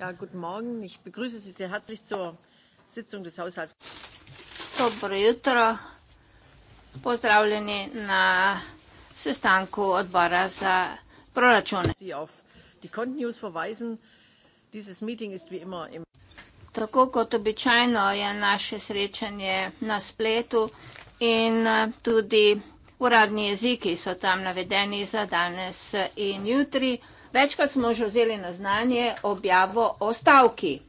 Ja, guten Morgen. Ich begrüße Sie sehr herzlich zur Sitzung des Haushalts. Dobro jutro. Pozdravljeni na sestanku odbora za proračune. Sie auf die Kontenews verweisen. Dieses Meeting ist wie immer im Tako kot običajno je naše srečanje na spletu in eh, tudi uradni jeziki so tam navedeni za danes in jutri. Večkrat smo že vzeli na znanje objavo o stavki.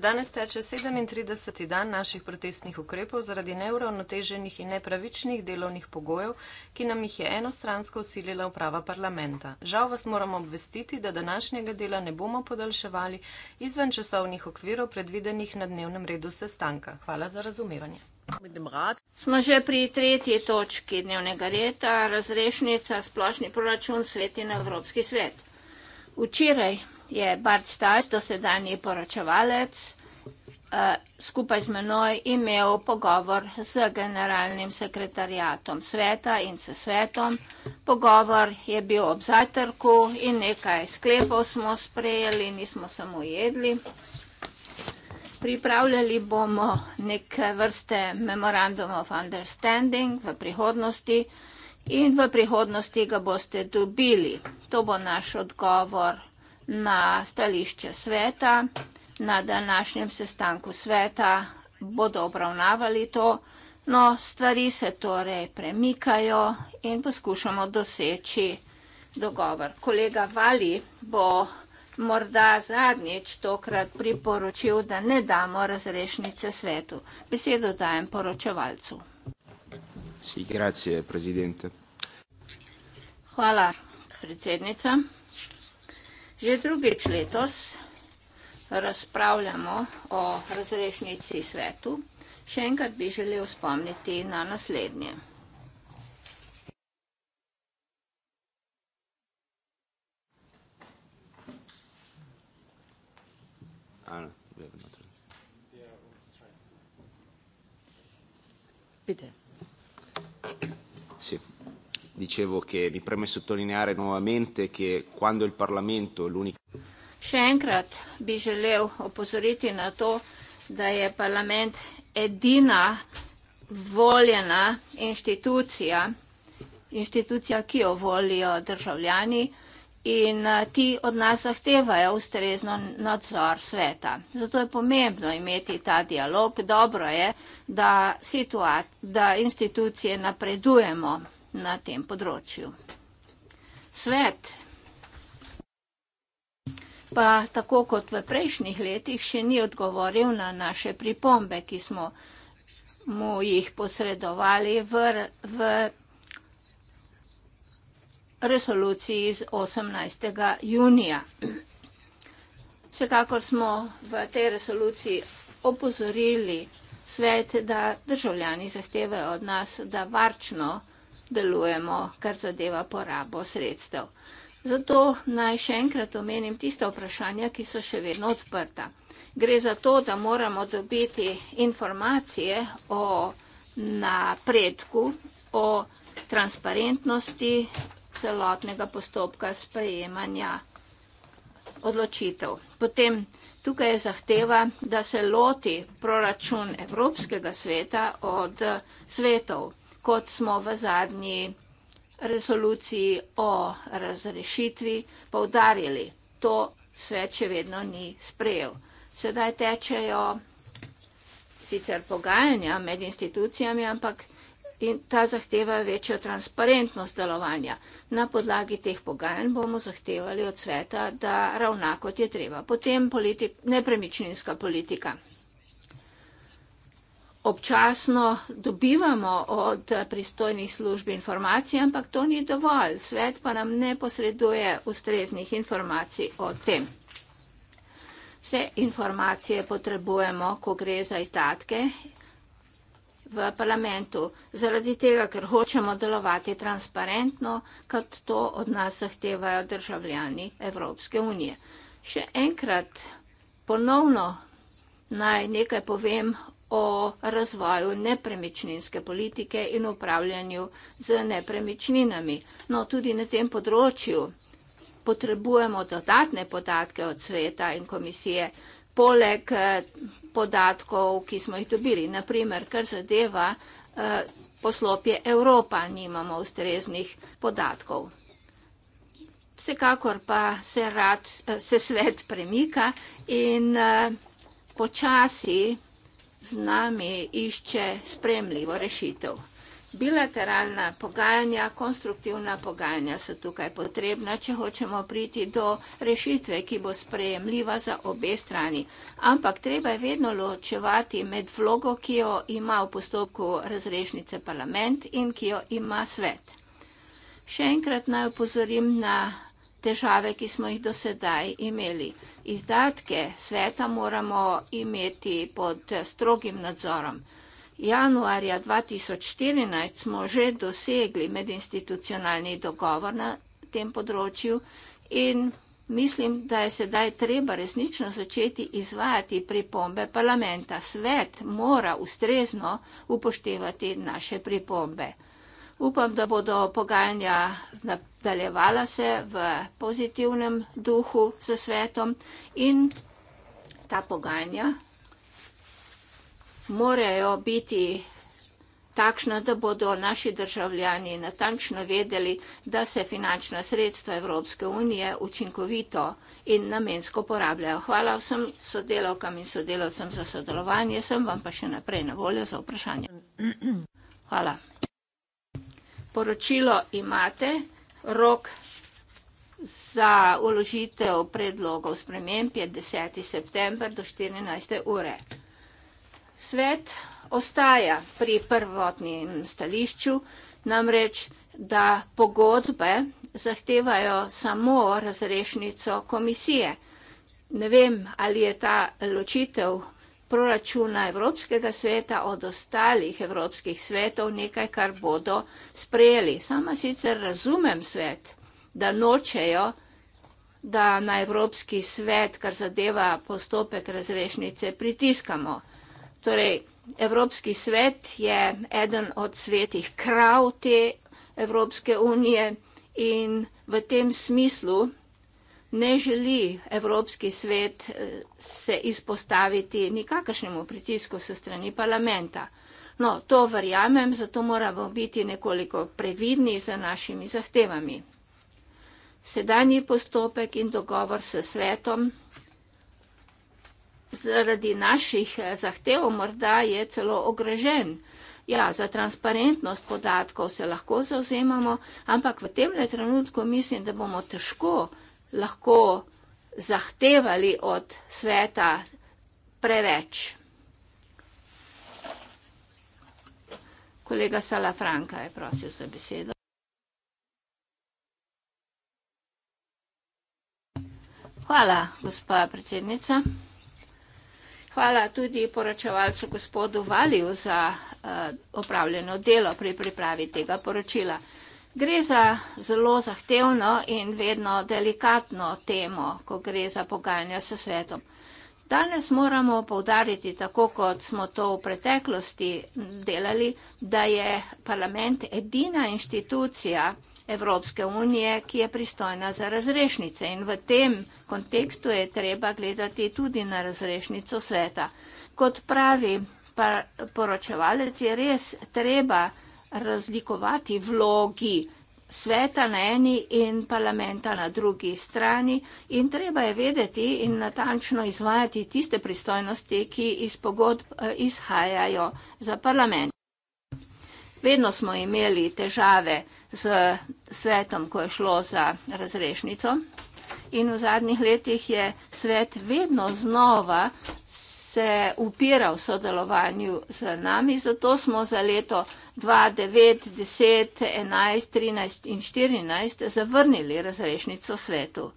Danes teče 37. dan naših protestnih ukrepov zaradi neuravnoteženih in nepravičnih delovnih pogojev, ki nam jih je enostransko usilila uprava parlamenta. Žal vas moramo obvestiti, da današnjega dela ne bomo podaljševali izven časovnih okvirov predvidenih na dnevnem redu sestanka. Hvala za razumevanje. Smo že pri tretji točki dnevnega reda, razrešnica splošni proračun Sveti na Evropski svet. Včeraj je Bart Stajs, dosedanji poročevalec, eh, skupaj z menoj imel pogovor z generalnim sekretarjatom sveta in s svetom. Pogovor je bil ob zajtrku in nekaj sklepov smo sprejeli, nismo samo jedli. Pripravljali bomo neke vrste memorandum of understanding v prihodnosti in v prihodnosti ga boste dobili. To bo naš odgovor na stališče sveta. Na današnjem sestanku sveta bodo obravnavali to, no stvari se torej premikajo in poskušamo doseči dogovor. Kolega Vali bo morda zadnjič tokrat priporočil, da ne damo razrešnice svetu. Besedo dajem poročevalcu. Si, grazie, prezidente. Hvala, predsednica. Že drugič letos razpravljamo o razrešnici svetu. Še enkrat bi želel spomniti na naslednje. Sì. Dicevo che mi preme sottolineare nuovamente che quando il Parlamento l'unica. Še enkrat bi želel opozoriti na to, da je parlament edina voljena inštitucija, inštitucija, ki jo volijo državljani in eh, ti od nas zahtevajo ustrezno nadzor sveta. Zato je pomembno imeti ta dialog. Dobro je, da, situat, da institucije napredujemo na tem področju. Svet pa tako kot v prejšnjih letih še ni odgovoril na naše pripombe, ki smo mu jih posredovali v, v resoluciji iz 18. junija. Vsekakor smo v tej resoluciji opozorili svet, da državljani zahtevajo od nas, da varčno delujemo, kar zadeva porabo sredstev. Zato naj še enkrat omenim tiste vprašanja, ki so še vedno odprta. Gre za to, da moramo dobiti informacije o napredku, o transparentnosti celotnega postopka sprejemanja odločitev. Potem tukaj je zahteva, da se loti proračun Evropskega sveta od svetov, kot smo v zadnji resoluciji o razrešitvi poudarili. To svet še vedno ni sprejel. Sedaj tečejo sicer pogajanja med institucijami, ampak in ta zahteva večjo transparentnost delovanja. Na podlagi teh pogajanj bomo zahtevali od sveta, da ravna kot je treba. Potem politik, nepremičninska politika. Občasno dobivamo od pristojnih služb informacije, ampak to ni dovolj. Svet pa nam ne posreduje ustreznih informacij o tem. Vse informacije potrebujemo, ko gre za izdatke v parlamentu, zaradi tega, ker hočemo delovati transparentno, kot to od nas zahtevajo državljani Evropske unije. Še enkrat ponovno naj nekaj povem o razvoju nepremičninske politike in upravljanju z nepremičninami. No, tudi na tem področju potrebujemo dodatne podatke od sveta in komisije, poleg eh, podatkov, ki smo jih dobili. Naprimer, kar zadeva eh, poslopje Evropa, nimamo ustreznih podatkov. Vsekakor pa se, rad, eh, se svet premika in eh, počasi z nami išče spremljivo rešitev bilateralna pogajanja, konstruktivna pogajanja so tukaj potrebna, če hočemo priti do rešitve, ki bo sprejemljiva za obe strani. Ampak treba je vedno ločevati med vlogo, ki jo ima v postopku razrešnice parlament in ki jo ima svet. Še enkrat naj upozorim na težave, ki smo jih dosedaj imeli. Izdatke sveta moramo imeti pod strogim nadzorom. Januarja 2014 smo že dosegli medinstitucionalni dogovor na tem področju in mislim, da je sedaj treba resnično začeti izvajati pripombe parlamenta. Svet mora ustrezno upoštevati naše pripombe. Upam, da bodo pogajanja nadaljevala se v pozitivnem duhu s svetom in ta pogajanja morajo biti takšna, da bodo naši državljani natančno vedeli, da se finančna sredstva Evropske unije učinkovito in namensko porabljajo. Hvala vsem sodelovkam in sodelovcem za sodelovanje, sem vam pa še naprej na voljo za vprašanje. Hvala. Poročilo imate, rok za uložitev predlogov spremem je 10. september do 14. ure svet ostaja pri prvotnem stališču, namreč, da pogodbe zahtevajo samo razrešnico komisije. Ne vem, ali je ta ločitev proračuna Evropskega sveta od ostalih Evropskih svetov nekaj, kar bodo sprejeli. Sama sicer razumem svet, da nočejo, da na Evropski svet, kar zadeva postopek razrešnice, pritiskamo. Torej, Evropski svet je eden od svetih krav te Evropske unije in v tem smislu ne želi Evropski svet eh, se izpostaviti nikakršnemu pritisku se strani parlamenta. No, to verjamem, zato moramo biti nekoliko previdni za našimi zahtevami. Sedanji postopek in dogovor s svetom zaradi naših eh, zahtev morda je celo ogrožen. Ja, za transparentnost podatkov se lahko zauzemamo, ampak v tem trenutku mislim, da bomo težko lahko zahtevali od sveta preveč. Kolega Sala Franka je prosil za besedo. Hvala, gospa predsednica. Hvala tudi poročevalcu gospodu Valiju za eh, opravljeno delo pri pripravi tega poročila. Gre za zelo zahtevno in vedno delikatno temo, ko gre za pogajanja s svetom. Danes moramo povdariti, tako kot smo to v preteklosti delali, da je parlament edina inštitucija, Evropske unije, ki je pristojna za razrešnice. In v tem kontekstu je treba gledati tudi na razrešnico sveta. Kot pravi poročevalec, je res treba razlikovati vlogi sveta na eni in parlamenta na drugi strani in treba je vedeti in natančno izvajati tiste pristojnosti, ki iz pogodb eh, izhajajo za parlament. Vedno smo imeli težave z svetom, ko je šlo za razrešnico. In v zadnjih letih je svet vedno znova se upiral sodelovanju z nami, zato smo za leto 2009, 10, 11, 13 in 14 zavrnili razrešnico svetu.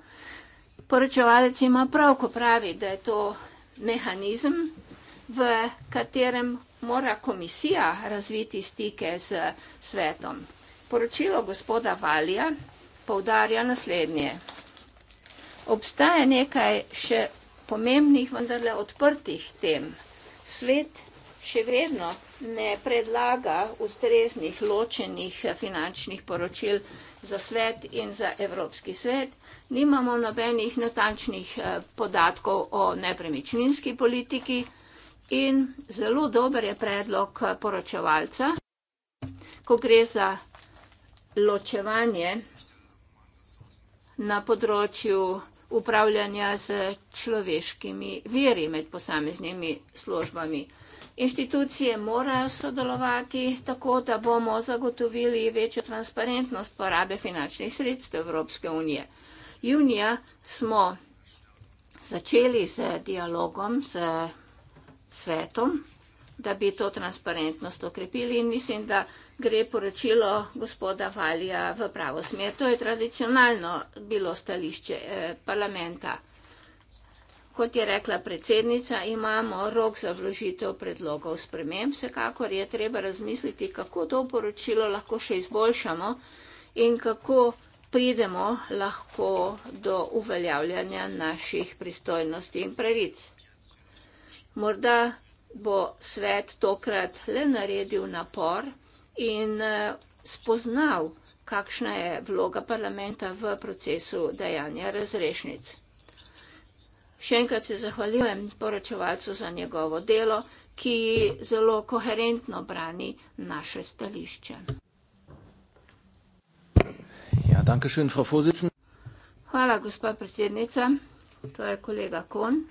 Poročevalec ima prav, ko pravi, da je to mehanizem, v katerem mora komisija razviti stike z svetom. Poročilo gospoda Valija poudarja naslednje. Obstaja nekaj še pomembnih, vendarle odprtih tem. Svet še vedno ne predlaga ustreznih ločenih finančnih poročil za svet in za Evropski svet. Nimamo nobenih natančnih eh, podatkov o nepremičninski politiki in zelo dober je predlog eh, poročevalca, ko gre za ločevanje na področju upravljanja z človeškimi veri med posameznimi službami. Inštitucije morajo sodelovati tako, da bomo zagotovili večjo transparentnost porabe finančnih sredstev Evropske unije. Junija smo začeli z dialogom z svetom, da bi to transparentnost okrepili in mislim, da gre poročilo gospoda Valija v pravo smer. To je tradicionalno bilo stališče eh, parlamenta. Kot je rekla predsednica, imamo rok za vložitev predlogov spremem. Vsekakor je treba razmisliti, kako to poročilo lahko še izboljšamo in kako pridemo lahko do uveljavljanja naših pristojnosti in pravic. Morda bo svet tokrat le naredil napor, in eh, spoznal, kakšna je vloga parlamenta v procesu dejanja razrešnic. Še enkrat se zahvaljujem poročevalcu za njegovo delo, ki zelo koherentno brani naše stališče. Ja, danke schön, Frau Vorsitzende. Hvala, gospa predsednica. To je kolega Kon.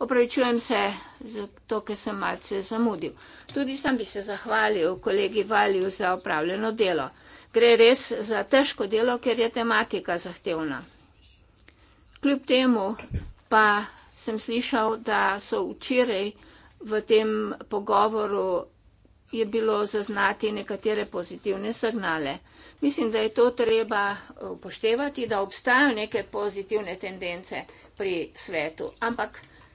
Opravičujem se za to, ker sem malce zamudil. Tudi sam bi se zahvalil kolegi Valju za opravljeno delo. Gre res za težko delo, ker je tematika zahtevna. Kljub temu pa sem slišal, da so včeraj v tem pogovoru je bilo zaznati nekatere pozitivne signale. Mislim, da je to treba upoštevati, da obstajajo neke pozitivne tendence pri svetu. Ampak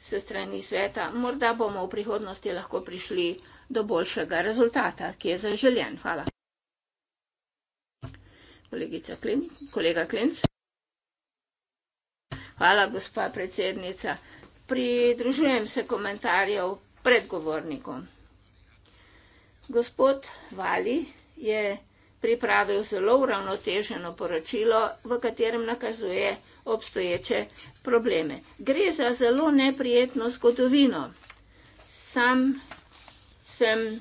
se strani sveta, morda bomo v prihodnosti lahko prišli do boljšega rezultata, ki je zaželjen. Hvala. Kolegica Klin, kolega Klinc. Hvala, gospa predsednica. Pridružujem se komentarjev predgovornikom. Gospod Vali je pripravil zelo uravnoteženo poročilo, v katerem nakazuje, da je obstoječe probleme. Gre za zelo neprijetno zgodovino. Sam sem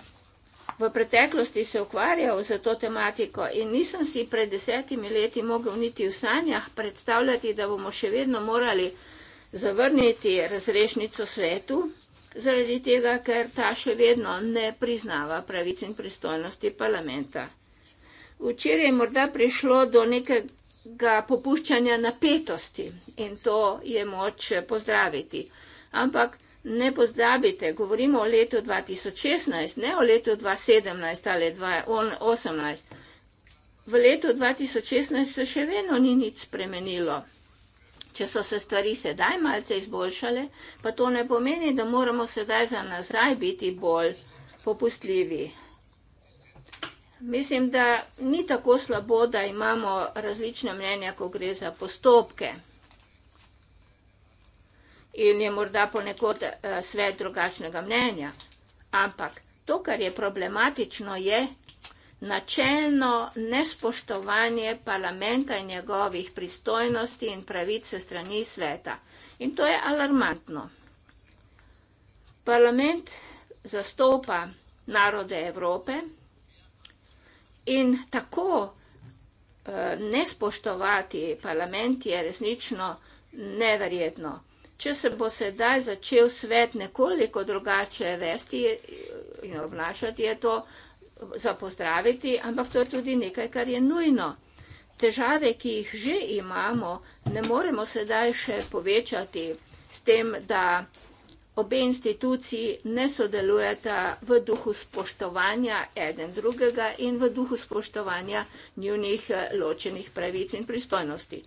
v preteklosti se ukvarjal za to tematiko in nisem si pred desetimi leti mogel niti v sanjah predstavljati, da bomo še vedno morali zavrniti razrešnico svetu, zaradi tega, ker ta še vedno ne priznava pravic in pristojnosti parlamenta. Včeraj je morda prišlo do nekega ga popuščanja napetosti in to je moč pozdraviti. Ampak ne pozdravite, govorimo o letu 2016, ne o letu 2017 ali 2018. V letu 2016 se še vedno ni nič spremenilo. Če so se stvari sedaj malce izboljšale, pa to ne pomeni, da moramo sedaj za nazaj biti bolj popustljivi. Mislim, da ni tako slabo, da imamo različne mnenja, ko gre za postopke. In je morda ponekod eh, svet drugačnega mnenja. Ampak to, kar je problematično, je načelno nespoštovanje parlamenta in njegovih pristojnosti in pravice strani sveta. In to je alarmantno. Parlament zastopa narode Evrope, In tako eh, ne spoštovati parlament je resnično neverjetno. Če se bo sedaj začel svet nekoliko drugače vesti eh, in obnašati, je to za pozdraviti, ampak to je tudi nekaj, kar je nujno. Težave, ki jih že imamo, ne moremo sedaj še povečati s tem, da obe instituciji ne sodelujeta v duhu spoštovanja eden drugega in v duhu spoštovanja njunih eh, ločenih pravic in pristojnosti.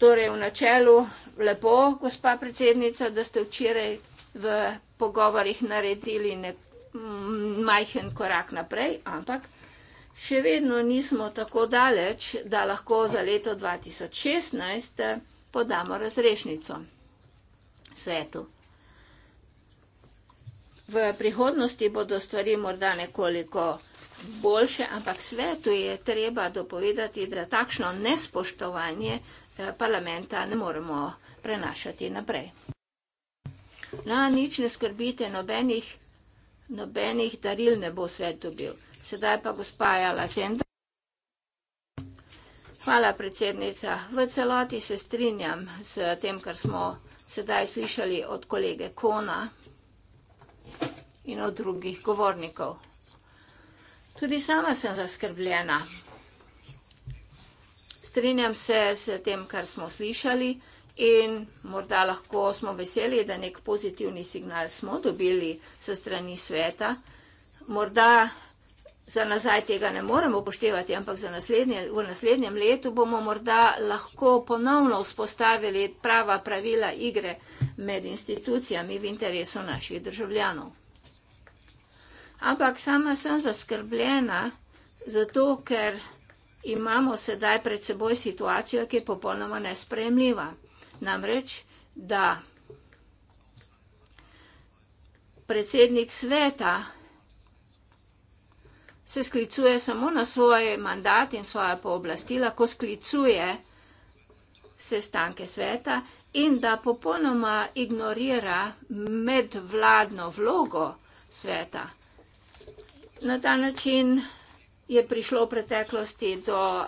Torej v načelu lepo, gospa predsednica, da ste včeraj v pogovorih naredili nek mm, majhen korak naprej, ampak še vedno nismo tako daleč, da lahko za leto 2016 eh, podamo razrešnico svetu. V prihodnosti bodo stvari morda nekoliko boljše, ampak svetu je treba dopovedati, da takšno nespoštovanje eh, parlamenta ne moremo prenašati naprej. Na nič ne skrbite, nobenih, nobenih daril ne bo svet dobil. Sedaj pa gospa Jala Zendra. Hvala, predsednica. V celoti se strinjam s tem, kar smo sedaj slišali od kolege Kona in od drugih govornikov. Tudi sama sem zaskrbljena. Strinjam se s tem, kar smo slišali in morda lahko smo veseli, da nek pozitivni signal smo dobili se strani sveta. Morda za nazaj tega ne moremo upoštevati, ampak naslednje, v naslednjem letu bomo morda lahko ponovno vzpostavili prava pravila igre med institucijami v interesu naših državljanov. Ampak sama sem zaskrbljena, zato ker imamo sedaj pred seboj situacijo, ki je popolnoma nespremljiva. Namreč, da predsednik sveta se sklicuje samo na svoj mandat in svoje pooblastila, ko sklicuje sestanke sveta in da popolnoma ignorira medvladno vlogo sveta. Na ta način je prišlo v preteklosti do uh,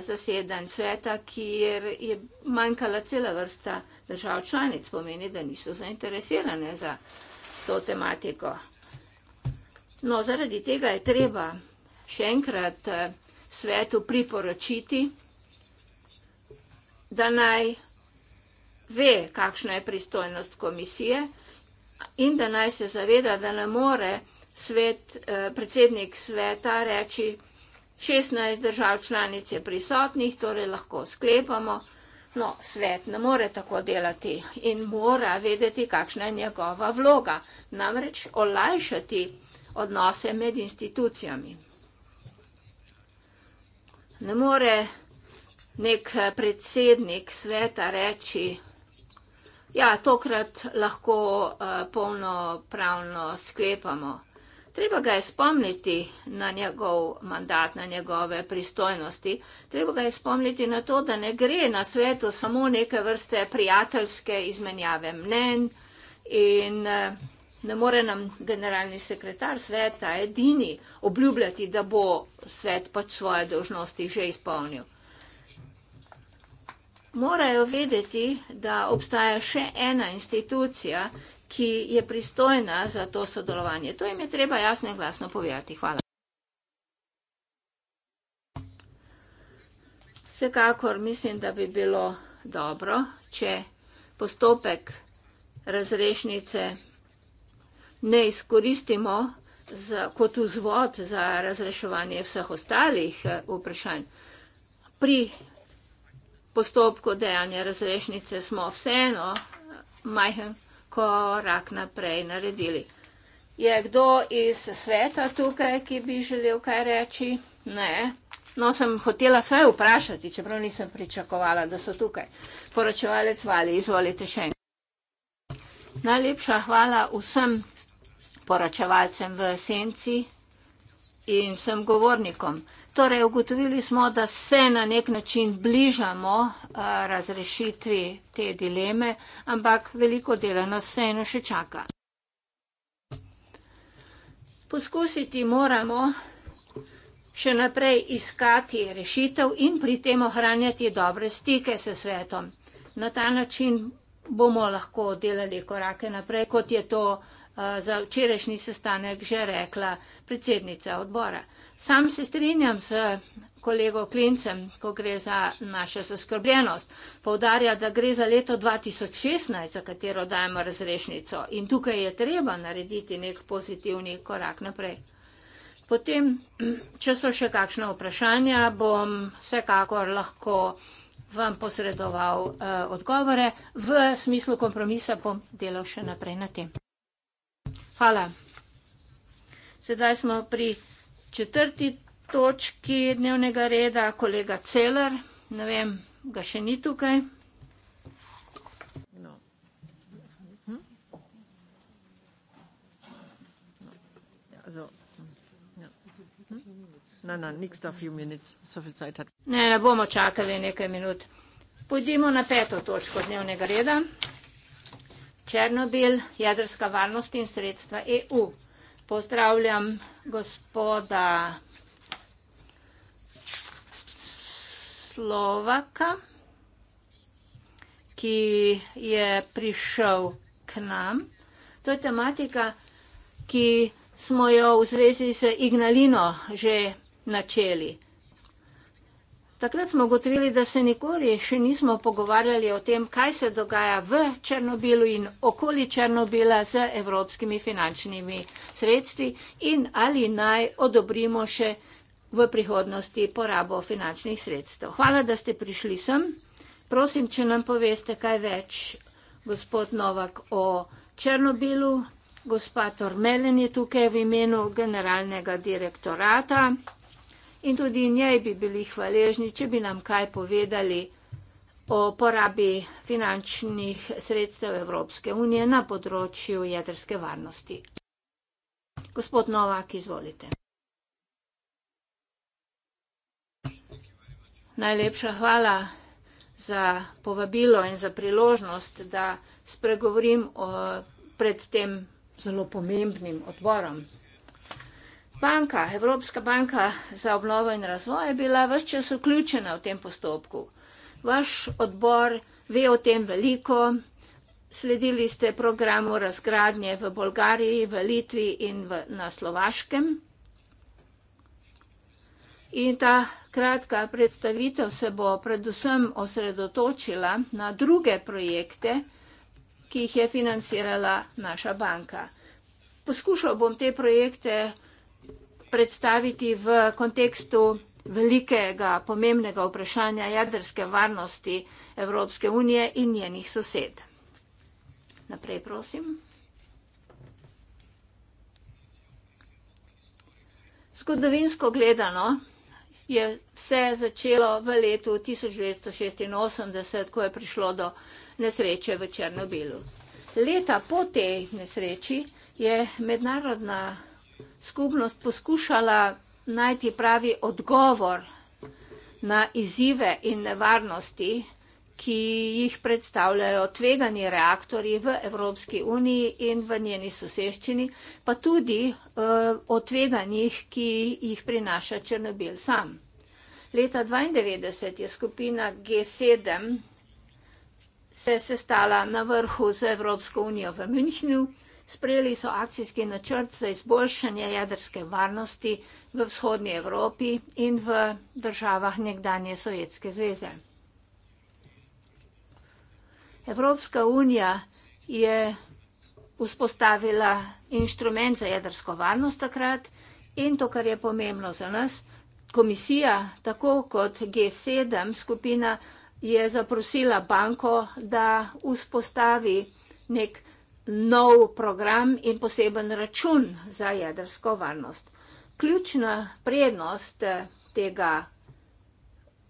zasedanj sveta, kjer je manjkala cela vrsta držav članic, pomeni, da niso zainteresirane za to tematiko. No, zaradi tega je treba še enkrat uh, svetu priporočiti, da naj ve, kakšna je pristojnost komisije in da naj se zaveda, da ne more svet, eh, predsednik sveta reči, 16 držav članic je prisotnih, torej lahko sklepamo, no, svet ne more tako delati in mora vedeti, kakšna je njegova vloga, namreč olajšati odnose med institucijami. Ne more nek eh, predsednik sveta reči, ja, tokrat lahko eh, polnopravno sklepamo, Treba ga je spomniti na njegov mandat, na njegove pristojnosti. Treba ga je spomniti na to, da ne gre na svetu samo neke vrste prijateljske izmenjave mnen in eh, ne more nam generalni sekretar sveta edini obljubljati, da bo svet pač svoje dožnosti že izpolnil. Morajo vedeti, da obstaja še ena institucija, ki je pristojna za to sodelovanje. To jim je treba jasno in glasno povedati. Hvala. Vsekakor mislim, da bi bilo dobro, če postopek razrešnice ne izkoristimo za, kot vzvod za razreševanje vseh ostalih eh, vprašanj. Pri postopku dejanja razrešnice smo vseeno majhen korak naprej naredili. Je kdo iz sveta tukaj, ki bi želel kaj reči? Ne. No, sem hotela vse vprašati, čeprav nisem pričakovala, da so tukaj. Poročevalec Vali, izvolite še enkrat. Najlepša hvala vsem poročevalcem v senci in vsem govornikom. Torej, ugotovili smo, da se na nek način bližamo a, eh, razrešitvi te dileme, ampak veliko dela nas vseeno še čaka. Poskusiti moramo še naprej iskati rešitev in pri tem ohranjati dobre stike s svetom. Na ta način bomo lahko delali korake naprej, kot je to a, eh, za včerajšnji sestanek že rekla predsednica odbora. Sam se strinjam s kolego Klincem, ko gre za našo zaskrbljenost. Povdarja, da gre za leto 2016, za katero dajemo razrešnico in tukaj je treba narediti nek pozitivni korak naprej. Potem, če so še kakšne vprašanja, bom vsekakor lahko vam posredoval eh, odgovore. V smislu kompromisa bom delal še naprej na tem. Hvala. Sedaj smo pri četrti točki dnevnega reda kolega Celer, ne vem, ga še ni tukaj. Ne, ne, nista few minutes, so viel Zeit hat. Ne, ne bomo čakali nekaj minut. Pojdimo na peto točko dnevnega reda. Černobil, jedrska varnost in sredstva EU. Pozdravljam gospoda Slovaka, ki je prišel k nam. To je tematika, ki smo jo v zvezi z Ignalino že načeli. Takrat smo ugotovili, da se nikoli še nismo pogovarjali o tem, kaj se dogaja v Černobilu in okoli Černobila z evropskimi finančnimi sredstvi in ali naj odobrimo še v prihodnosti porabo finančnih sredstev. Hvala, da ste prišli sem. Prosim, če nam poveste kaj več, gospod Novak, o Černobilu. Gospod Ormelen je tukaj v imenu generalnega direktorata in tudi njej bi bili hvaležni, če bi nam kaj povedali o porabi finančnih sredstev Evropske unije na področju jedrske varnosti. Gospod Novak, izvolite. Najlepša hvala za povabilo in za priložnost, da spregovorim o pred tem zelo pomembnim odborom banka, Evropska banka za obnovo in razvoj je bila vse čas vključena v tem postopku. Vaš odbor ve o tem veliko, sledili ste programu razgradnje v Bolgariji, v Litvi in v, na Slovaškem. In ta kratka predstavitev se bo predvsem osredotočila na druge projekte, ki jih je financirala naša banka. Poskušal bom te projekte predstaviti v kontekstu velikega, pomembnega vprašanja jedrske varnosti Evropske unije in njenih sosed. Naprej, prosim. Skodovinsko gledano je vse začelo v letu 1986, ko je prišlo do nesreče v Černobilu. Leta po tej nesreči je mednarodna vprašanja skupnost poskušala najti pravi odgovor na izzive in nevarnosti, ki jih predstavljajo tvegani reaktorji v Evropski uniji in v njeni soseščini, pa tudi uh, o tveganjih, ki jih prinaša Črnobil sam. Leta 1992 je skupina G7 se sestala na vrhu z Evropsko unijo v Münchnu. Sprejeli so akcijski načrt za izboljšanje jedrske varnosti v vzhodnji Evropi in v državah nekdanje Sovjetske zveze. Evropska unija je vzpostavila inštrument za jedrsko varnost takrat in to, kar je pomembno za nas, komisija, tako kot G7 skupina, je zaprosila banko, da vzpostavi nek nov program in poseben račun za jedrsko varnost. Ključna prednost eh, tega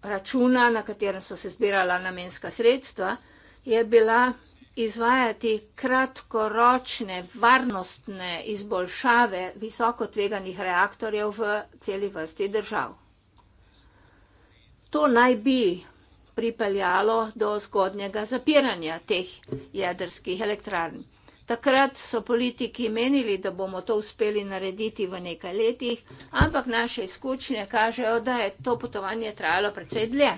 računa, na katerem so se zbirala namenska sredstva, je bila izvajati kratkoročne varnostne izboljšave visoko tveganih reaktorjev v celi vrsti držav. To naj bi pripeljalo do zgodnjega zapiranja teh jedrskih elektrarn. Takrat so politiki menili, da bomo to uspeli narediti v nekaj letih, ampak naše izkušnje kažejo, da je to potovanje trajalo precej dlje.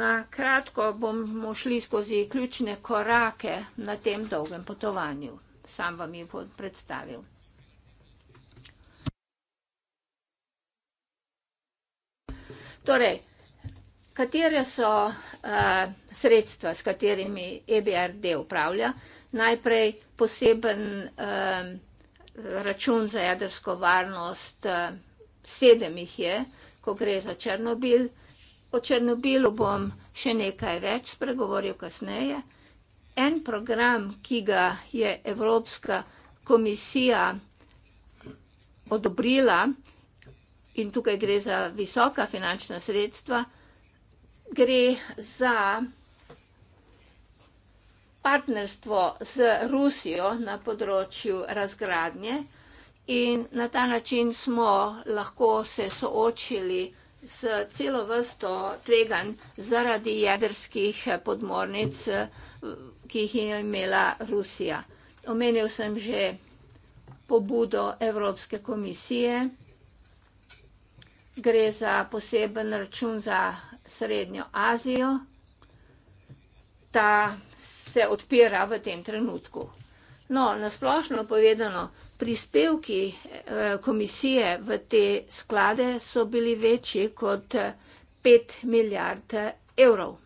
Na kratko bomo šli skozi ključne korake na tem dolgem potovanju. Sam vam jih bom predstavil. Torej, Katere so uh, sredstva, s katerimi EBRD upravlja? Najprej poseben um, račun za jedrsko varnost, uh, sedem jih je, ko gre za Černobil. O Černobilu bom še nekaj več spregovoril kasneje. En program, ki ga je Evropska komisija odobrila, in tukaj gre za visoka finančna sredstva, gre za partnerstvo z Rusijo na področju razgradnje in na ta način smo lahko se soočili s celo vrsto tveganj zaradi jedrskih podmornic, ki jih je imela Rusija. Omenil sem že pobudo Evropske komisije, gre za poseben račun za Srednjo Azijo, ta se odpira v tem trenutku. No, nasplošno povedano, prispevki eh, komisije v te sklade so bili večji kot 5 milijard evrov.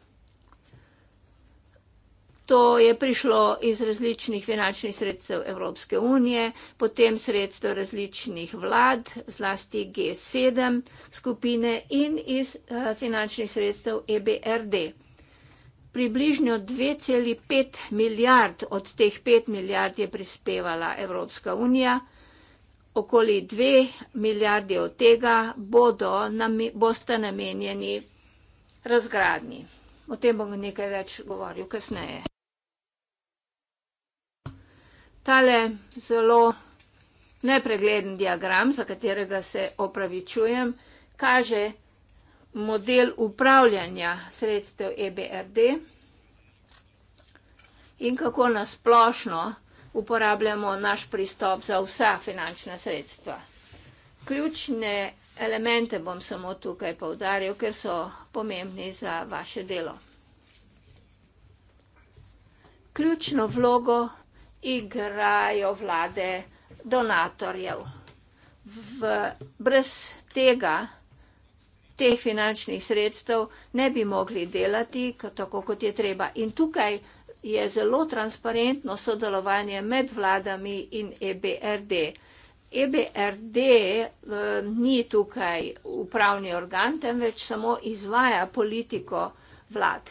To je prišlo iz različnih finančnih sredstev Evropske unije, potem sredstev različnih vlad, zlasti G7 skupine in iz eh, finančnih sredstev EBRD. Približno 2,5 milijard od teh 5 milijard je prispevala Evropska unija, okoli 2 milijardi od tega bodo, bosta namenjeni razgradni. O tem bom nekaj več govoril kasneje. Tale zelo nepregleden diagram, za katerega se opravičujem, kaže model upravljanja sredstev EBRD in kako nasplošno uporabljamo naš pristop za vsa finančna sredstva. Ključne elemente bom samo tukaj povdaril, ker so pomembni za vaše delo. Ključno vlogo igrajo vlade donatorjev. Brez tega, teh finančnih sredstev, ne bi mogli delati tako, kot je treba. In tukaj je zelo transparentno sodelovanje med vladami in EBRD. EBRD eh, ni tukaj upravni organ, temveč samo izvaja politiko vlad.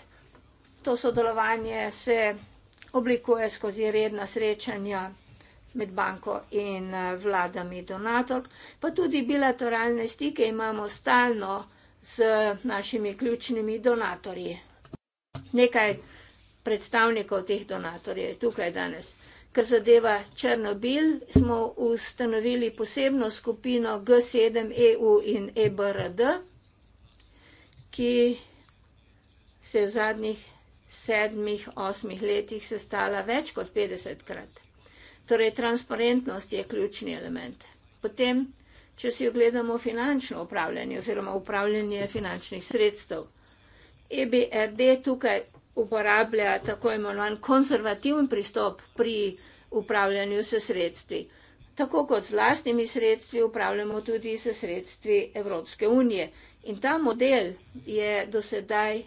To sodelovanje se oblikuje skozi redna srečanja med banko in eh, vladami donator, pa tudi bilateralne stike imamo stalno z našimi ključnimi donatorji. Nekaj predstavnikov teh donatorjev je tukaj danes kar zadeva Černobil, smo ustanovili posebno skupino G7 EU in EBRD, ki se je v zadnjih sedmih, osmih letih sestala več kot 50 krat. Torej, transparentnost je ključni element. Potem, če si ogledamo finančno upravljanje oziroma upravljanje finančnih sredstev, EBRD tukaj uporablja tako imenovan konzervativen pristop pri upravljanju s sredstvi. Tako kot z lastnimi sredstvi upravljamo tudi s sredstvi Evropske unije. In ta model je dosedaj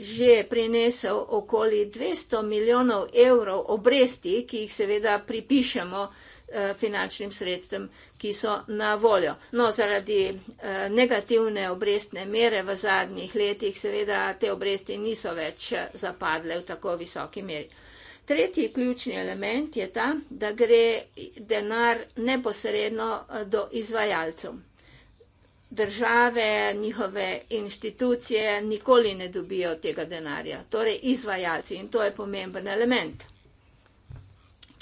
že prinesel okoli 200 milijonov evrov obresti, ki jih seveda pripišemo Eh, finančnim sredstvem, ki so na voljo. No, zaradi eh, negativne obrestne mere v zadnjih letih seveda te obresti niso več eh, zapadle v tako visoki meri. Tretji ključni element je ta, da gre denar neposredno do izvajalcev. Države, njihove inštitucije nikoli ne dobijo tega denarja, torej izvajalci in to je pomemben element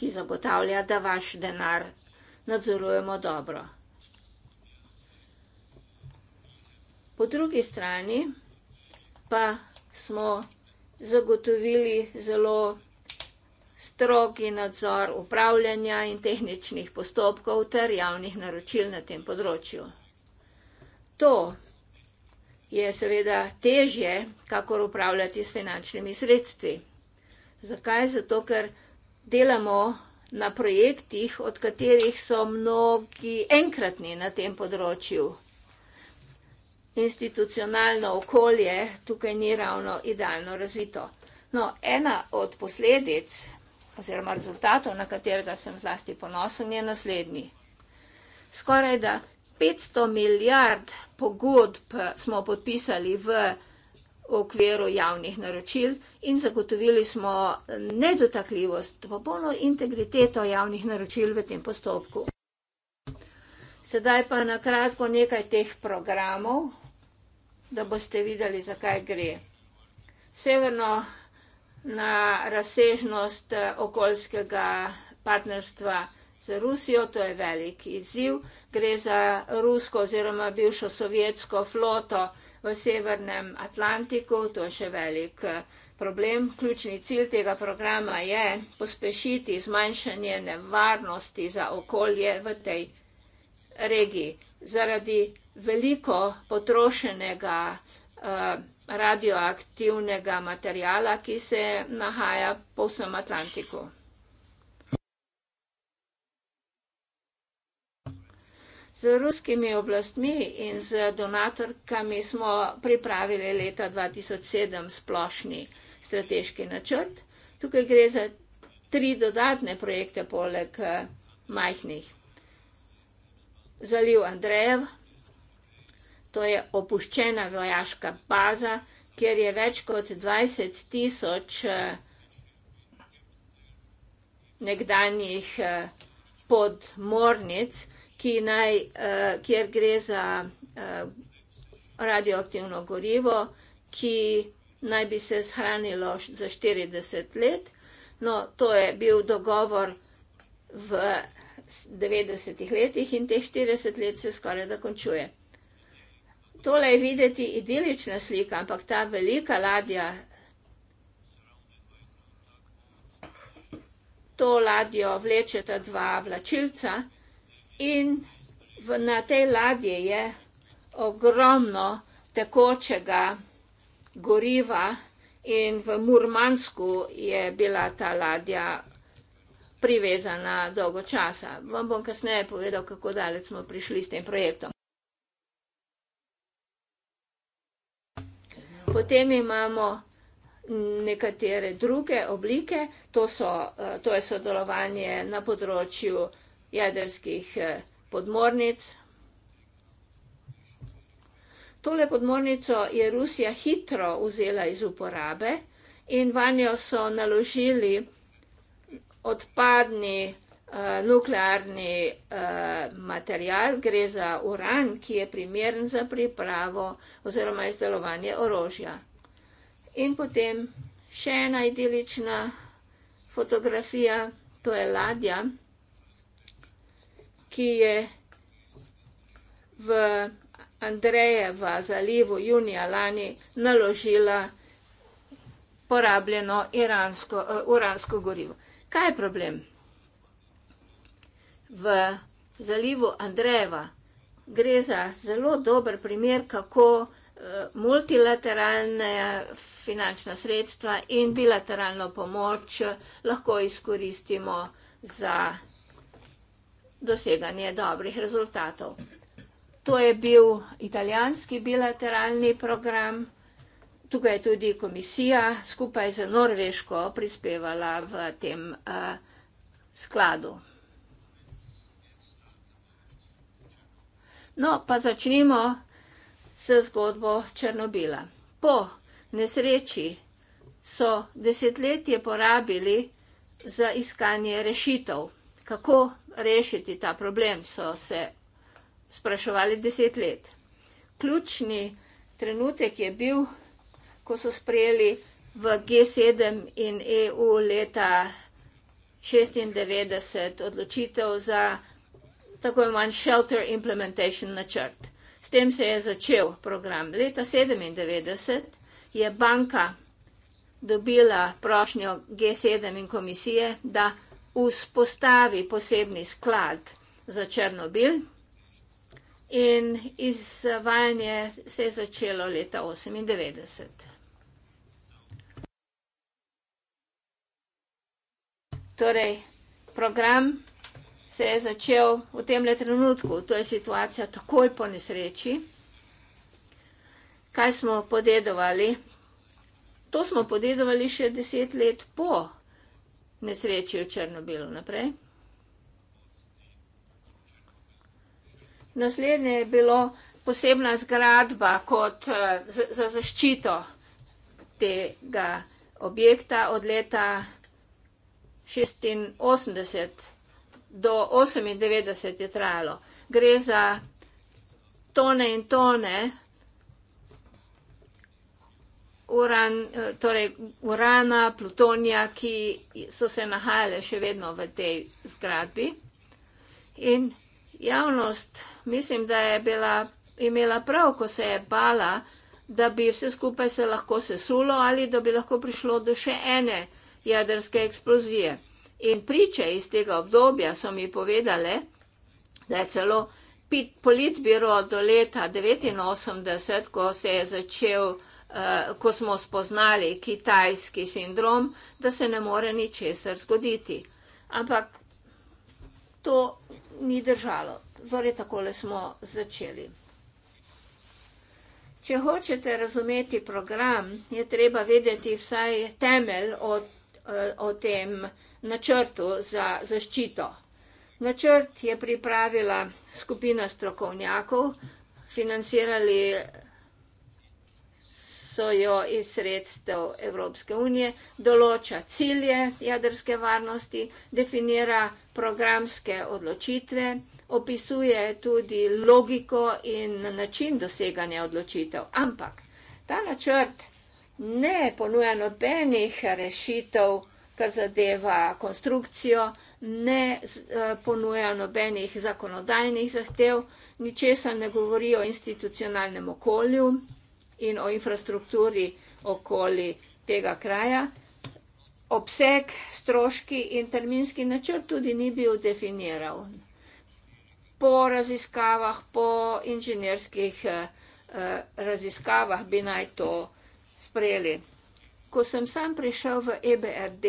ki zagotavlja, da vaš denar nadzorujemo dobro. Po drugi strani pa smo zagotovili zelo strogi nadzor upravljanja in tehničnih postopkov ter javnih naročil na tem področju. To je seveda težje, kakor upravljati s finančnimi sredstvi. Zakaj? Zato, ker delamo na projektih, od katerih so mnogi enkratni na tem področju. Institucionalno okolje tukaj ni ravno idealno razvito. No, ena od posledic oziroma rezultatov, na katerega sem zlasti ponosen, je naslednji. Skoraj da 500 milijard pogodb smo podpisali v v okviru javnih naročil in zagotovili smo nedotakljivost, popolno integriteto javnih naročil v tem postopku. Sedaj pa na kratko nekaj teh programov, da boste videli, zakaj gre. Severno na razsežnost eh, okoljskega partnerstva z Rusijo, to je velik izziv, gre za rusko oziroma bivšo sovjetsko floto v severnem Atlantiku, to je še velik eh, problem. Ključni cilj tega programa je pospešiti zmanjšanje nevarnosti za okolje v tej regiji. Zaradi veliko potrošenega eh, radioaktivnega materijala, ki se nahaja po vsem Atlantiku. Z ruskimi oblastmi in z donatorkami smo pripravili leta 2007 splošni strateški načrt. Tukaj gre za tri dodatne projekte poleg majhnih. Zaliv Andrejev, to je opuščena vojaška baza, kjer je več kot 20 tisoč nekdanjih podmornic, ki naj, uh, kjer gre za uh, radioaktivno gorivo, ki naj bi se shranilo za 40 let. No, to je bil dogovor v 90-ih letih in teh 40 let se skoraj da končuje. Tole je videti idilična slika, ampak ta velika ladja, to ladjo vlečeta dva vlačilca. In v, na tej ladji je ogromno tekočega goriva, in v Murmansku je bila ta ladja privezana dolgo časa. Vam bom kasneje povedal, kako daleč smo prišli s tem projektom. Potem imamo nekatere druge oblike, to, so, eh, to je sodelovanje na področju jedrskih eh, podmornic. Tole podmornico je Rusija hitro vzela iz uporabe in vanjo so naložili odpadni eh, nuklearni eh, material, gre za uran, ki je primeren za pripravo oziroma izdelovanje orožja. In potem še ena idilična fotografija, to je ladja, ki je vsega, ki je v Andrejeva zalivu junija lani naložila porabljeno iransko, uh, uransko gorivo. Kaj je problem? V zalivu Andrejeva gre za zelo dober primer, kako eh, multilateralne finančna sredstva in bilateralno pomoč lahko izkoristimo za doseganje dobrih rezultatov. To je bil italijanski bilateralni program, tukaj je tudi komisija skupaj z Norveško prispevala v tem eh, skladu. No, pa začnimo s zgodbo Černobila. Po nesreči so desetletje porabili za iskanje rešitev, kako nekaj rešiti ta problem, so se spraševali deset let. Ključni trenutek je bil, ko so sprejeli v G7 in EU leta 96 odločitev za tako imenovan Shelter Implementation načrt. S tem se je začel program. Leta 97 je banka dobila prošnjo G7 in komisije, da vzpostavi posebni sklad za Černobil in izvajanje se je začelo leta 1998. Torej, program se je začel v tem le trenutku, to je situacija takoj po nesreči. Kaj smo podedovali? To smo podedovali še deset let po nesreči nesreči v Černobilu naprej. Naslednje je bilo posebna zgradba kot eh, za zaščito tega objekta od leta 86 do 98 je trajalo. Gre za tone in tone Uran, eh, torej Urana, Plutonija, ki so se nahajale še vedno v tej zgradbi. In javnost, mislim, da je bila, imela prav, ko se je bala, da bi vse skupaj se lahko sesulo ali da bi lahko prišlo do še ene jedrske eksplozije. In priče iz tega obdobja so mi povedale, da je celo politbiro do leta 1989, ko se je začel Eh, ko smo spoznali kitajski sindrom, da se ne more ničesar zgoditi. Ampak to ni držalo. Torej, takole smo začeli. Če hočete razumeti program, je treba vedeti vsaj temelj o, eh, o tem načrtu za zaščito. Načrt je pripravila skupina strokovnjakov, financirali so jo iz sredstev Evropske unije, določa cilje jedrske varnosti, definira programske odločitve, opisuje tudi logiko in način doseganja odločitev. Ampak ta načrt ne ponuja nobenih rešitev, kar zadeva konstrukcijo, ne eh, ponuja nobenih zakonodajnih zahtev, ničesar ne govori o institucionalnem okolju in o infrastrukturi okoli tega kraja. Obseg, stroški in terminski načrt tudi ni bil definiral. Po raziskavah, po inženirskih eh, eh, raziskavah bi naj to sprejeli. Ko sem sam prišel v EBRD,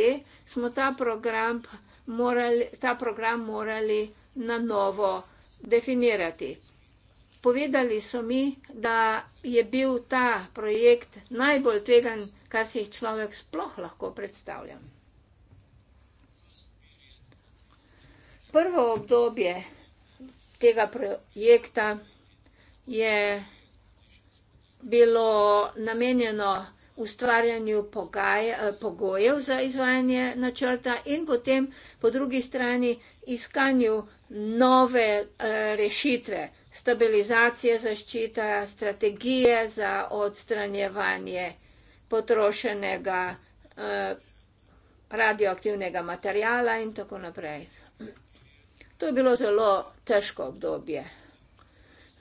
smo ta program morali, ta program morali na novo definirati. Povedali so mi, da je bil ta projekt najbolj tvegan, kar si jih človek sploh lahko predstavlja. Prvo obdobje tega projekta je bilo namenjeno ustvarjanju eh, pogojev za izvajanje načrta in potem po drugi strani iskanju nove eh, rešitve stabilizacije, zaščita, strategije za odstranjevanje potrošenega eh, radioaktivnega materijala in tako naprej. To je bilo zelo težko obdobje.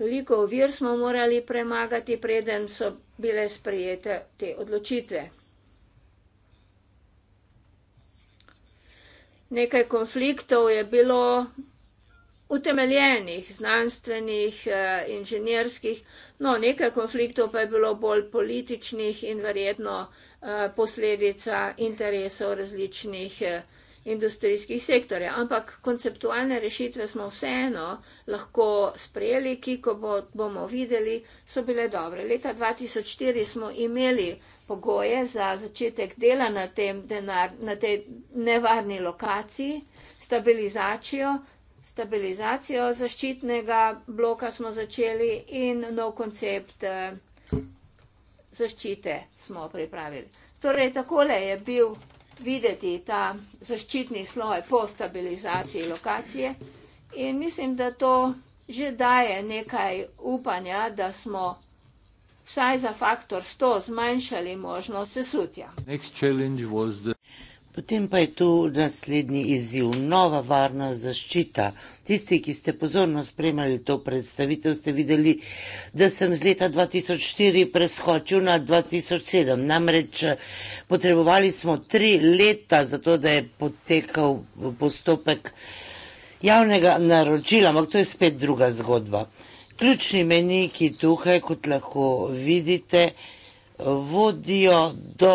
Veliko ovir smo morali premagati, preden so bile sprejete te odločitve. Nekaj konfliktov je bilo, utemeljenih, znanstvenih, eh, inženirskih, no, nekaj konfliktov pa je bilo bolj političnih in verjetno eh, posledica interesov različnih eh, industrijskih sektorjev. Ampak konceptualne rešitve smo vseeno lahko sprejeli, ki, ko bo, bomo videli, so bile dobre. Leta 2004 smo imeli pogoje za začetek dela na, tem denar, na tej nevarni lokaciji, stabilizacijo, stabilizacijo zaščitnega bloka smo začeli in nov koncept eh, zaščite smo pripravili. Torej, takole je bil videti ta zaščitni sloj po stabilizaciji lokacije in mislim, da to že daje nekaj upanja, da smo vsaj za faktor 100 zmanjšali možnost sesutja. Next challenge was the Potem pa je tu naslednji izziv, nova varna zaščita. Tisti, ki ste pozorno spremljali to predstavitev, ste videli, da sem z leta 2004 preskočil na 2007. Namreč eh, potrebovali smo tri leta, zato da je potekal postopek javnega naročila, ampak to je spet druga zgodba. Ključni meniki tukaj, kot lahko vidite, vodijo do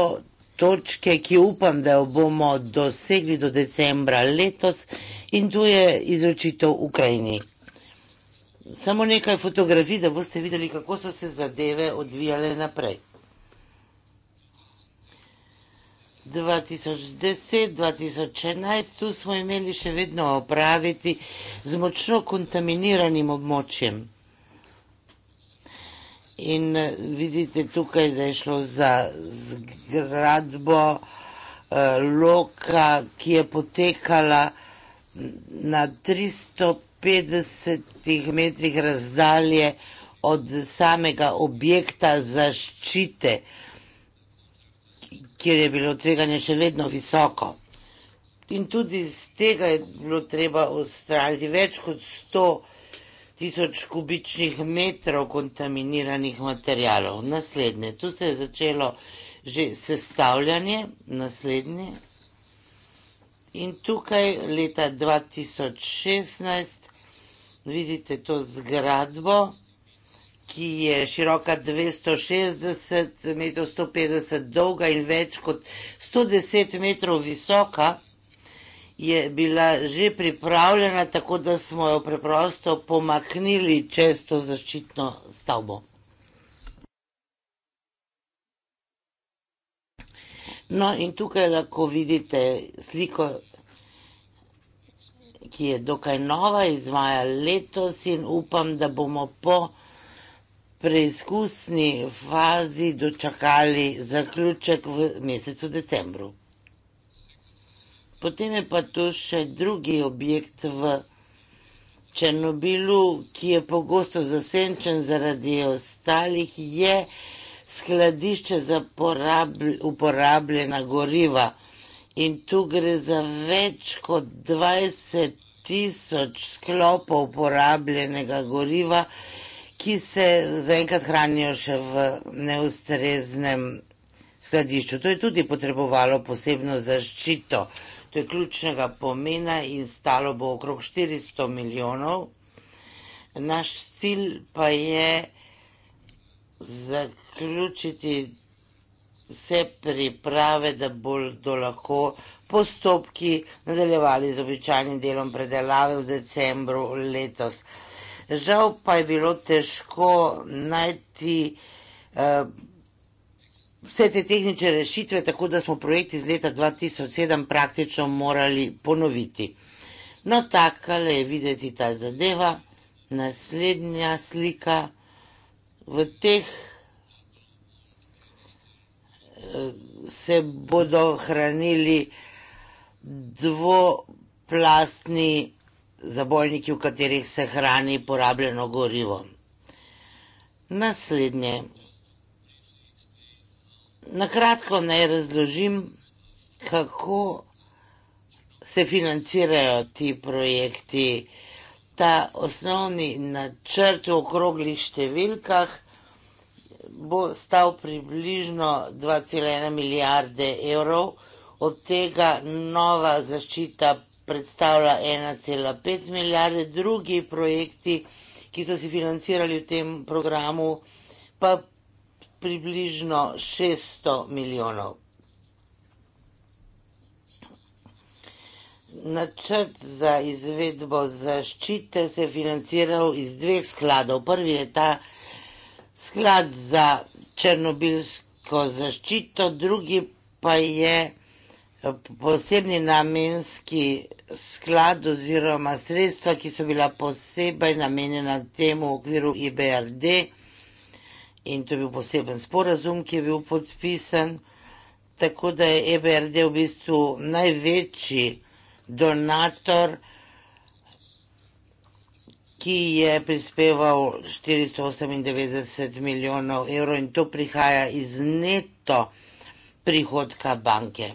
točke, ki upam, da jo bomo dosegli do decembra letos, in tu je izučitev v Ukrajini. Samo nekaj fotografij, da boste videli, kako so se zadeve odvijale naprej. 2010, 2011, tu smo imeli še vedno opraviti z močno kontaminiranim območjem. In eh, vidite tukaj, da je šlo za zgradbo eh, loka, ki je potekala na 350 metrih razdalje od samega objekta zaščite, kjer je bilo tveganje še vedno visoko. In tudi z tega je bilo treba ustraliti več kot 100 metrih, tisoč kubičnih metrov kontaminiranih materijalov. Naslednje, tu se je začelo že sestavljanje, naslednje. In tukaj leta 2016 vidite to zgradbo, ki je široka 260 metrov, 150 dolga in več kot 110 metrov visoka, je bila že pripravljena, tako da smo jo preprosto pomaknili čez to zaščitno stavbo. No, in tukaj lahko vidite sliko, ki je dokaj nova, izvaja letos in upam, da bomo po preizkusni fazi dočakali zaključek v mesecu decembru. Potem je pa tu še drugi objekt v Černobilu, ki je pogosto zasenčen zaradi ostalih, je skladišče za uporabljena goriva. In tu gre za več kot 20 tisoč sklopov uporabljenega goriva, ki se zaenkrat hranijo še v neustreznem skladišču. To je tudi potrebovalo posebno zaščito to je ključnega pomena in stalo bo okrog 400 milijonov. Naš cilj pa je zaključiti vse priprave, da bodo lahko postopki nadaljevali z običajnim delom predelave v decembru letos. Žal pa je bilo težko najti eh, vse te tehnične rešitve, tako da smo projekt iz leta 2007 praktično morali ponoviti. No, takole je videti ta zadeva. Naslednja slika v teh eh, se bodo hranili dvoplastni zabojniki, v katerih se hrani porabljeno gorivo. Naslednje. Na kratko naj razložim, kako se financirajo ti projekti. Ta osnovni načrt v okroglih številkah bo stal približno 2,1 milijarde evrov, od tega nova zaščita predstavlja 1,5 milijarde, drugi projekti, ki so se financirali v tem programu, pa približno 600 milijonov. Načrt za izvedbo zaščite se je financiral iz dveh skladov. Prvi je ta sklad za črnobilsko zaščito, drugi pa je posebni namenski sklad oziroma sredstva, ki so bila posebej namenjena temu v okviru IBRD in to je bil poseben sporazum, ki je bil podpisan, tako da je EBRD v bistvu največji donator, ki je prispeval 498 milijonov evrov in to prihaja iz neto prihodka banke.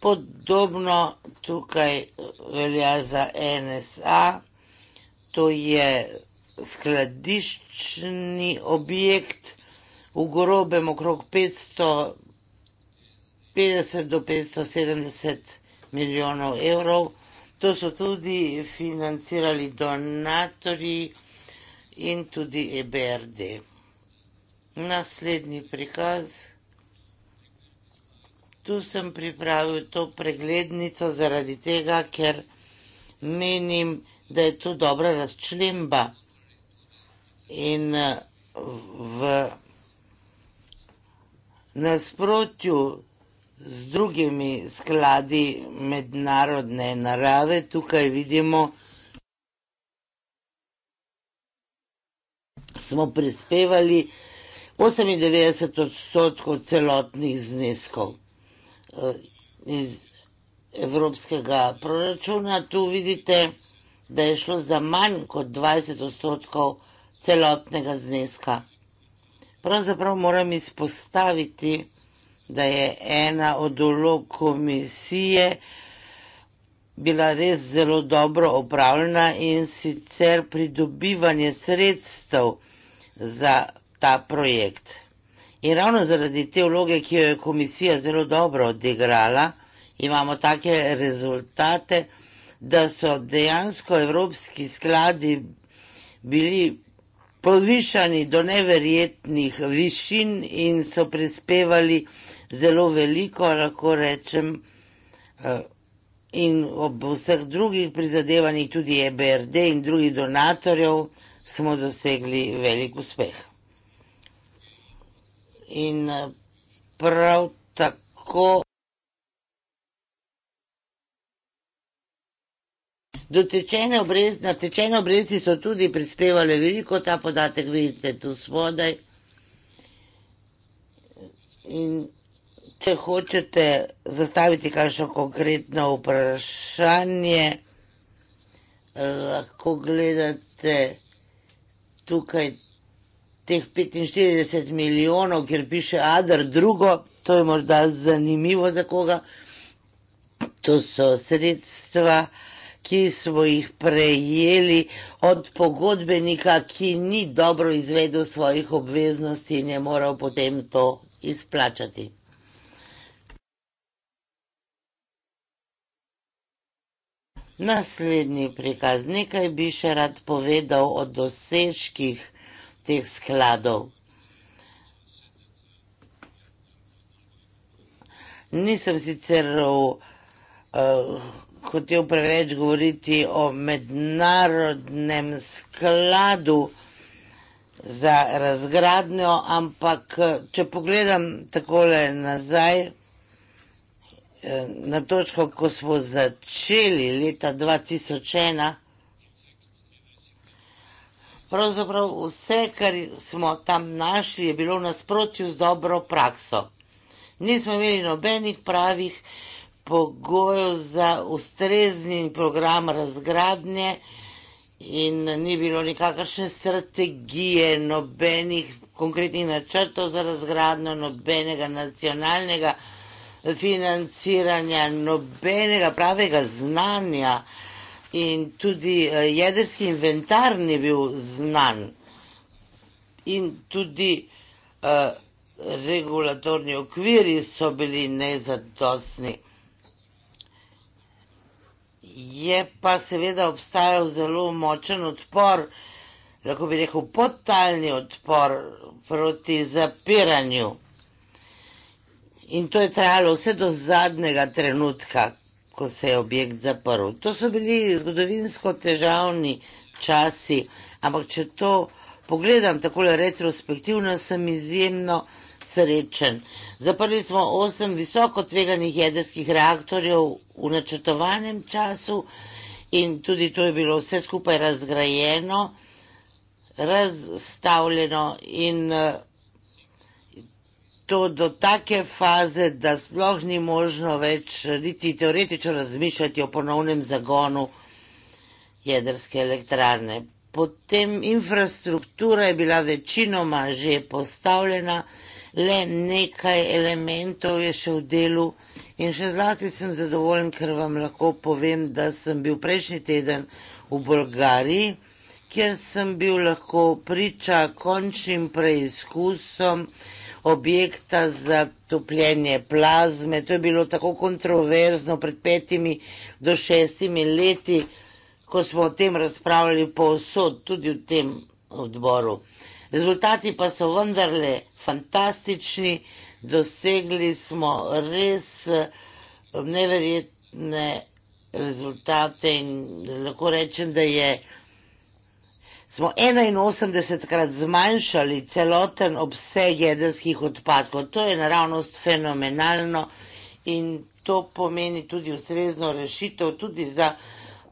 Podobno tukaj velja za NSA, to je vsega, skladiščni objekt v grobem okrog 550 do 570 milijonov evrov. To so tudi financirali donatorji in tudi EBRD. Naslednji prikaz. Tu sem pripravil to preglednico zaradi tega, ker menim, da je to dobra razčlemba. In eh, v nasprotju z drugimi skladi mednarodne narave tukaj vidimo, smo prispevali 98 odstotkov celotnih zneskov eh, iz evropskega proračuna. Tu vidite, da je šlo za manj kot 20 odstotkov zneskov celotnega zneska. Pravzaprav moram izpostaviti, da je ena od ulog komisije bila res zelo dobro opravljena in sicer pridobivanje sredstev za ta projekt. In ravno zaradi te vloge, ki jo je komisija zelo dobro odigrala, imamo take rezultate, da so dejansko evropski skladi bili povišani do neverjetnih višin in so prispevali zelo veliko, lahko rečem, eh, in ob vseh drugih prizadevanjih, tudi EBRD in drugih donatorjev, smo dosegli velik uspeh. In eh, prav tako. Dotečene obrezi, na tečene obresti so tudi prispevali veliko, ta podatek vidite tu spodaj. In če hočete zastaviti kakšno konkretno vprašanje, lahko gledate tukaj teh 45 milijonov, kjer piše ADR drugo, to je morda zanimivo za koga, to so sredstva, ki so sredstva, ki smo jih prejeli od pogodbenika, ki ni dobro izvedel svojih obveznosti in je moral potem to izplačati. Naslednji prikaz. Nekaj bi še rad povedal o dosežkih teh skladov. Nisem sicer v uh, eh, hotel preveč govoriti o mednarodnem skladu za razgradnjo, ampak če pogledam takole nazaj eh, na točko, ko smo začeli leta 2001, pravzaprav vse, kar smo tam našli, je bilo nasprotju z dobro prakso. Nismo imeli nobenih pravih, pogojev za ustrezni program razgradnje in ni bilo nikakršne strategije, nobenih konkretnih načrtov za razgradnjo, nobenega nacionalnega financiranja, nobenega pravega znanja in tudi eh, jedrski inventar ni bil znan in tudi uh, regulatorni okviri so bili nezadostni je pa seveda obstajal zelo močen odpor, lahko bi rekel, podtaljni odpor proti zapiranju. In to je trajalo vse do zadnjega trenutka, ko se je objekt zaprl. To so bili zgodovinsko težavni časi, ampak če to pogledam takole retrospektivno, sem izjemno srečen. Zaprli smo osem visoko tveganih jedrskih reaktorjev v načrtovanem času in tudi to je bilo vse skupaj razgrajeno, razstavljeno in eh, to do take faze, da sploh ni možno več niti teoretično razmišljati o ponovnem zagonu jedrske elektrarne. Potem infrastruktura je bila večinoma že postavljena, le nekaj elementov je še v delu in še zlasti sem zadovoljen, ker vam lahko povem, da sem bil prejšnji teden v Bolgariji, kjer sem bil lahko priča končnim preizkusom objekta za topljenje plazme. To je bilo tako kontroverzno pred petimi do šestimi leti, ko smo o tem razpravljali po vsod, tudi v tem odboru. Rezultati pa so vendarle različni, fantastični, dosegli smo res eh, neverjetne rezultate in lahko rečem, da je smo 81-krat zmanjšali celoten obseg jedrskih odpadkov. To je naravnost fenomenalno in to pomeni tudi ustrezno rešitev tudi za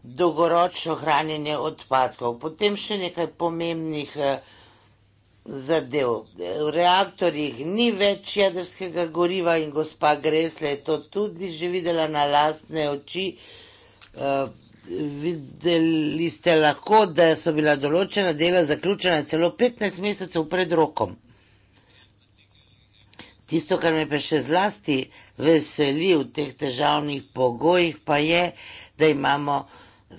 dolgoročno hranjenje odpadkov. Potem še nekaj pomembnih eh, zadev. V reaktorjih ni več jedrskega goriva in gospa Gresle je to tudi že videla na lastne oči. Eh, videli ste lahko, da so bila določena dela zaključena celo 15 mesecev pred rokom. Tisto, kar me pa še zlasti veseli v teh težavnih pogojih, pa je, da imamo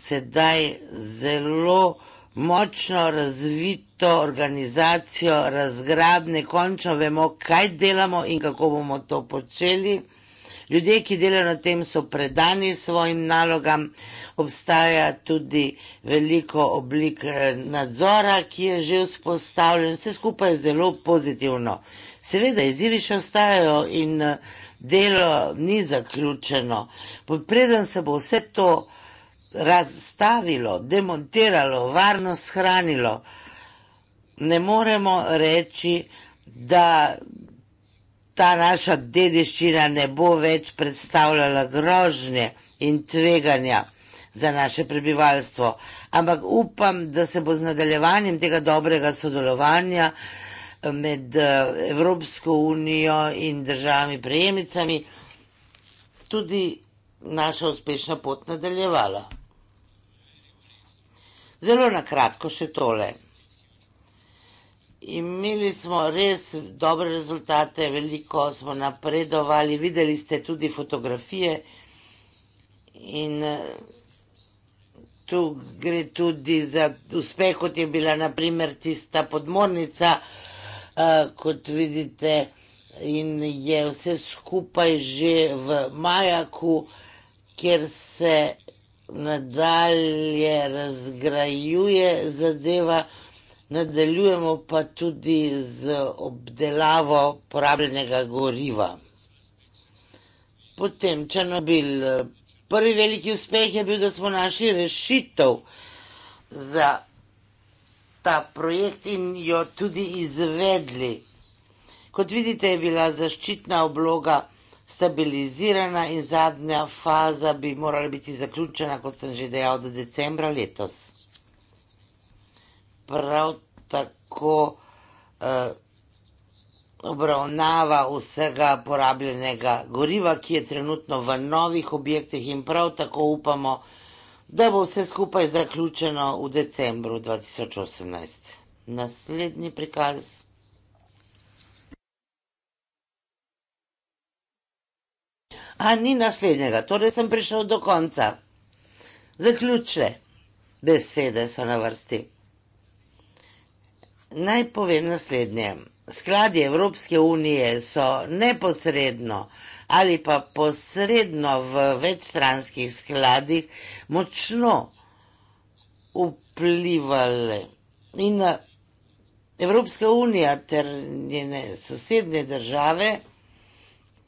sedaj zelo močno razvit to organizacijo razgradne, končno vemo, kaj delamo in kako bomo to počeli. Ljudje, ki delajo na tem, so predani svojim nalogam, obstaja tudi veliko oblik eh, nadzora, ki je že vzpostavljen, vse skupaj je zelo pozitivno. Seveda, izzivi še ostajajo in eh, delo ni zaključeno. Preden se bo vse to razstavilo, demontiralo, varno shranilo, ne moremo reči, da ta naša dediščina ne bo več predstavljala grožnje in tveganja za naše prebivalstvo. Ampak upam, da se bo z nadaljevanjem tega dobrega sodelovanja eh, med eh, Evropsko unijo in državami prejemnicami tudi naša uspešna pot nadaljevala. Zelo na kratko še tole. Imeli smo res dobre rezultate, veliko smo napredovali, videli ste tudi fotografije in tu gre tudi za uspeh, kot je bila naprimer tista podmornica, kot vidite, in je vse skupaj že v Majaku, kjer se nadalje razgrajuje zadeva vsega. Nadaljujemo pa tudi z obdelavo porabljenega goriva. Potem Černobil. Prvi veliki uspeh je bil, da smo našli rešitev za ta projekt in jo tudi izvedli. Kot vidite, je bila zaščitna obloga stabilizirana in zadnja faza bi morala biti zaključena, kot sem že dejal, do decembra letos prav tako eh, obravnava vsega porabljenega goriva, ki je trenutno v novih objektih in prav tako upamo, da bo vse skupaj zaključeno v decembru 2018. Naslednji prikaz. A ni naslednjega, torej sem prišel do konca. Zaključile. Besede so na vrsti. Naj povem naslednje. Skladi Evropske unije so neposredno ali pa posredno v večstranskih skladih močno vplivali in eh, Evropska unija ter njene sosednje države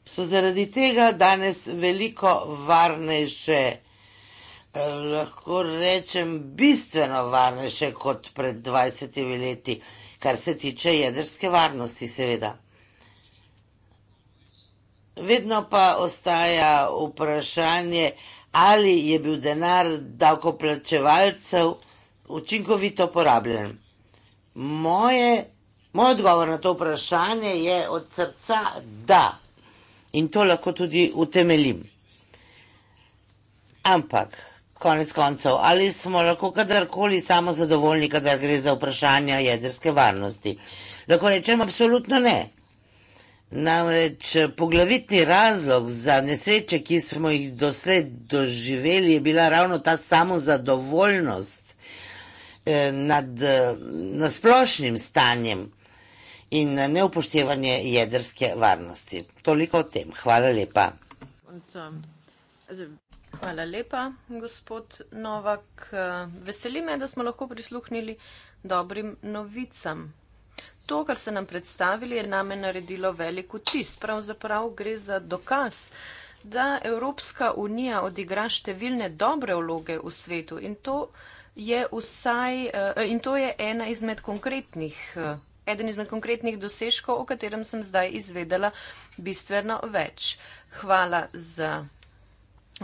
so zaradi tega danes veliko varnejše lahko rečem, bistveno varnejše kot pred 20 leti, kar se tiče jedrske varnosti, seveda. Vedno pa ostaja vprašanje, ali je bil denar davkoplačevalcev učinkovito porabljen. Moje, moj odgovor na to vprašanje je od srca da. In to lahko tudi utemeljim. Ampak konec koncev, ali smo lahko kadarkoli samozadovoljni, kadar gre za vprašanja jedrske varnosti? Lahko rečem, absolutno ne. Namreč poglavitni razlog za nesreče, ki smo jih doslej doživeli, je bila ravno ta samozadovoljnost eh, nad eh, nasplošnim stanjem in neupoštevanje jedrske varnosti. Toliko o tem. Hvala lepa. Und, um, also Hvala lepa, gospod Novak. Veseli me, da smo lahko prisluhnili dobrim novicam. To, kar ste nam predstavili, je name naredilo veliko tis. Pravzaprav gre za dokaz, da Evropska unija odigra številne dobre vloge v svetu in to je, vsaj, eh, in to je ena izmed konkretnih, eh, eden izmed konkretnih dosežkov, o katerem sem zdaj izvedela bistveno več. Hvala za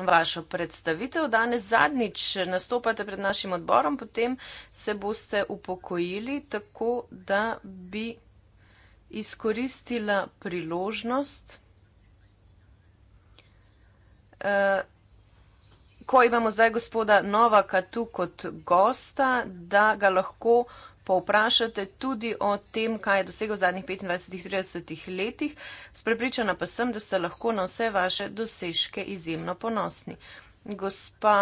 vašo predstavitev. Danes zadnjič nastopate pred našim odborom, potem se boste upokojili, tako da bi izkoristila priložnost, eh, ko imamo zdaj gospoda Novaka tu kot gosta, da ga lahko povprašate tudi o tem, kaj je dosegel v zadnjih 25-30 letih. Sprepričana pa sem, da ste lahko na vse vaše dosežke izjemno ponosni. Gospa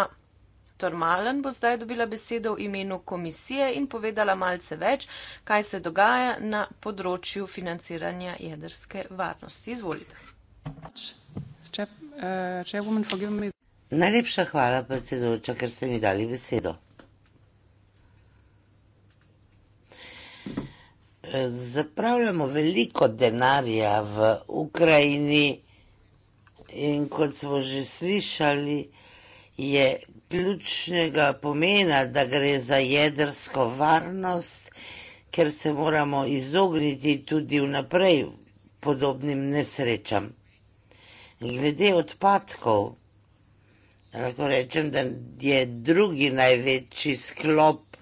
Tormalen bo zdaj dobila besedo v imenu komisije in povedala malce več, kaj se dogaja na področju financiranja jedrske varnosti. Izvolite. Uh, Najlepša hvala, predsedujoča, ker ste mi dali besedo. zapravljamo veliko denarja v Ukrajini in kot smo že slišali, je ključnega pomena, da gre za jedrsko varnost, ker se moramo izogniti tudi vnaprej podobnim nesrečam. Glede odpadkov, lahko rečem, da je drugi največji sklop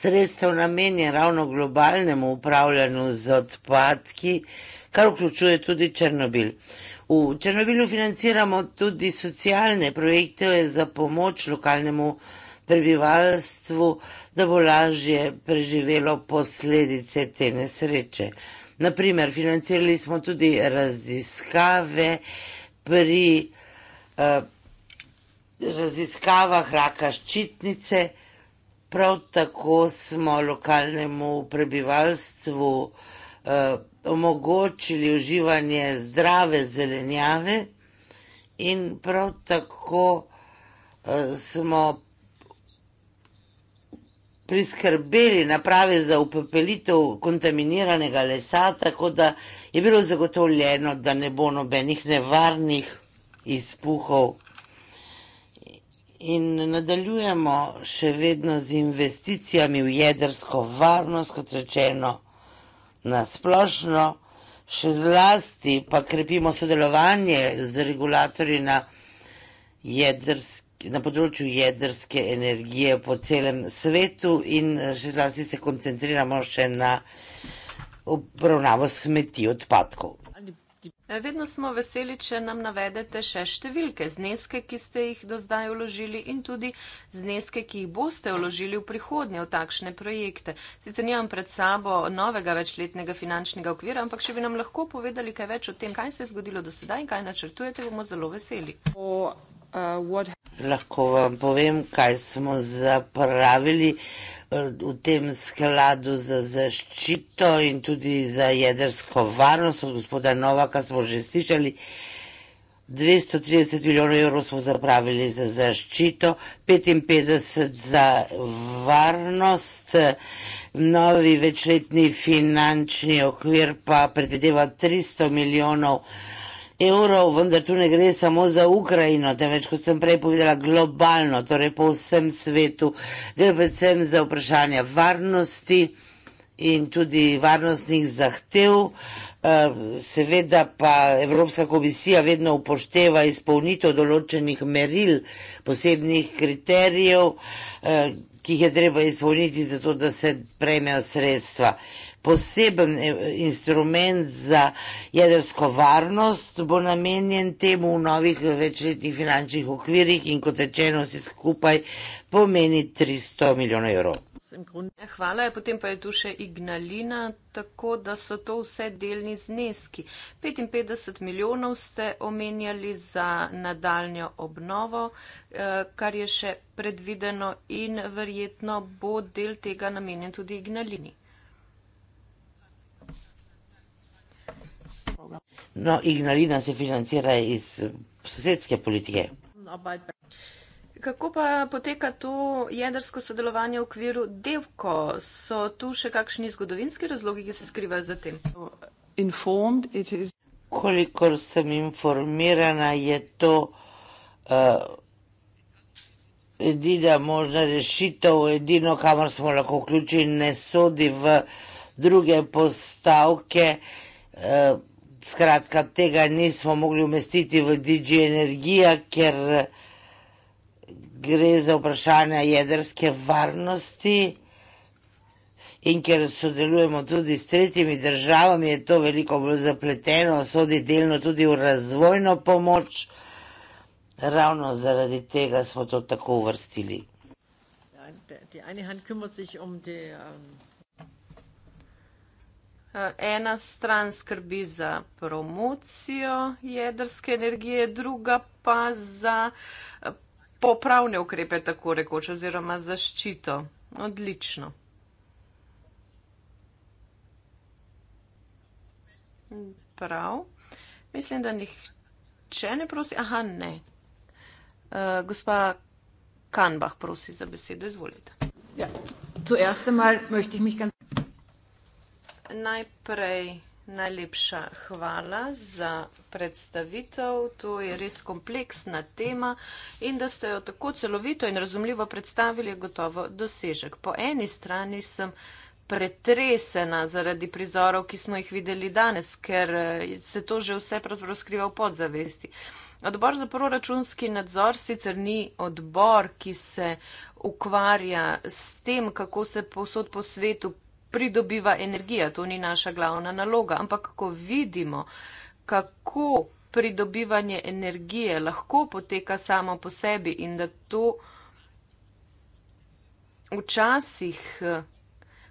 sredstev namenja ravno globalnemu upravljanju z odpadki, kar vključuje tudi Černobil. V Černobilu financiramo tudi socialne projekte za pomoč lokalnemu prebivalstvu, da bo lažje preživelo posledice te nesreče. Naprimer, financirali smo tudi raziskave pri eh, raziskavah raka ščitnice. Prav tako smo lokalnemu prebivalstvu eh, omogočili uživanje zdrave zelenjave in prav tako eh, smo priskrbeli naprave za upepelitev kontaminiranega lesa, tako da je bilo zagotovljeno, da ne bo nobenih nevarnih izpuhov. In nadaljujemo še vedno z investicijami v jedrsko varnost, kot rečeno, na splošno, še zlasti pa krepimo sodelovanje z regulatorji na, jedrski, na področju jedrske energije po celem svetu in še zlasti se koncentriramo še na obravnavo smeti odpadkov. Vedno smo veseli, če nam navedete še številke, zneske, ki ste jih do zdaj vložili in tudi zneske, ki jih boste vložili v prihodnje v takšne projekte. Sicer nimam pred sabo novega večletnega finančnega okvira, ampak če bi nam lahko povedali kaj več o tem, kaj se je zgodilo do sedaj in kaj načrtujete, bomo zelo veseli. Uh, Lahko vam povem, kaj smo zapravili eh, v tem skladu za zaščito in tudi za jedrsko varnost. Od gospoda Novaka smo že slišali, 230 milijonov evrov smo zapravili za zaščito, 55 za varnost, novi večletni finančni okvir pa predvideva 300 milijonov evrov evrov, vendar tu ne gre samo za Ukrajino, temveč kot sem prej povedala globalno, torej po vsem svetu, gre predvsem za vprašanje varnosti in tudi varnostnih zahtev. Eh, seveda pa Evropska komisija vedno upošteva izpolnitev določenih meril, posebnih kriterijev, eh, ki jih je treba izpolniti, zato da se prejmejo sredstva poseben eh, instrument za jedrsko varnost bo namenjen temu v novih večletnih finančnih okvirih in kot rečeno vsi skupaj pomeni 300 milijonov evrov. Ja, hvala, potem pa je tu še Ignalina, tako da so to vse delni zneski. 55 milijonov ste omenjali za nadaljo obnovo, eh, kar je še predvideno in verjetno bo del tega namenjen tudi Ignalini. program. No, Ignalina se financira iz sosedske politike. Kako pa poteka to jedrsko sodelovanje v okviru DEVKO? So tu še kakšni zgodovinski razlogi, ki se skrivajo za tem? Kolikor sem informirana, je to uh, edina možna rešitev, edino, kamor smo lahko vključili, ne sodi v druge postavke. Uh, skratka, tega nismo mogli umestiti v DJ Energija, ker gre za vprašanje jedrske varnosti in ker sodelujemo tudi s tretjimi državami, je to veliko bolj zapleteno, sodi delno tudi v razvojno pomoč. Ravno zaradi tega smo to tako uvrstili. Ja, die eine Hand kümmert sich um die, ähm, Eh, ena stran skrbi za promocijo jedrske energije, druga pa za eh, popravne ukrepe, tako rekoč, oziroma zaščito. Odlično. Prav. Mislim, da nihče ne prosi. Aha, ne. Uh, gospa Kanbah prosi za besedo, izvolite. Ja, zuerst einmal möchte ich mich ganz najprej najlepša hvala za predstavitev. To je res kompleksna tema in da ste jo tako celovito in razumljivo predstavili, je gotovo dosežek. Po eni strani sem pretresena zaradi prizorov, ki smo jih videli danes, ker eh, se to že vse pravzaprav skriva v podzavesti. Odbor za proračunski nadzor sicer ni odbor, ki se ukvarja s tem, kako se posod po svetu pridobiva energija, to ni naša glavna naloga. Ampak ko vidimo, kako pridobivanje energije lahko poteka samo po sebi in da to včasih eh,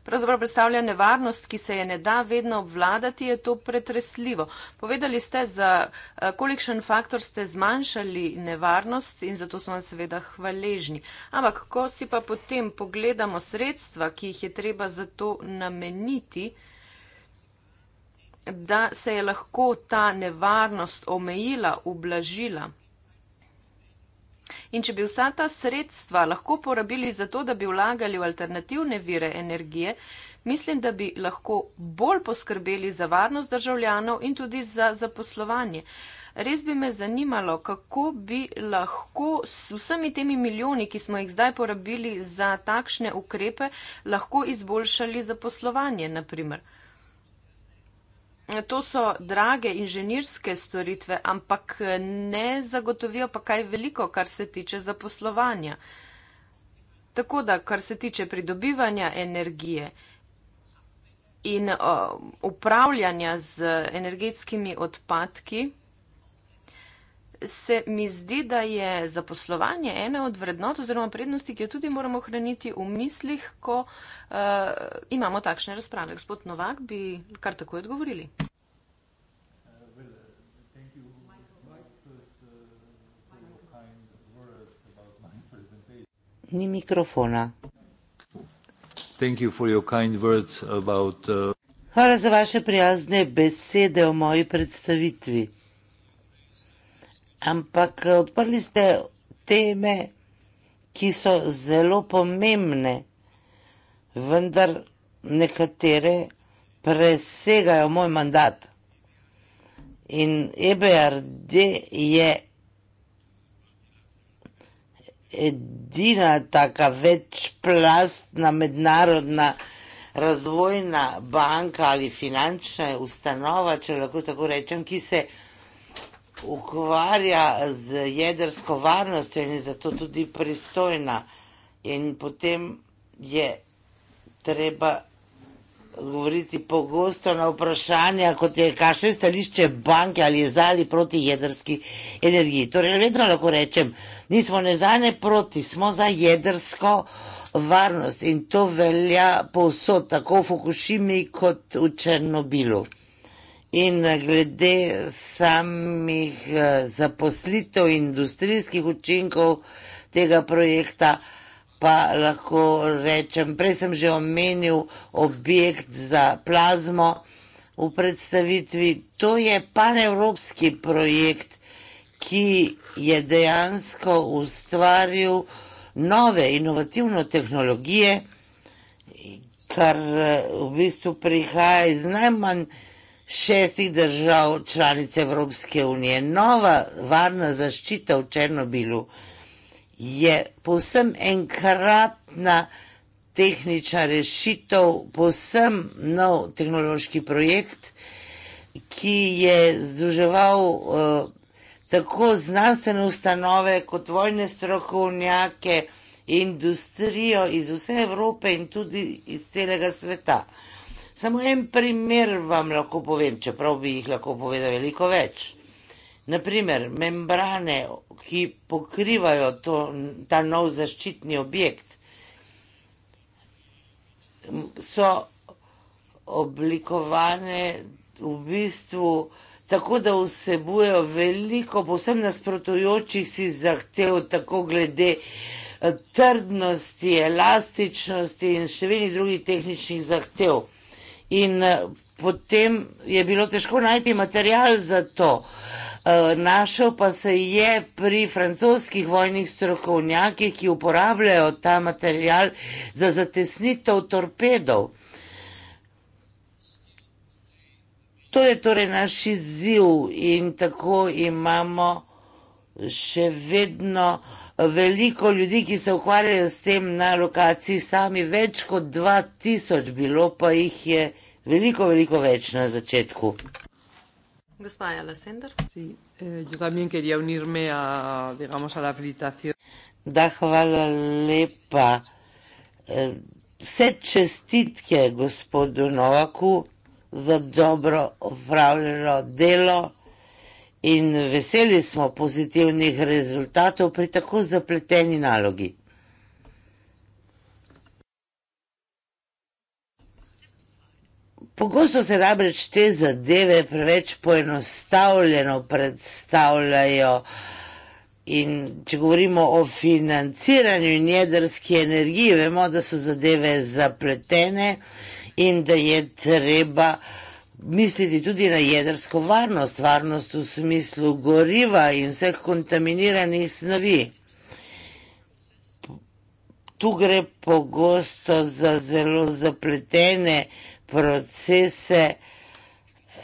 pravzaprav predstavlja nevarnost, ki se je ne da vedno obvladati, je to pretresljivo. Povedali ste, za eh, kolikšen faktor ste zmanjšali nevarnost in zato smo vam seveda hvaležni. Ampak, ko si pa potem pogledamo sredstva, ki jih je treba za to nameniti, da se je lahko ta nevarnost omejila, ublažila. In če bi vsa ta sredstva lahko porabili za to, da bi vlagali v alternativne vire energije, mislim, da bi lahko bolj poskrbeli za varnost državljanov in tudi za zaposlovanje. Res bi me zanimalo, kako bi lahko s vsemi temi milijoni, ki smo jih zdaj porabili za takšne ukrepe, lahko izboljšali zaposlovanje, naprimer to so drage inženirske storitve, ampak ne zagotovijo pa kaj veliko, kar se tiče zaposlovanja. Tako da, kar se tiče pridobivanja energije in uh, upravljanja z energetskimi odpadki, se mi zdi, da je zaposlovanje ena od vrednot oziroma prednosti, ki jo tudi moramo hraniti v mislih, ko uh, imamo takšne razprave. Gospod Novak bi kar tako odgovorili. Ni mikrofona. Uh, Hvala za vaše prijazne besede o moji predstavitvi ampak eh, odprli ste teme, ki so zelo pomembne, vendar nekatere presegajo moj mandat. In EBRD je edina taka večplastna mednarodna razvojna banka ali finančna ustanova, če lahko tako rečem, ki se vsega, ukvarja z jedrsko varnostjo in je zato tudi pristojna. In potem je treba odgovoriti pogosto na vprašanja, kot je kakšno stališče banke ali je za ali proti jedrski energiji. Torej, vedno lahko rečem, nismo ne za ne proti, smo za jedrsko varnost in to velja povsod, tako v Fukushimi kot v Černobilu. In glede samih eh, zaposlitev in industrijskih učinkov tega projekta, pa lahko rečem, prej sem že omenil objekt za plazmo v predstavitvi. To je panevropski projekt, ki je dejansko ustvaril nove inovativne tehnologije, kar eh, v bistvu prihaja iz najmanj šestih držav članic Evropske unije. Nova varna zaščita v Černobilu je povsem enkratna tehnična rešitev, povsem nov tehnološki projekt, ki je združeval eh, tako znanstvene ustanove kot vojne strokovnjake, industrijo iz vse Evrope in tudi iz celega sveta. Samo en primer vam lahko povem, čeprav bi jih lahko povedal veliko več. Naprimer, membrane, ki pokrivajo to, ta nov zaščitni objekt, so oblikovane v bistvu tako, da vsebujejo veliko povsem nasprotujočih si zahtev, tako glede eh, trdnosti, elastičnosti in številnih drugih tehničnih zahtev in eh, potem je bilo težko najti material za to. Eh, našel pa se je pri francoskih vojnih strokovnjakih, ki uporabljajo ta material za zatesnitev torpedov. To je torej naš izziv in tako imamo še vedno uh, veliko ljudi, ki se ukvarjajo s tem na lokaciji sami, več kot 2000 bilo, pa jih je veliko, veliko več na začetku. Gospa Alessandr. Sí. Eh, yo también quería unirme a, digamos, a la felicitación. Da, hvala lepa. Eh, vse čestitke gospodu Novaku za dobro opravljeno delo in veseli smo pozitivnih rezultatov pri tako zapleteni nalogi. Pogosto se rabreč te zadeve preveč poenostavljeno predstavljajo in če govorimo o financiranju in jedrski energiji, vemo, da so zadeve zapletene in da je treba vsega, misliti tudi na jedrsko varnost, varnost v smislu goriva in vseh kontaminiranih snovi. Tu gre pogosto za zelo zapletene procese,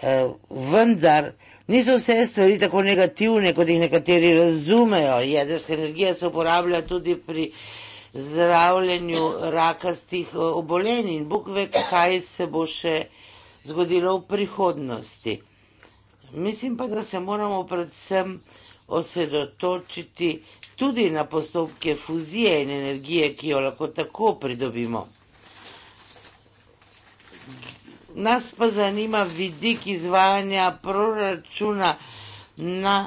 eh, vendar niso vse stvari tako negativne, kot jih nekateri razumejo. Jedrska energija se uporablja tudi pri zdravljenju rakastih eh, obolenj in Bog ve, kaj se bo še zgodilo v prihodnosti. Mislim pa, da se moramo predvsem osredotočiti tudi na postopke fuzije in energije, ki jo lahko tako pridobimo. Nas pa zanima vidik izvajanja proračuna na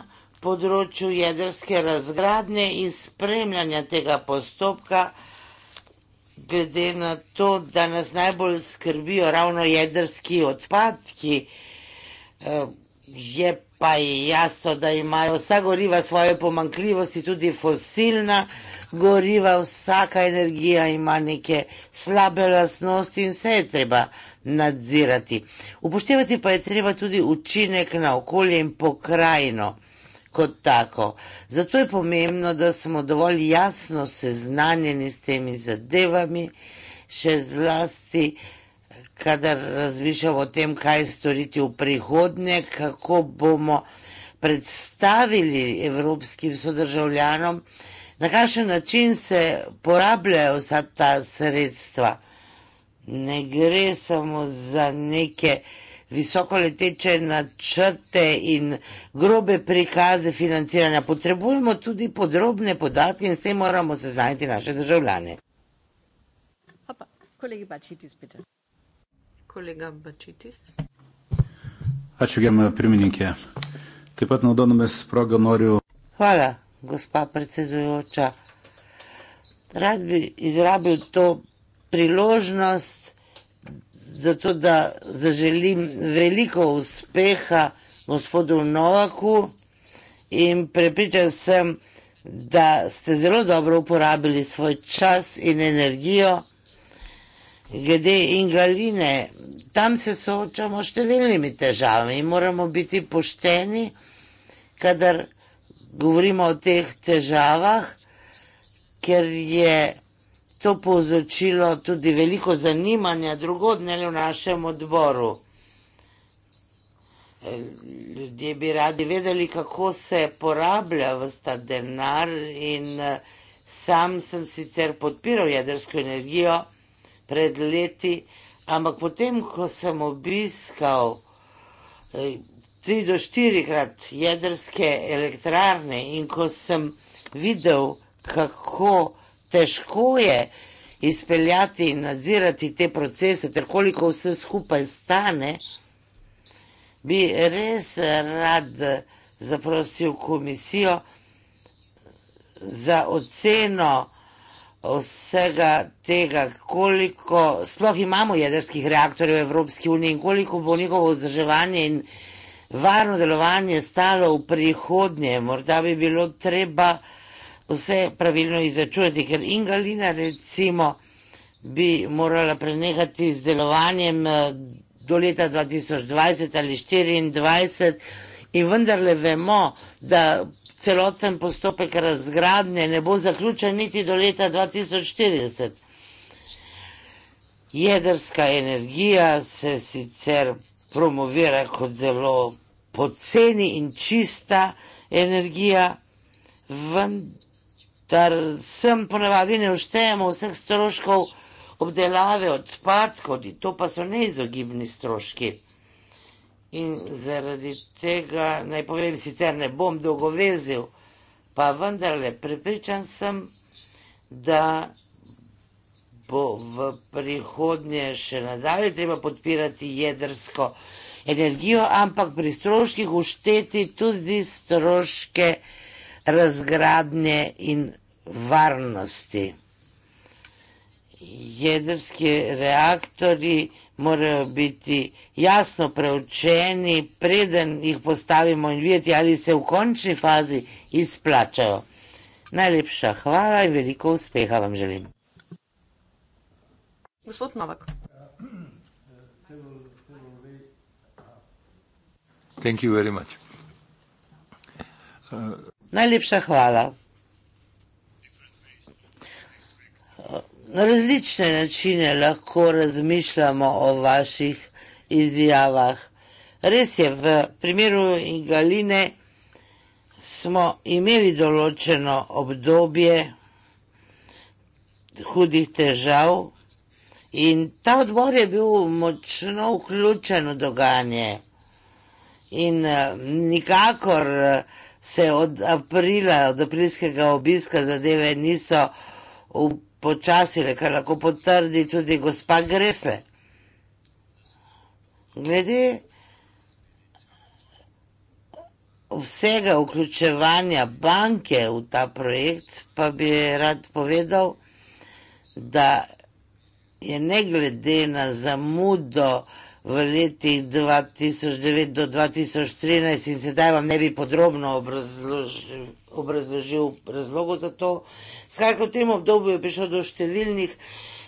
področju jedrske razgradnje in spremljanja tega postopka, glede na to, da nas najbolj skrbijo ravno jedrski odpadki, eh, je pa jasno, da imajo vsa goriva svoje pomankljivosti, tudi fosilna goriva, vsaka energija ima neke slabe lastnosti in vse je treba nadzirati. Upoštevati pa je treba tudi učinek na okolje in pokrajino kot tako. Zato je pomembno, da smo dovolj jasno seznanjeni s temi zadevami, še zlasti, kadar razmišljamo o tem, kaj storiti v prihodnje, kako bomo predstavili evropskim sodržavljanom, na kakšen način se porabljajo vsa ta sredstva. Ne gre samo za neke visokoleteče načrte in grobe prikaze financiranja. Potrebujemo tudi podrobne podatke in s tem moramo seznaniti naše državljane. Opa, kolegi Bačitis, pite. Kolega Bačitis. Ačiū gerbiamą pirmininkę. Taip pat naudodamas progą noriu. Hvala, gospa predsedujoča. Rad bi izrabil to priložnost, zato da zaželim veliko uspeha gospodu Novaku in prepričan sem, da ste zelo dobro uporabili svoj čas in energijo. Glede Ingaline, tam se soočamo številnimi težavami in moramo biti pošteni, kadar govorimo o teh težavah, ker je to povzročilo tudi veliko zanimanja drugod, ne le v našem odboru. E, ljudje bi radi vedeli, kako se porablja vsta denar in e, sam sem sicer podpiral jedrsko energijo pred leti, ampak potem, ko sem obiskal e, tri do štiri krat jedrske elektrarne in ko sem videl, kako vsega, težko je izpeljati in nadzirati te procese, ter koliko vse skupaj stane, bi res rad zaprosil komisijo za oceno vsega tega, koliko sploh imamo jedrskih reaktorjev v Evropski uniji in koliko bo njihovo vzdrževanje in varno delovanje stalo v prihodnje. Morda bi bilo treba uh, vse pravilno izračunati, ker Ingalina recimo bi morala prenehati z delovanjem eh, do leta 2020 ali 2024 in vendarle vemo, da celoten postopek razgradnje ne bo zaključen niti do leta 2040. Jedrska energija se sicer promovira kot zelo poceni in čista energija, vendar ter sem ponavadi ne uštejemo vseh stroškov obdelave odpadkov, in to pa so neizogibni stroški. In zaradi tega, naj povem, sicer ne bom dolgovezil, pa vendarle pripričan sem, da bo v prihodnje še nadalje treba podpirati jedrsko energijo, ampak pri stroških ušteti tudi stroške energije razgradnje in varnosti. Jedrski reaktori morajo biti jasno preučeni, preden jih postavimo in videti, ali se v končni fazi izplačajo. Najlepša hvala in veliko uspeha vam želim. Gospod Novak. Thank you very much. Uh, Najlepša hvala. Na različne načine lahko razmišljamo o vaših izjavah. Res je, v primeru Galine smo imeli določeno obdobje hudih težav in ta odbor je bil močno vključen v dogajanje. In eh, nikakor eh, se od aprila, od aprilskega obiska zadeve niso upočasile, kar lahko potrdi tudi gospa Gresle. Glede vsega vključevanja banke v ta projekt, pa bi rad povedal, da je ne glede na zamudo, v letih 2009 do 2013 in sedaj vam ne bi podrobno obrazložil, obrazložil razlogo za to. Skratka, v tem obdobju je prišlo do številnih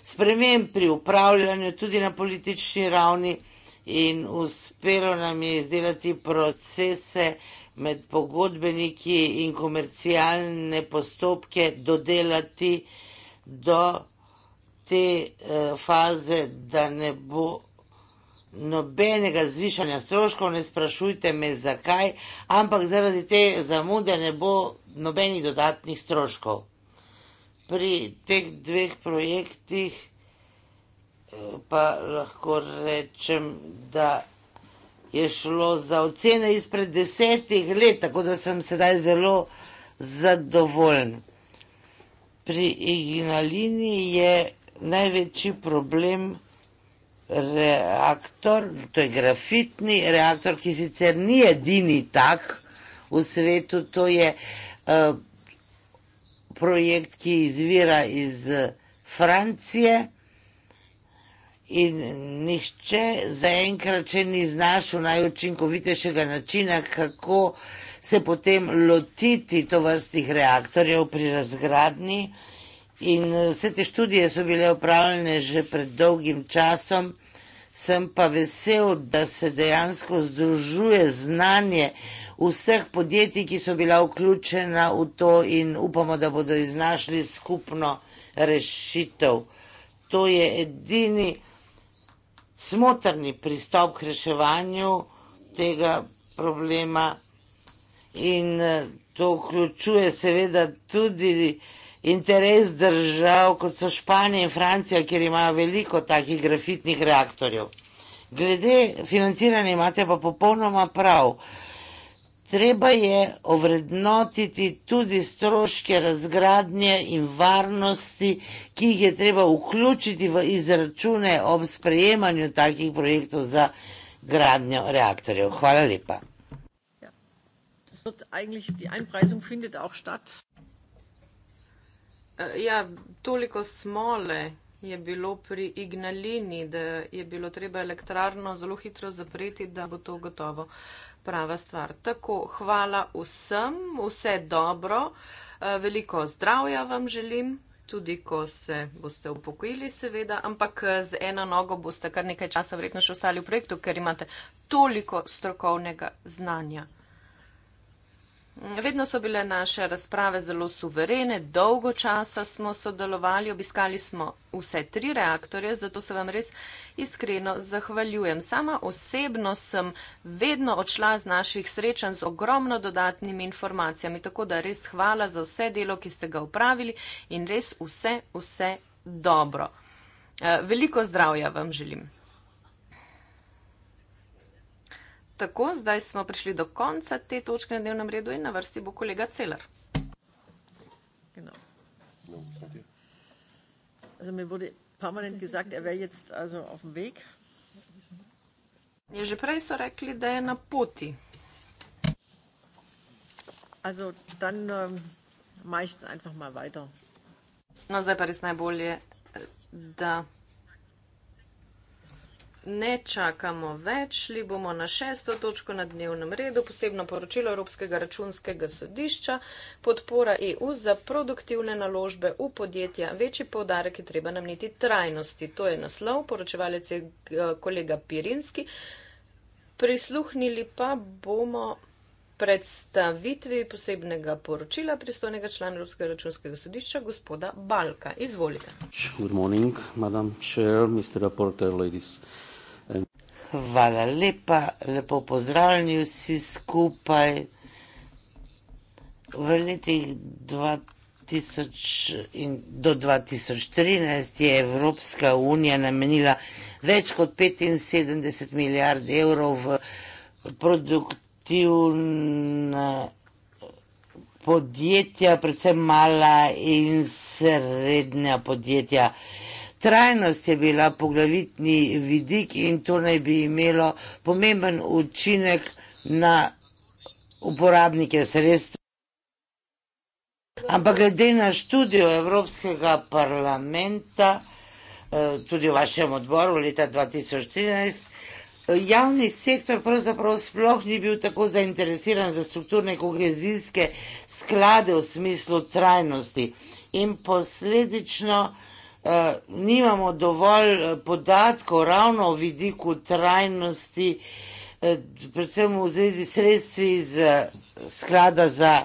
sprememb pri upravljanju, tudi na politični ravni in uspelo nam je izdelati procese med pogodbeniki in komercialne postopke dodelati do te uh, faze, da ne bo nobenega zvišanja stroškov, ne sprašujte me zakaj, ampak zaradi te zamude ne bo nobenih dodatnih stroškov. Pri teh dveh projektih eh, pa lahko rečem, da je šlo za ocene izpred desetih let, tako da sem sedaj zelo zadovoljen. Pri Ignalini je največji problem vsega, reaktor, to je grafitni reaktor, ki sicer ni edini tak v svetu, to je uh, projekt, ki izvira iz eh, Francije in nihče zaenkrat še ni znašel najučinkovitejšega načina, kako se potem lotiti to vrstih reaktorjev pri razgradnji. In eh, vse te študije so bile upravljene že pred dolgim časom, sem pa vesel, da se dejansko združuje znanje vseh podjetij, ki so bila vključena v to in upamo, da bodo iznašli skupno rešitev. To je edini smotrni pristop k reševanju tega problema in eh, to vključuje seveda tudi vsega, interes držav, kot so Španija in Francija, kjer imajo veliko takih grafitnih reaktorjev. Glede financiranja imate pa popolnoma prav. Treba je ovrednotiti tudi stroške razgradnje in varnosti, ki jih je treba vključiti v izračune ob sprejemanju takih projektov za gradnjo reaktorjev. Hvala lepa. Ja. Eh, ja, toliko smole je bilo pri Ignalini, da je bilo treba elektrarno zelo hitro zapreti, da bo to gotovo prava stvar. Tako, hvala vsem, vse dobro, eh, veliko zdravja vam želim, tudi ko se boste upokojili, seveda, ampak eh, z eno nogo boste kar nekaj časa vredno še ostali v projektu, ker imate toliko strokovnega znanja. Vedno so bile naše razprave zelo suverene, dolgo časa smo sodelovali, obiskali smo vse tri reaktorje, zato se vam res iskreno zahvaljujem. Sama osebno sem vedno odšla z naših srečanj z ogromno dodatnimi informacijami, tako da res hvala za vse delo, ki ste ga upravili in res vse, vse dobro. Eh, veliko zdravja vam želim. Tako, zdaj smo prišli do konca te točke na dnevnem redu in na vrsti bo kolega Celer. Ja, že prej so rekli, da je na poti. Also, dann, um, mal no, zdaj pa res najbolje, eh, da. Mm ne čakamo več, šli bomo na šesto točko na dnevnem redu, posebno poročilo Evropskega računskega sodišča, podpora EU za produktivne naložbe v podjetja, večji povdarek je treba namniti trajnosti. To je naslov, poročevalec je eh, kolega Pirinski. Prisluhnili pa bomo predstavitvi posebnega poročila pristojnega člana Evropskega računskega sodišča, gospoda Balka. Izvolite. Good morning, madam chair, Mr. Reporter, ladies. Hvala lepa, lepo pozdravljeni vsi skupaj. V letih 2000 in do 2013 je Evropska unija namenila več kot 75 milijard evrov v produktivna podjetja, predvsem mala in srednja podjetja. Trajnost je bila poglavitni vidik in to naj bi imelo pomemben učinek na uporabnike sredstv. Ampak glede na študijo Evropskega parlamenta, eh, tudi v vašem odboru leta 2013, eh, javni sektor pravzaprav sploh ni bil tako zainteresiran za strukturne kohezijske sklade v smislu trajnosti in posledično Eh, nimamo dovolj eh, podatkov ravno o vidiku trajnosti, eh, predvsem v zvezi s sredstvi iz sklada za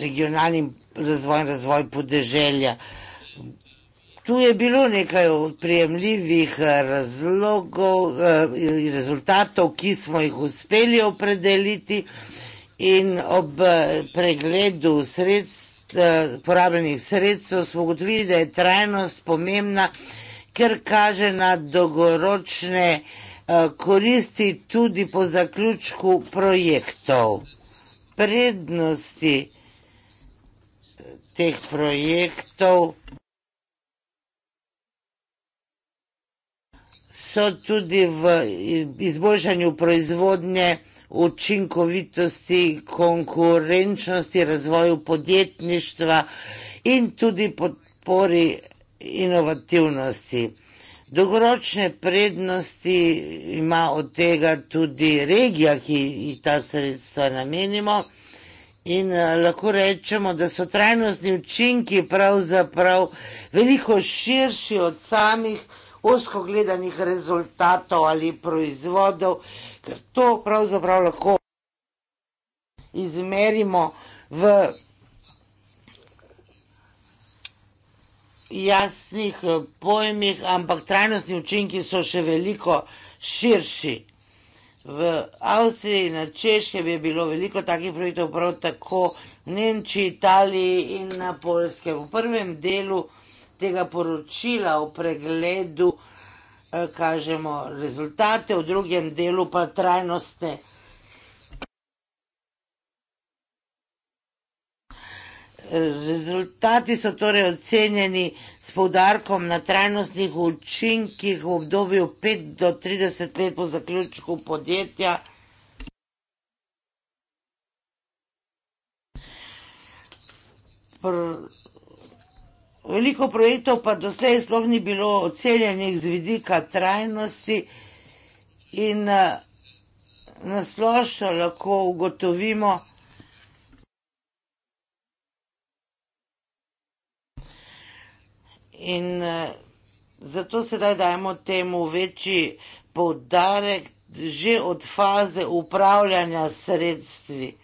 regionalni razvoj in razvoj podeželja. Tu je bilo nekaj odprijemljivih razlogov in rezultatov, ki smo jih uspeli opredeliti in ob pregledu sredstv Eh, porabljenih sredstev, smo ugotovili, da je trajnost pomembna, ker kaže na dolgoročne eh, koristi tudi po zaključku projektov. Prednosti eh, teh projektov so tudi v izboljšanju proizvodnje projektov, učinkovitosti, konkurenčnosti, razvoju podjetništva in tudi podpori inovativnosti. Dolgoročne prednosti ima od tega tudi regija, ki ji ta sredstva namenimo. In eh, lahko rečemo, da so trajnostni učinki pravzaprav veliko širši od samih oskogledanih rezultatov ali proizvodov, ter to pravzaprav lahko izmerimo v jasnih eh, pojmih, ampak trajnostni učinki so še veliko širši. V Avstriji in na Češkem je bilo veliko takih projektov prav tako v Nemčiji, Italiji in na Poljskem. V prvem delu tega poročila o pregledu Eh, kažemo rezultate, v drugem delu pa trajnostne. Rezultati so torej ocenjeni s poudarkom na trajnostnih učinkih v obdobju 5 do 30 let po zaključku podjetja. Pr Veliko projektov pa doslej sploh ni bilo ocenjenih z vidika trajnosti in eh, nasplošno lahko ugotovimo, In eh, zato sedaj dajemo temu večji poudarek že od faze upravljanja sredstvi.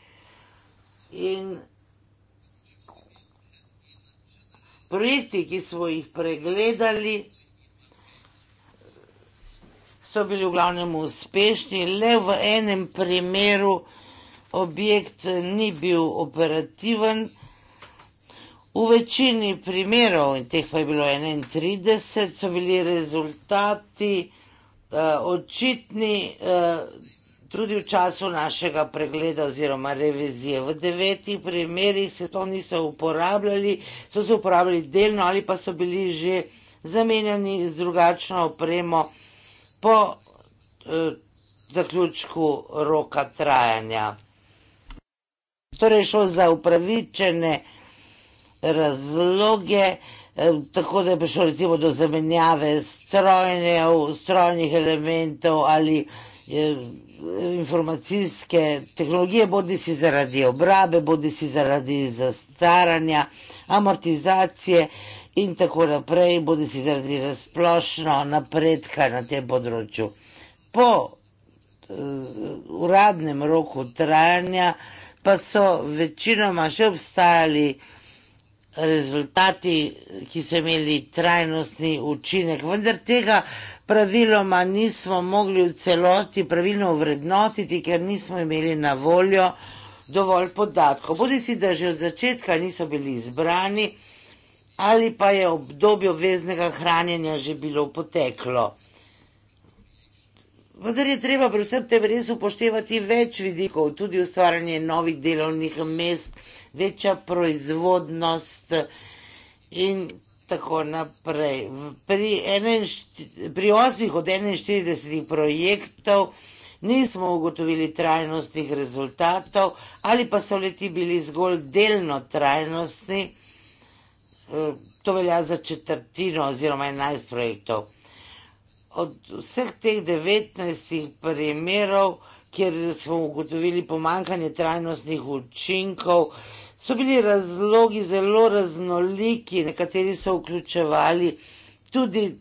In Projekti, ki smo jih pregledali, so bili v glavnem uspešni, le v enem primeru objekt ni bil operativen. V večini primerov, in teh pa je bilo 31, so bili rezultati eh, očitni, eh, Tudi v času našega pregleda oziroma revizije v devetih primerih se to niso uporabljali, so se uporabljali delno ali pa so bili že zamenjani z drugačno opremo po eh, zaključku roka trajanja. Torej šlo za upravičene razloge, eh, tako da je prišlo recimo do zamenjave strojnjev, strojnih elementov ali eh, informacijske tehnologije, bodi si zaradi obrabe, bodi si zaradi zastaranja, amortizacije in tako naprej, bodi si zaradi razplošno napredka na tem področju. Po eh, uradnem roku trajanja pa so večinoma še obstajali rezultati, ki so imeli trajnostni učinek, vendar tega praviloma nismo mogli v celoti pravilno vrednotiti, ker nismo imeli na voljo dovolj podatkov. Bodi si, da že od začetka niso bili izbrani ali pa je obdobje obveznega hranjenja že bilo poteklo. Vendar je treba pri vsem tem res upoštevati več vidikov, tudi ustvarjanje novih delovnih mest, večja proizvodnost in tako naprej. Pri, pri 8 od 41 projektov nismo ugotovili trajnostnih rezultatov ali pa so leti bili zgolj delno trajnostni. E, to velja za četrtino oziroma 11 projektov od vseh teh devetnajstih primerov, kjer smo ugotovili pomankanje trajnostnih učinkov, so bili razlogi zelo raznoliki, nekateri so vključevali tudi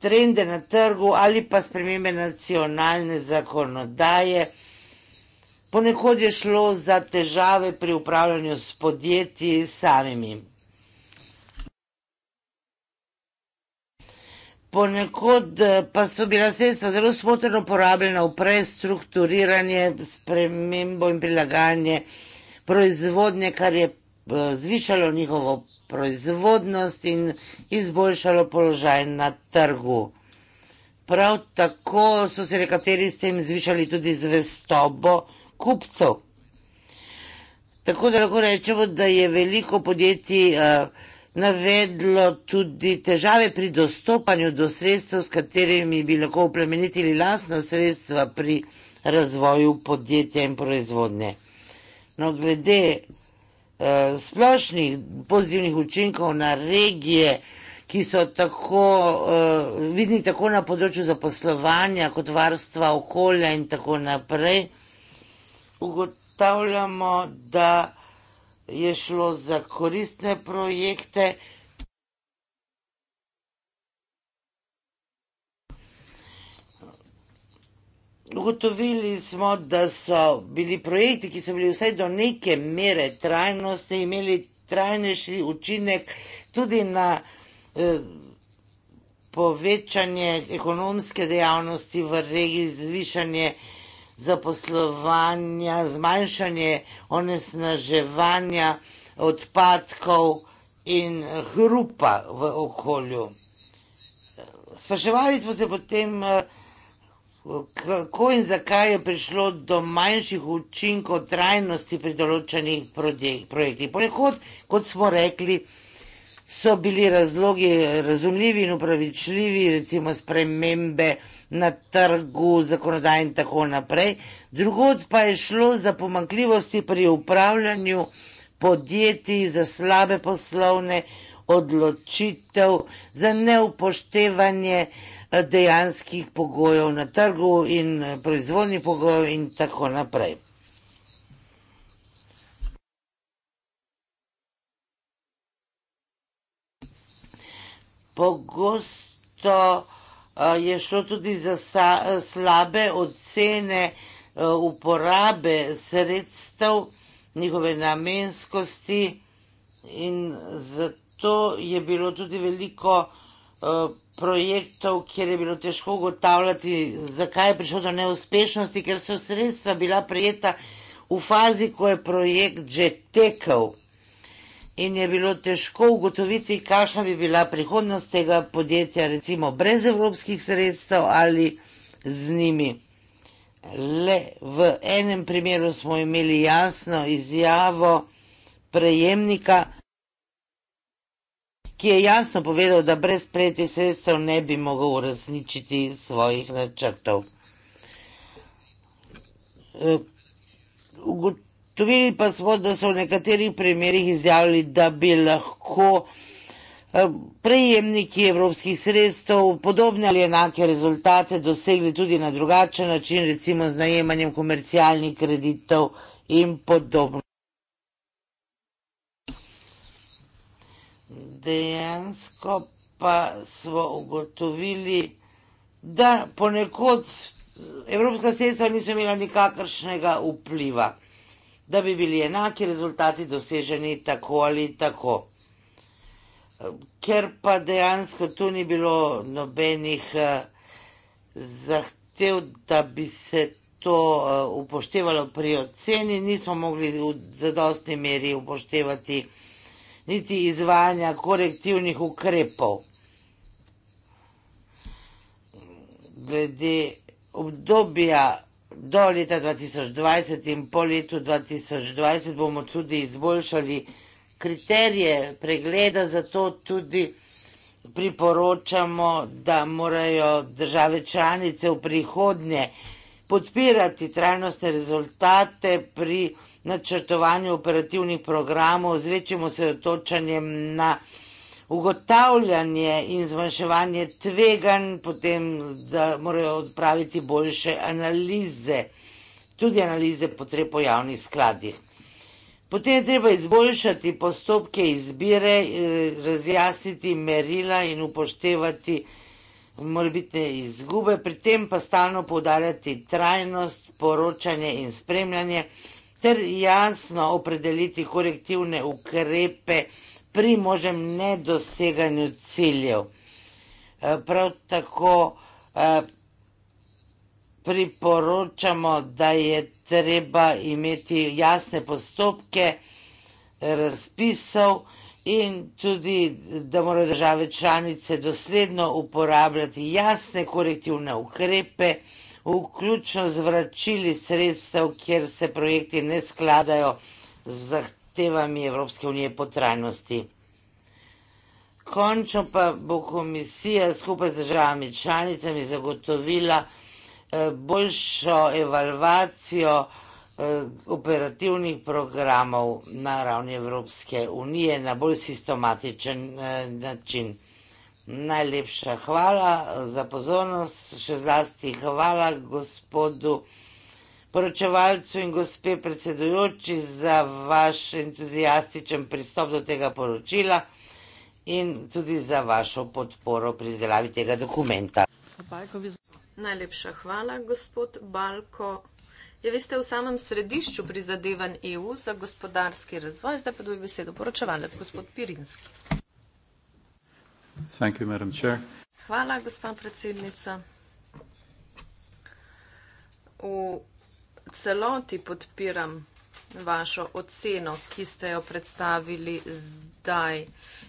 trende na trgu ali pa spremembe nacionalne zakonodaje. Ponekod je šlo za težave pri upravljanju s podjetji samimi. Ponekod eh, pa so bila sredstva zelo smotrno porabljena v prestrukturiranje, spremembo in prilagajanje proizvodnje, kar je eh, zvišalo njihovo proizvodnost in izboljšalo položaj na trgu. Prav tako so se nekateri s tem zvišali tudi zvestobo kupcev. Tako da lahko rečemo, da je veliko podjetij uh, navedlo tudi težave pri dostopanju do sredstev, s katerimi bi lahko oplemenitili lastna sredstva pri razvoju podjetja in proizvodnje. No, glede eh, splošnih pozitivnih učinkov na regije, ki so tako eh, vidni tako na področju zaposlovanja kot varstva okolja in tako naprej, ugotavljamo, da je šlo za koristne projekte. Ugotovili smo, da so bili projekti, ki so bili vsaj do neke mere trajnosti, imeli trajnejši učinek tudi na eh, povečanje ekonomske dejavnosti v regiji, zvišanje eh, zaposlovanja, zmanjšanje onesnaževanja odpadkov in hrupa v okolju. Spraševali smo se potem, eh, kako in zakaj je prišlo do manjših učinkov trajnosti pri določenih projektih. Ponekod, kot smo rekli, so bili razlogi razumljivi in upravičljivi, recimo spremembe, na trgu zakonodaj in tako naprej. Drugod pa je šlo za pomankljivosti pri upravljanju podjetij, za slabe poslovne odločitev, za neupoštevanje eh, dejanskih pogojev na trgu in eh, proizvodnih pogojev in tako naprej. Pogosto je šlo tudi za slabe ocene e, uporabe sredstev, njihove namenskosti in zato je bilo tudi veliko e, projektov, kjer je bilo težko ugotavljati, zakaj je prišlo do neuspešnosti, ker so sredstva bila prejeta v fazi, ko je projekt že tekel in je bilo težko ugotoviti, kakšna bi bila prihodnost tega podjetja, recimo brez evropskih sredstev ali z njimi. Le v enem primeru smo imeli jasno izjavo prejemnika, ki je jasno povedal, da brez prejetih sredstev ne bi mogel uresničiti svojih načrtov. E, Ugot Dovili pa smo, da so v nekaterih primerjih izjavili, da bi lahko eh, prejemniki evropskih sredstev podobne ali enake rezultate dosegli tudi na drugačen način, recimo z najemanjem komercialnih kreditev in podobno. Dejansko pa smo ugotovili, da ponekod evropska sredstva niso imela nikakršnega vpliva da bi bili enaki rezultati doseženi tako ali tako. Ker pa dejansko tu ni bilo nobenih eh, zahtev, da bi se to eh, upoštevalo pri oceni, nismo mogli v zadosti meri upoštevati niti izvajanja korektivnih ukrepov. Glede obdobja do leta 2020 in po letu 2020 bomo tudi izboljšali kriterije pregleda, zato tudi priporočamo, da morajo države članice v prihodnje podpirati trajnostne rezultate pri načrtovanju operativnih programov z večjim osredotočanjem na ugotavljanje in zmanjševanje tveganj, potem da morajo odpraviti boljše analize, tudi analize potreb po javnih skladih. Potem je treba izboljšati postopke izbire, razjasniti merila in upoštevati morbitne izgube, pri tem pa stalno poudarjati trajnost, poročanje in spremljanje ter jasno opredeliti korektivne ukrepe, pri možnem nedoseganju ciljev. Eh, prav tako eh, priporočamo, da je treba imeti jasne postopke razpisov in tudi, da morajo države članice dosledno uporabljati jasne korektivne ukrepe, vključno z vračili sredstev, kjer se projekti ne skladajo z zahtevami zahtevami Evropske unije po trajnosti. Končno pa bo komisija skupaj z državami članicami zagotovila eh, boljšo evalvacijo eh, operativnih programov na ravni Evropske unije na bolj sistematičen eh, način. Najlepša hvala za pozornost, še zlasti hvala gospodu poročevalcu in gospe predsedujoči za vaš entuzijastičen pristop do tega poročila in tudi za vašo podporo pri izdelavi tega dokumenta. Najlepša hvala, gospod Balko. Je, ja, vi ste v samem središču prizadevan EU za gospodarski razvoj, zdaj pa dobi besedo poročevalec, gospod Pirinski. Thank you, madam chair. Hvala, gospa predsednica celoti podpiram vašo oceno, ki ste jo predstavili zdaj.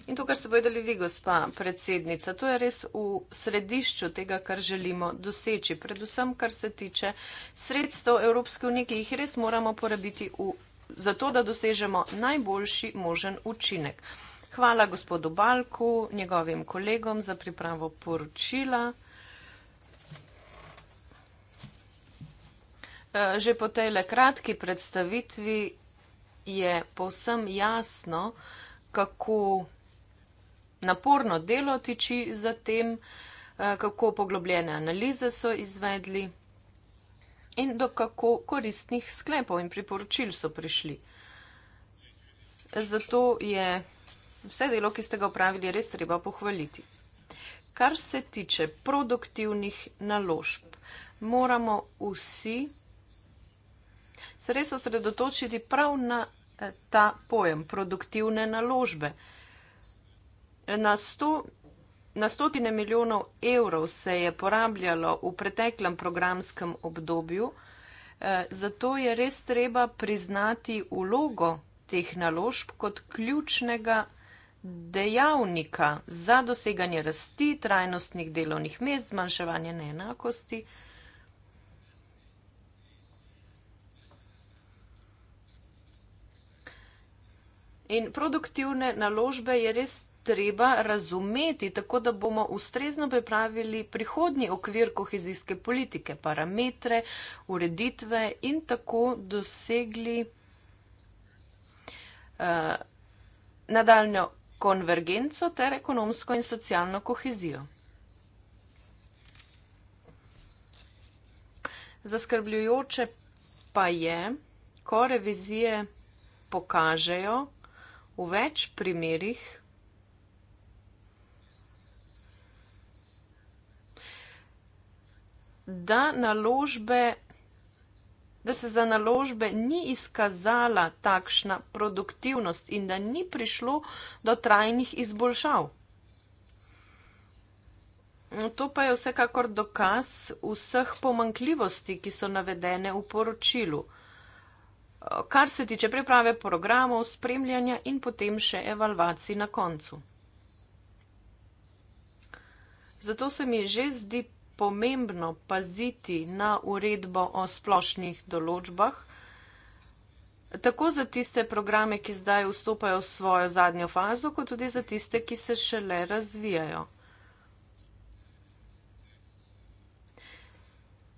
In to, kar ste povedali vi, gospa predsednica, to je res v središču tega, kar želimo doseči. Predvsem, kar se tiče sredstev Evropske unije, ki jih res moramo porabiti v, zato, da dosežemo najboljši možen učinek. Hvala gospodu Balku, njegovim kolegom za pripravo poročila. Eh, že po tej le kratki predstavitvi je povsem jasno, kako naporno delo tiči za tem, eh, kako poglobljene analize so izvedli in do kako koristnih sklepov in priporočil so prišli. Zato je vse delo, ki ste ga upravili, res treba pohvaliti. Kar se tiče produktivnih naložb, moramo vsi se res osredotočiti prav na eh, ta pojem produktivne naložbe. Na, sto, na stotine milijonov evrov se je porabljalo v preteklem programskem obdobju, eh, zato je res treba priznati ulogo teh naložb kot ključnega dejavnika za doseganje rasti trajnostnih delovnih mest, zmanjševanje neenakosti. In produktivne naložbe je res treba razumeti, tako da bomo ustrezno pripravili prihodnji okvir kohezijske politike, parametre, ureditve in tako dosegli uh, eh, nadaljno konvergenco ter ekonomsko in socialno kohezijo. Zaskrbljujoče pa je, ko revizije pokažejo, v več primerjih Da, naložbe, da se za naložbe ni izkazala takšna produktivnost in da ni prišlo do trajnih izboljšav. To pa je vsekakor dokaz vseh pomankljivosti, ki so navedene v poročilu kar se tiče priprave programov, spremljanja in potem še evalvacij na koncu. Zato se mi že zdi pomembno paziti na uredbo o splošnih določbah, tako za tiste programe, ki zdaj vstopajo v svojo zadnjo fazo, kot tudi za tiste, ki se šele razvijajo.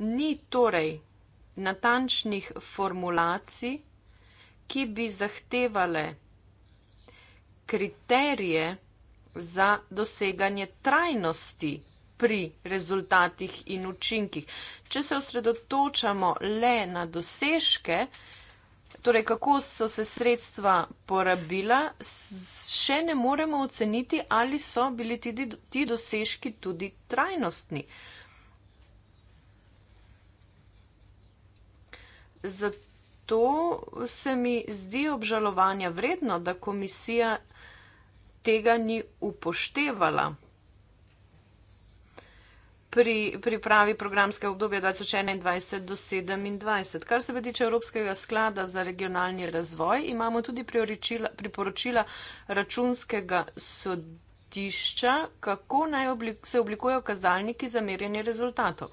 Ni torej natančnih formulacij, ki bi zahtevale kriterije za doseganje trajnosti pri rezultatih in učinkih. Če se osredotočamo le na dosežke, torej kako so se sredstva porabila, še ne moremo oceniti, ali so bili ti dosežki tudi trajnostni. zato se mi zdi obžalovanja vredno, da komisija tega ni upoštevala. Pri pripravi programske obdobje 2021 do 2027. Kar se tiče Evropskega sklada za regionalni razvoj, imamo tudi priporočila računskega sodišča, kako naj oblik, se oblikujejo kazalniki za merjenje rezultatov.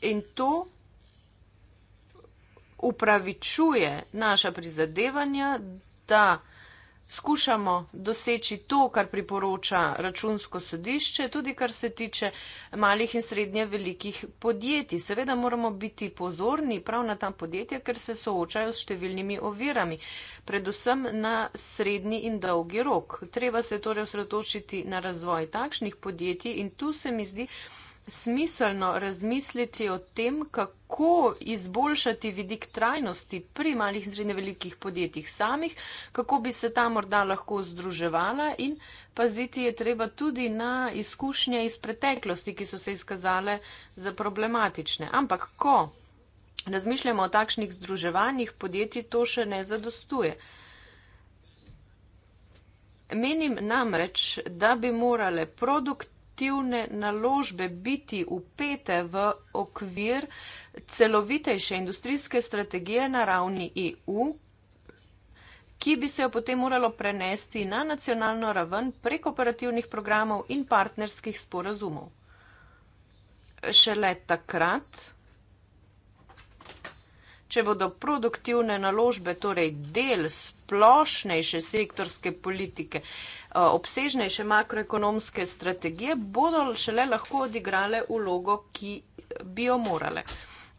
In to upravičuje naša prizadevanja, da skušamo doseči to, kar priporoča računsko sodišče, tudi kar se tiče malih in srednje velikih podjetij. Seveda moramo biti pozorni prav na ta podjetja, ker se soočajo s številnimi ovirami, predvsem na srednji in dolgi rok. Treba se torej osredotočiti na razvoj takšnih podjetij in tu se mi zdi, smiselno razmisliti o tem, kako izboljšati vidik trajnosti pri malih in srednje velikih podjetjih samih, kako bi se ta morda lahko združevala in paziti je treba tudi na izkušnje iz preteklosti, ki so se izkazale za problematične. Ampak ko razmišljamo o takšnih združevanjih podjetij, to še ne zadostuje. Menim namreč, da bi morale produkt aktivne naložbe biti upete v okvir celovitejše industrijske strategije na ravni EU, ki bi se jo potem moralo prenesti na nacionalno raven prek operativnih programov in partnerskih sporazumov. Šele takrat Če bodo produktivne naložbe, torej del splošnejše sektorske politike, eh, obsežnejše makroekonomske strategije, bodo šele lahko odigrale ulogo, ki bi jo morale.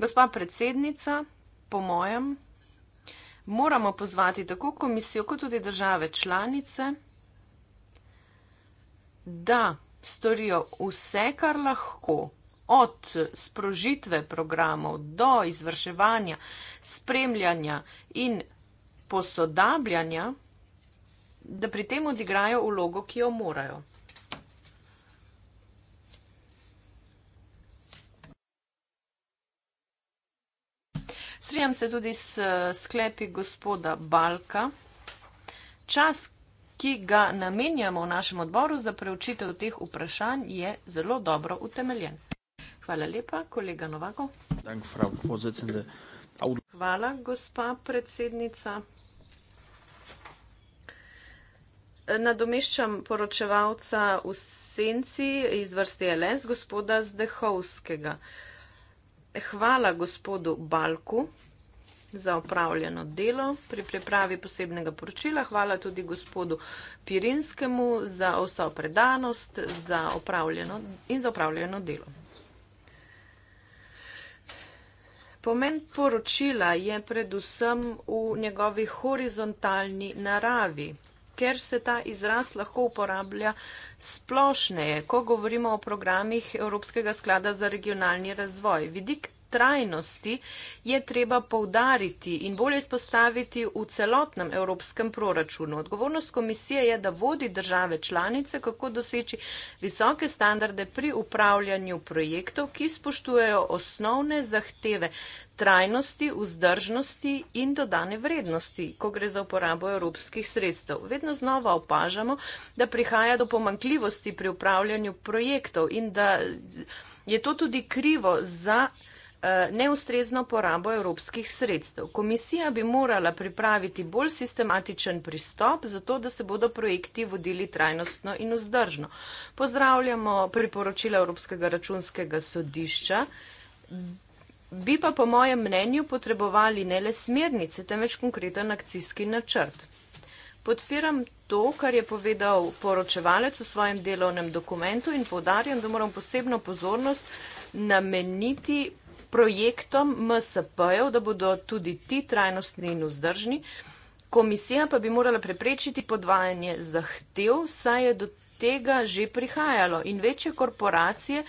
Gospa predsednica, po mojem, moramo pozvati tako komisijo, kot tudi države članice, da storijo vse, kar lahko od sprožitve programov do izvrševanja, spremljanja in posodabljanja, da pri tem odigrajo vlogo, ki jo morajo. Strijam se tudi s sklepi gospoda Balka. Čas, ki ga namenjamo v našem odboru za preučitev teh vprašanj, je zelo dobro utemeljen. Hvala lepa, kolega Novakov. Hvala, gospa predsednica. Nadomeščam poročevalca v senci iz vrsti LS, gospoda Zdehovskega. Hvala gospodu Balku za opravljeno delo pri pripravi posebnega poročila. Hvala tudi gospodu Pirinskemu za vso predanost za in za opravljeno delo. Pomen poročila je predvsem v njegovi horizontalni naravi, ker se ta izraz lahko uporablja splošneje, ko govorimo o programih Evropskega sklada za regionalni razvoj. Vidik trajnosti je treba povdariti in bolje izpostaviti v celotnem evropskem proračunu. Odgovornost komisije je, da vodi države članice, kako doseči visoke standarde pri upravljanju projektov, ki spoštujejo osnovne zahteve trajnosti, vzdržnosti in dodane vrednosti, ko gre za uporabo evropskih sredstev. Vedno znova opažamo, da prihaja do pomankljivosti pri upravljanju projektov in da je to tudi krivo za Eh, neustrezno porabo evropskih sredstev. Komisija bi morala pripraviti bolj sistematičen pristop, zato da se bodo projekti vodili trajnostno in vzdržno. Pozdravljamo priporočila Evropskega računskega sodišča. Bi pa po mojem mnenju potrebovali ne le smernice, temveč konkreten akcijski načrt. Podpiram to, kar je povedal poročevalec v svojem delovnem dokumentu in povdarjam, da moram posebno pozornost nameniti projektom MSP-jev, da bodo tudi ti trajnostni in vzdržni. Komisija pa bi morala preprečiti podvajanje zahtev, saj je do tega že prihajalo in večje korporacije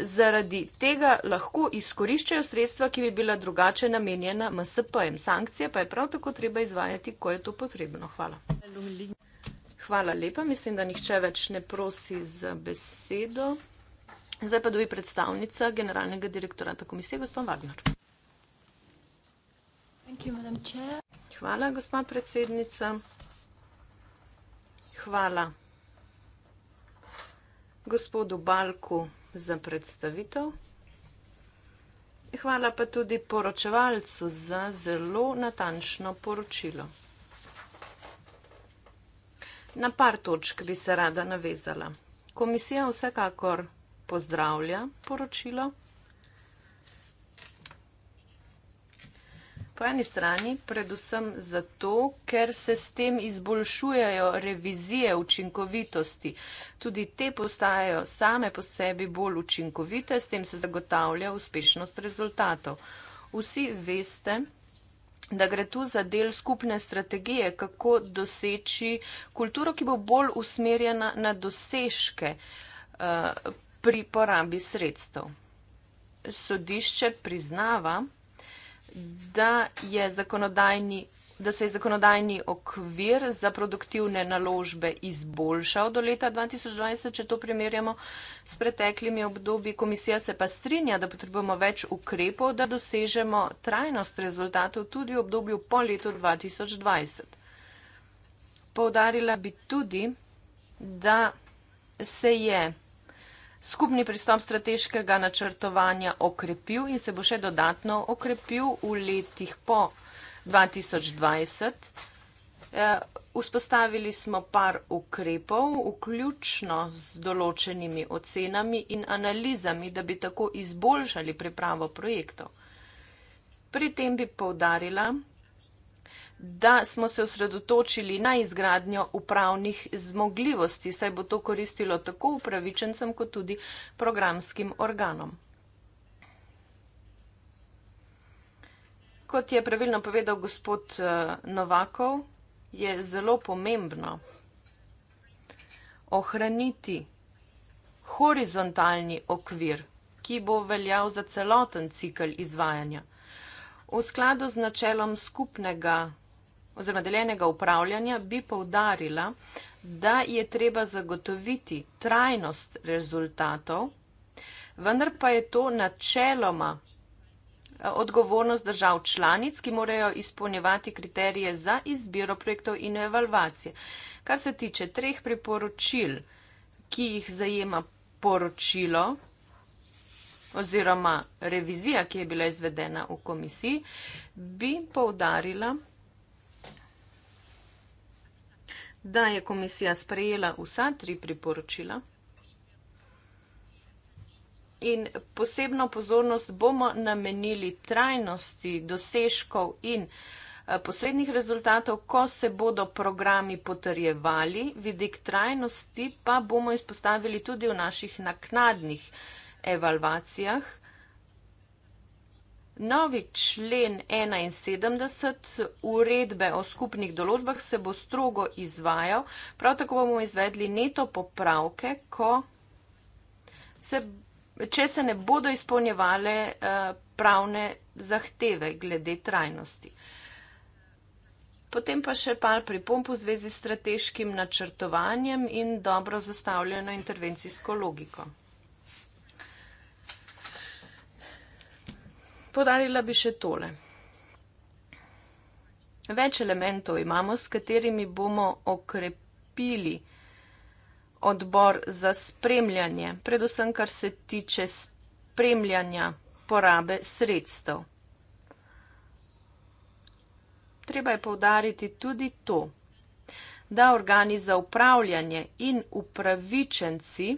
zaradi tega lahko izkoriščajo sredstva, ki bi bila drugače namenjena MSP-jem. Sankcije pa je prav tako treba izvajati, ko je to potrebno. Hvala. Hvala lepa. Mislim, da nihče več ne prosi za besedo. Zdaj pa dobi predstavnica generalnega direktorata komisije, gospod Wagner. Hvala, gospa predsednica. Hvala gospodu Balku za predstavitev. Hvala pa tudi poročevalcu za zelo natančno poročilo. Na par točk bi se rada navezala. Komisija vsekakor pozdravlja poročilo. Po eni strani, predvsem zato, ker se s tem izboljšujejo revizije učinkovitosti. Tudi te postajajo same po sebi bolj učinkovite, s tem se zagotavlja uspešnost rezultatov. Vsi veste, da gre tu za del skupne strategije, kako doseči kulturo, ki bo bolj usmerjena na dosežke. Eh, pri porabi sredstev. Sodišče priznava, da, je da se je zakonodajni okvir za produktivne naložbe izboljšal do leta 2020, če to primerjamo s preteklimi obdobji. Komisija se pa strinja, da potrebujemo več ukrepov, da dosežemo trajnost rezultatov tudi v obdobju po letu 2020. Poudarila bi tudi, da se je skupni pristop strateškega načrtovanja okrepil in se bo še dodatno okrepil v letih po 2020. Eh, vzpostavili smo par ukrepov, vključno z določenimi ocenami in analizami, da bi tako izboljšali pripravo projektov. Pri tem bi povdarila, da smo se osredotočili na izgradnjo upravnih zmogljivosti, saj bo to koristilo tako upravičencem, kot tudi programskim organom. Kot je pravilno povedal gospod eh, Novakov, je zelo pomembno ohraniti horizontalni okvir, ki bo veljal za celoten cikl izvajanja. V skladu z načelom skupnega oziroma deljenega upravljanja, bi poudarila, da je treba zagotoviti trajnost rezultatov, vendar pa je to načeloma eh, odgovornost držav članic, ki morajo izpolnjevati kriterije za izbiro projektov in evalvacije. Kar se tiče treh priporočil, ki jih zajema poročilo oziroma revizija, ki je bila izvedena v komisiji, bi poudarila, da je komisija sprejela vsa tri priporočila. In posebno pozornost bomo namenili trajnosti dosežkov in eh, poslednjih rezultatov, ko se bodo programi potrjevali, vidik trajnosti pa bomo izpostavili tudi v naših naknadnih evalvacijah. Novi člen 71 uredbe o skupnih določbah se bo strogo izvajal, prav tako bomo izvedli neto popravke, se, če se ne bodo izpolnjevale eh, pravne zahteve glede trajnosti. Potem pa še par pripomp v zvezi s strateškim načrtovanjem in dobro zastavljeno intervencijsko logiko. Podarila bi še tole. Več elementov imamo, s katerimi bomo okrepili odbor za spremljanje, predvsem kar se tiče spremljanja porabe sredstev. Treba je povdariti tudi to, da organi za upravljanje in upravičenci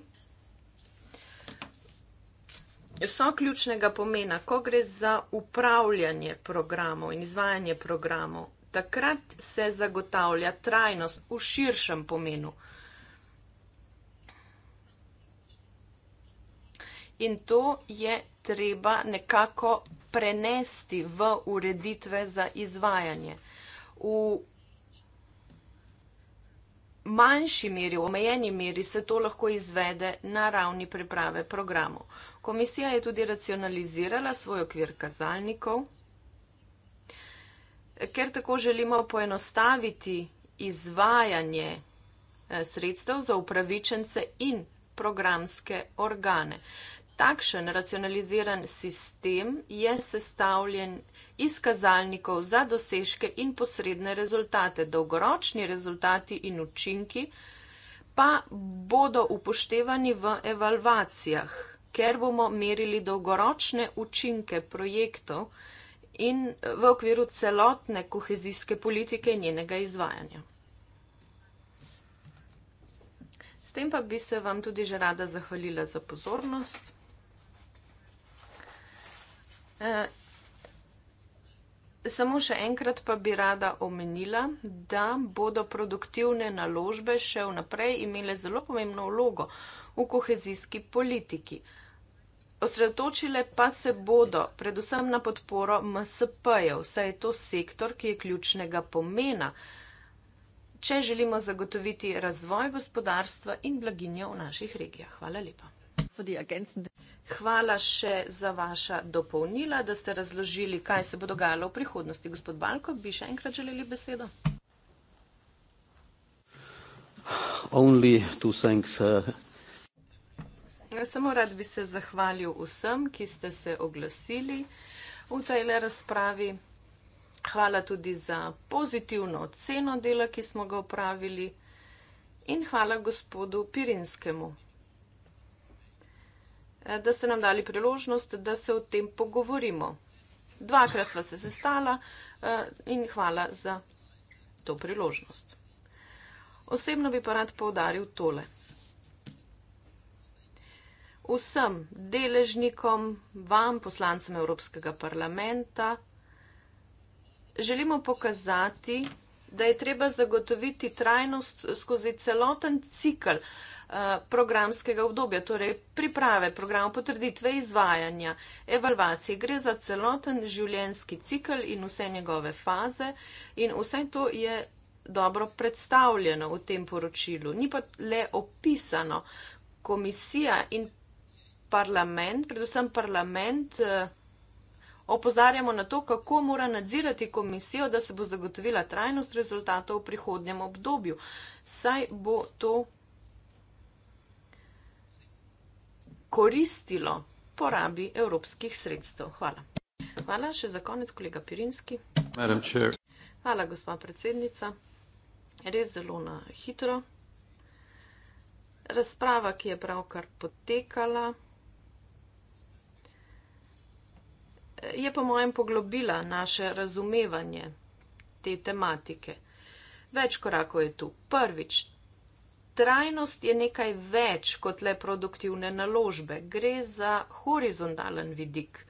so ključnega pomena, ko gre za upravljanje programov in izvajanje programov, takrat se zagotavlja trajnost v širšem pomenu. In to je treba nekako prenesti v ureditve za izvajanje. V manjši meri, v omejeni meri se to lahko izvede na ravni priprave programov. Komisija je tudi racionalizirala svoj okvir kazalnikov, ker tako želimo poenostaviti izvajanje eh, sredstev za upravičence in programske organe. Takšen racionaliziran sistem je sestavljen iz kazalnikov za dosežke in posredne rezultate. Dolgoročni rezultati in učinki pa bodo upoštevani v evalvacijah ker bomo merili dolgoročne učinke projektov in eh, v okviru celotne kohezijske politike njenega izvajanja. S tem pa bi se vam tudi že rada zahvalila za pozornost. Eh, samo še enkrat pa bi rada omenila, da bodo produktivne naložbe še vnaprej imele zelo pomembno vlogo v kohezijski politiki. Osredotočile pa se bodo predvsem na podporo MSP-jev, saj je to sektor, ki je ključnega pomena, če želimo zagotoviti razvoj gospodarstva in blaginjo v naših regijah. Hvala lepa. Hvala še za vaša dopolnila, da ste razložili, kaj se bo dogajalo v prihodnosti. Gospod Balko, bi še enkrat želeli besedo. Only two things. Uh... Samo rad bi se zahvalil vsem, ki ste se oglasili v tej le razpravi. Hvala tudi za pozitivno oceno dela, ki smo ga upravili. In hvala gospodu Pirinskemu, eh, da ste nam dali priložnost, da se o tem pogovorimo. Dvakrat sva se sestala eh, in hvala za to priložnost. Osebno bi pa rad povdaril tole vsem deležnikom, vam, poslancem Evropskega parlamenta, želimo pokazati, da je treba zagotoviti trajnost skozi celoten cikl eh, programskega obdobja, torej priprave programov, potrditve izvajanja, evalvacije. Gre za celoten življenjski cikl in vse njegove faze in vse to je dobro predstavljeno v tem poročilu. Ni pa le opisano. Komisija in parlament, predvsem parlament, eh, opozarjamo na to, kako mora nadzirati komisijo, da se bo zagotovila trajnost rezultatov v prihodnjem obdobju. Saj bo to koristilo porabi evropskih sredstev. Hvala. Hvala še za konec, kolega Pirinski. Hvala, gospa predsednica. Res zelo na hitro. Razprava, ki je pravkar potekala. je po mojem poglobila naše razumevanje te tematike. Več korakov je tu. Prvič, trajnost je nekaj več kot le produktivne naložbe. Gre za horizontalen vidik,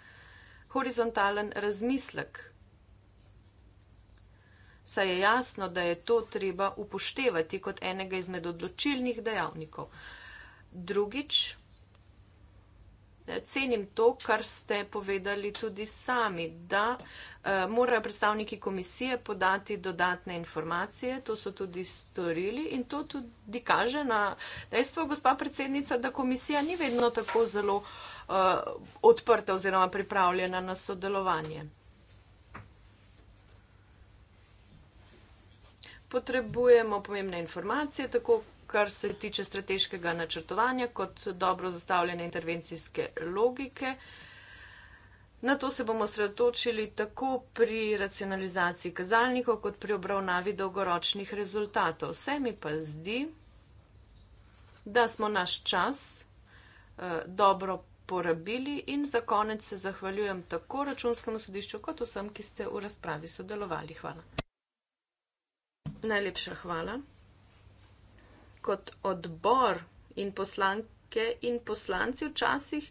horizontalen razmislek. Saj je jasno, da je to treba upoštevati kot enega izmed odločilnih dejavnikov. Drugič, cenim to, kar ste povedali tudi sami, da eh, morajo predstavniki komisije podati dodatne informacije. To so tudi storili in to tudi kaže na dejstvo, gospa predsednica, da komisija ni vedno tako zelo eh, odprta oziroma pripravljena na sodelovanje. Potrebujemo pomembne informacije, tako kar se tiče strateškega načrtovanja, kot dobro zastavljene intervencijske logike. Na to se bomo sredotočili tako pri racionalizaciji kazalnikov, kot pri obravnavi dolgoročnih rezultatov. Vse mi pa zdi, da smo naš čas eh, dobro porabili in za konec se zahvaljujem tako računskemu sodišču, kot vsem, ki ste v razpravi sodelovali. Hvala. Najlepša hvala kot odbor in poslanke in poslanci včasih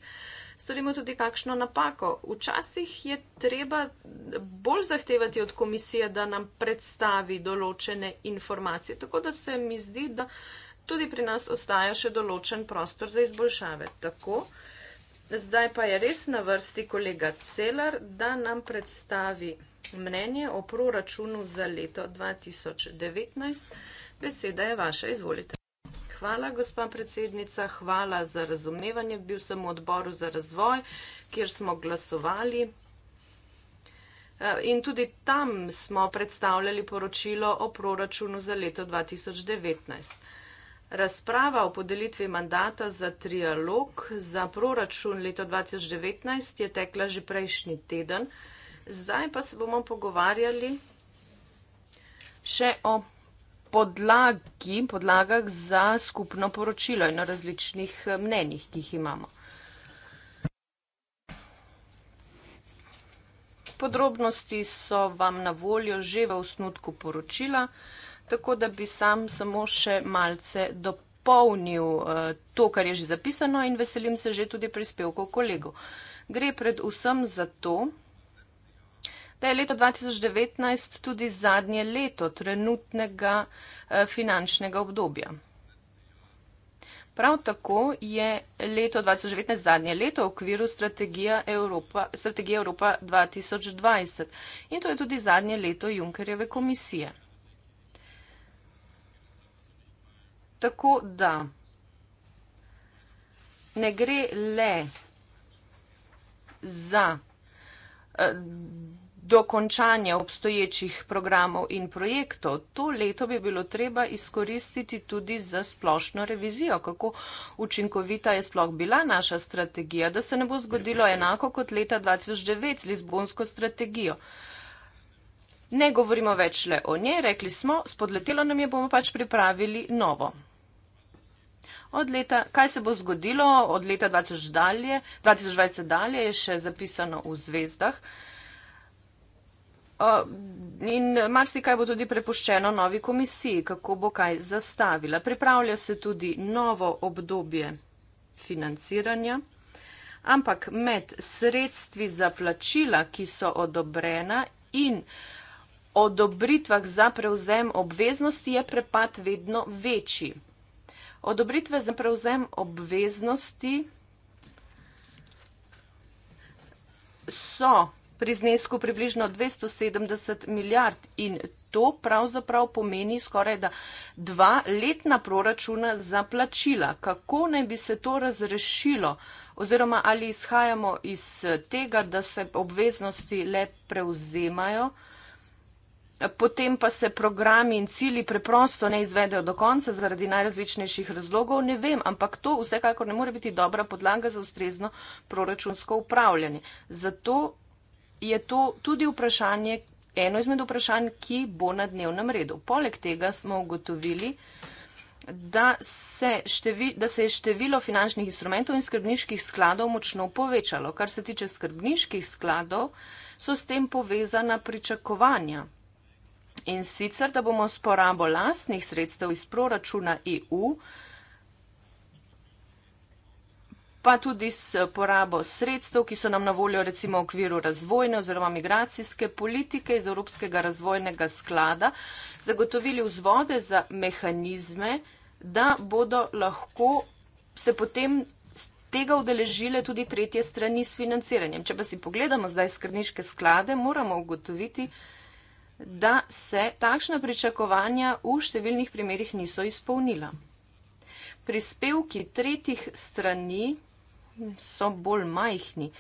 storimo tudi kakšno napako. Včasih je treba bolj zahtevati od komisije, da nam predstavi določene informacije. Tako da se mi zdi, da tudi pri nas ostaja še določen prostor za izboljšave. Tako. Zdaj pa je res na vrsti kolega Celar, da nam predstavi mnenje o proračunu za leto 2019. Beseda je vaša, izvolite. Hvala, gospa predsednica, hvala za razumevanje. Bil sem v odboru za razvoj, kjer smo glasovali. E, in tudi tam smo predstavljali poročilo o proračunu za leto 2019. Razprava o podelitvi mandata za trialog za proračun leto 2019 je tekla že prejšnji teden. Zdaj pa se bomo pogovarjali še o podlagi, podlagah za skupno poročilo in na različnih eh, mnenjih, ki jih imamo. Podrobnosti so vam na voljo že v osnutku poročila, tako da bi sam samo še malce dopolnil eh, to, kar je že zapisano in veselim se že tudi prispevkov kolegov. Gre predvsem za to, da je leto 2019 tudi zadnje leto trenutnega eh, finančnega obdobja. Prav tako je leto 2019 zadnje leto v okviru Evropa, strategije Evropa 2020 in to je tudi zadnje leto Junkerjeve komisije. Tako da ne gre le za eh, dokončanja obstoječih programov in projektov. To leto bi bilo treba izkoristiti tudi za splošno revizijo, kako učinkovita je sploh bila naša strategija, da se ne bo zgodilo enako kot leta 2009 z Lizbonsko strategijo. Ne govorimo več le o njej, rekli smo, spodletelo nam je, bomo pač pripravili novo. Od leta, kaj se bo zgodilo od leta 2020 dalje, 2020 dalje je še zapisano v zvezdah. In marsikaj bo tudi prepuščeno novi komisiji, kako bo kaj zastavila. Pripravlja se tudi novo obdobje financiranja, ampak med sredstvi za plačila, ki so odobrena in odobritvah za prevzem obveznosti je prepad vedno večji. Odobritve za prevzem obveznosti so pri znesku približno 270 milijard in to pravzaprav pomeni skoraj da dva letna proračuna za plačila. Kako naj bi se to razrešilo oziroma ali izhajamo iz tega, da se obveznosti le prevzemajo? Potem pa se programi in cili preprosto ne izvedejo do konca zaradi najrazličnejših razlogov, ne vem, ampak to vsekakor ne more biti dobra podlaga za ustrezno proračunsko upravljanje. Zato je to tudi vprašanje, eno izmed vprašanj, ki bo na dnevnem redu. Poleg tega smo ugotovili, da se, števi, da se je število finančnih instrumentov in skrbniških skladov močno povečalo. Kar se tiče skrbniških skladov, so s tem povezana pričakovanja. In sicer, da bomo s porabo lastnih sredstev iz proračuna EU pa tudi s porabo sredstev, ki so nam na voljo recimo v okviru razvojne oziroma migracijske politike iz Evropskega razvojnega sklada, zagotovili vzvode za mehanizme, da bodo lahko se potem tega udeležile tudi tretje strani s financiranjem. Če pa si pogledamo zdaj skrniške sklade, moramo ugotoviti, da se takšna pričakovanja v številnih primerjih niso izpolnila. Prispevki tretjih strani so bolj majhni.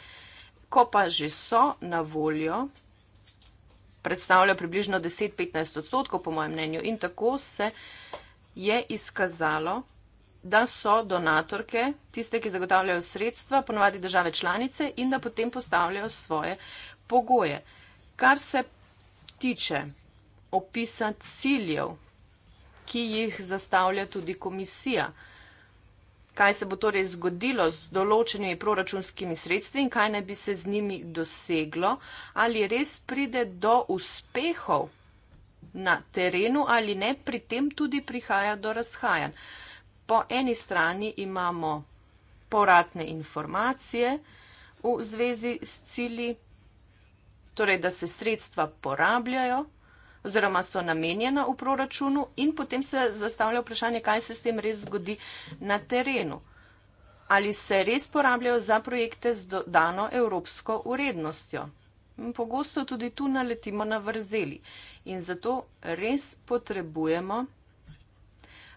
Ko pa že so na voljo, predstavlja približno 10-15 odstotkov, po mojem mnenju, in tako se je izkazalo, da so donatorke tiste, ki zagotavljajo sredstva, ponovadi države članice in da potem postavljajo svoje pogoje. Kar se tiče opisa ciljev, ki jih zastavlja tudi komisija, kaj se bo torej zgodilo z določenimi proračunskimi sredstvi in kaj ne bi se z njimi doseglo, ali res pride do uspehov na terenu ali ne, pri tem tudi prihaja do razhajanj. Po eni strani imamo povratne informacije v zvezi s cili, torej da se sredstva porabljajo oziroma so namenjena v proračunu in potem se zastavlja vprašanje, kaj se s tem res zgodi na terenu. Ali se res porabljajo za projekte z dodano evropsko urednostjo? In pogosto tudi tu naletimo na vrzeli in zato res potrebujemo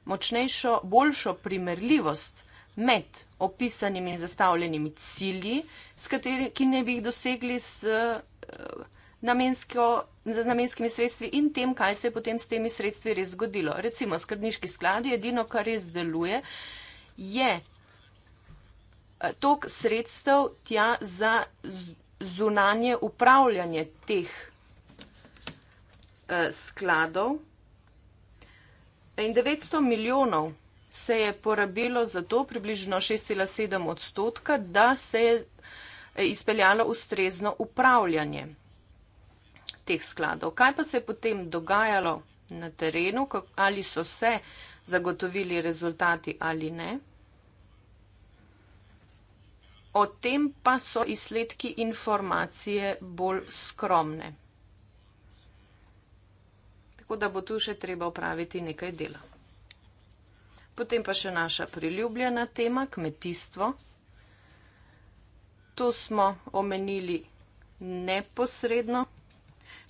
močnejšo, boljšo primerljivost med opisanimi in zastavljenimi cilji, kateri, ki ne bi jih dosegli s eh, namensko, z namenskimi sredstvi in tem, kaj se je potem s temi sredstvi res zgodilo. Recimo, skrbniški sklad je edino, kar res deluje, je eh, tok sredstev tja za zunanje upravljanje teh eh, skladov. In 900 milijonov se je porabilo za to, približno 6,7 odstotka, da se je eh, izpeljalo ustrezno upravljanje teh skladov. Kaj pa se je potem dogajalo na terenu, ali so se zagotovili rezultati ali ne? O tem pa so izsledki informacije bolj skromne. Tako da bo tu še treba upraviti nekaj dela. Potem pa še naša priljubljena tema, kmetijstvo. Tu smo omenili neposredno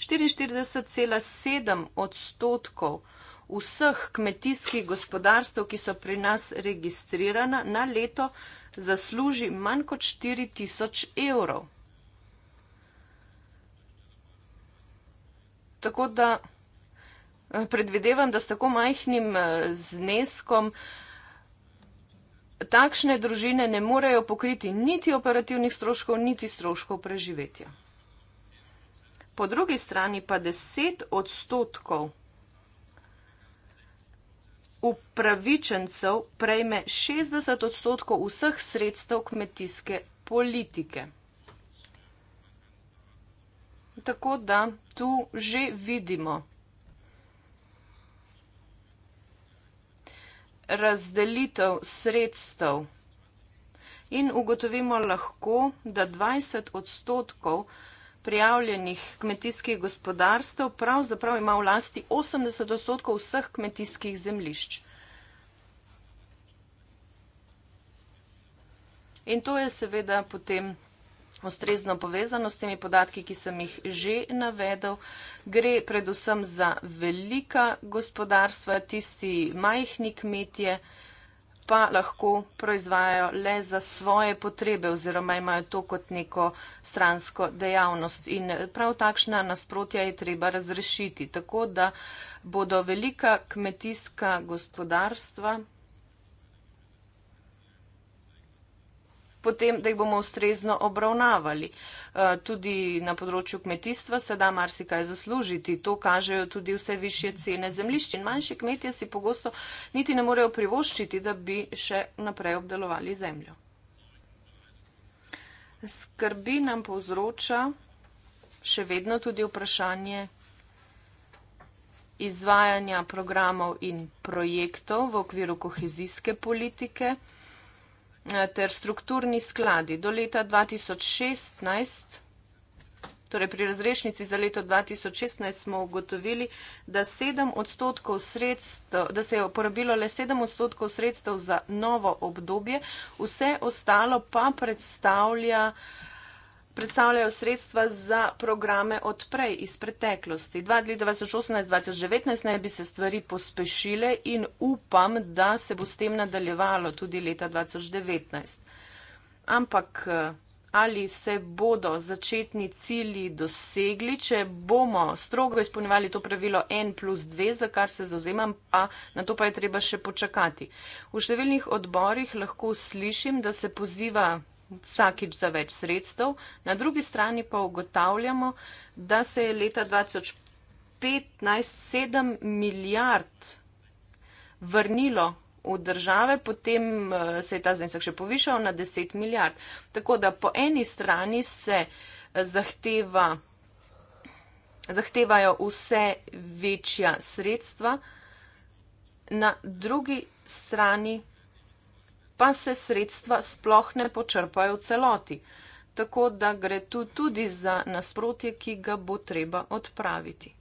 44,7 odstotkov vseh kmetijskih gospodarstv, ki so pri nas registrirana na leto, zasluži manj kot 4000 evrov. Tako da eh, predvidevam, da s tako majhnim eh, zneskom takšne družine ne morejo pokriti niti operativnih stroškov, niti stroškov preživetja po drugi strani pa 10 odstotkov upravičencev prejme 60 odstotkov vseh sredstev kmetijske politike. Tako da tu že vidimo razdelitev sredstev in ugotovimo lahko, da 20 odstotkov prejme 60 odstotkov prijavljenih kmetijskih gospodarstev pravzaprav ima v lasti 80 odstotkov vseh kmetijskih zemlišč. In to je seveda potem ustrezno povezano s temi podatki, ki sem jih že navedel. Gre predvsem za velika gospodarstva, tisti majhni kmetije, ki so pa lahko proizvajajo le za svoje potrebe oziroma imajo to kot neko stransko dejavnost. In prav takšna nasprotja je treba razrešiti, tako da bodo velika kmetijska gospodarstva potem, da jih bomo ustrezno obravnavali. Eh, tudi na področju kmetijstva se da marsikaj zaslužiti. To kažejo tudi vse više cene zemljišči. Manjši kmetje si pogosto niti ne morejo privoščiti, da bi še naprej obdelovali zemljo. Skrbi nam povzroča še vedno tudi vprašanje izvajanja programov in projektov v okviru kohezijske politike. Eh, ter strukturni skladi. Do leta 2016, torej pri razrešnici za leto 2016, smo ugotovili, da, sredstv, da se je uporabilo le 7 odstotkov sredstev za novo obdobje, vse ostalo pa predstavlja uh, predstavljajo sredstva za programe odprej iz preteklosti. 2018-2019 naj bi se stvari pospešile in upam, da se bo s tem nadaljevalo tudi leta 2019. Ampak eh, ali se bodo začetni cilji dosegli, če bomo strogo izpolnjevali to pravilo N plus 2, za kar se zauzemam, pa na to pa je treba še počakati. V številnih odborih lahko slišim, da se poziva vsakič za več sredstev. Na drugi strani pa ugotavljamo, da se je leta 2015-7 milijard vrnilo v države, potem eh, se je ta znesek še povišal na 10 milijard. Tako da po eni strani se eh, zahteva, zahtevajo vse večja sredstva, na drugi strani pa se sredstva sploh ne počrpajo v celoti. Tako da gre tu tudi za nasprotje, ki ga bo treba odpraviti.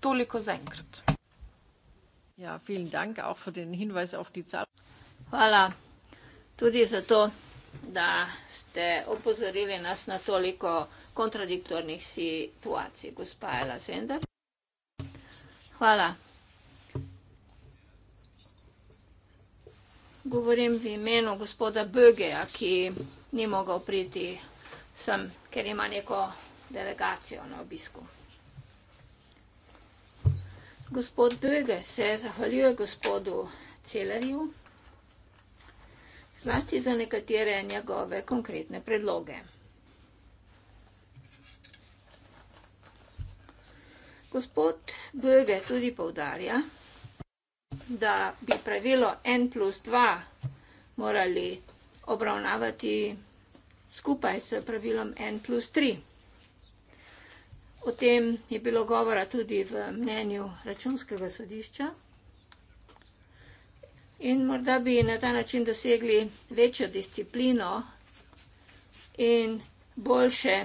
Toliko za enkrat. Ja, dank, Hvala tudi za to, da ste opozorili nas na toliko kontradiktornih situacij, gospa Ela Zender. Hvala. govorim v imenu gospoda Bögeja, ki ni mogel priti sem, ker ima neko delegacijo na obisku. Gospod Böge se zahvaljuje gospodu Celerju, zlasti za nekatere njegove konkretne predloge. Gospod Böge tudi poudarja, da bi pravilo n plus 2 morali obravnavati skupaj s pravilom n plus 3. O tem je bilo govora tudi v mnenju računskega sodišča. In morda bi na ta način dosegli večjo disciplino in boljše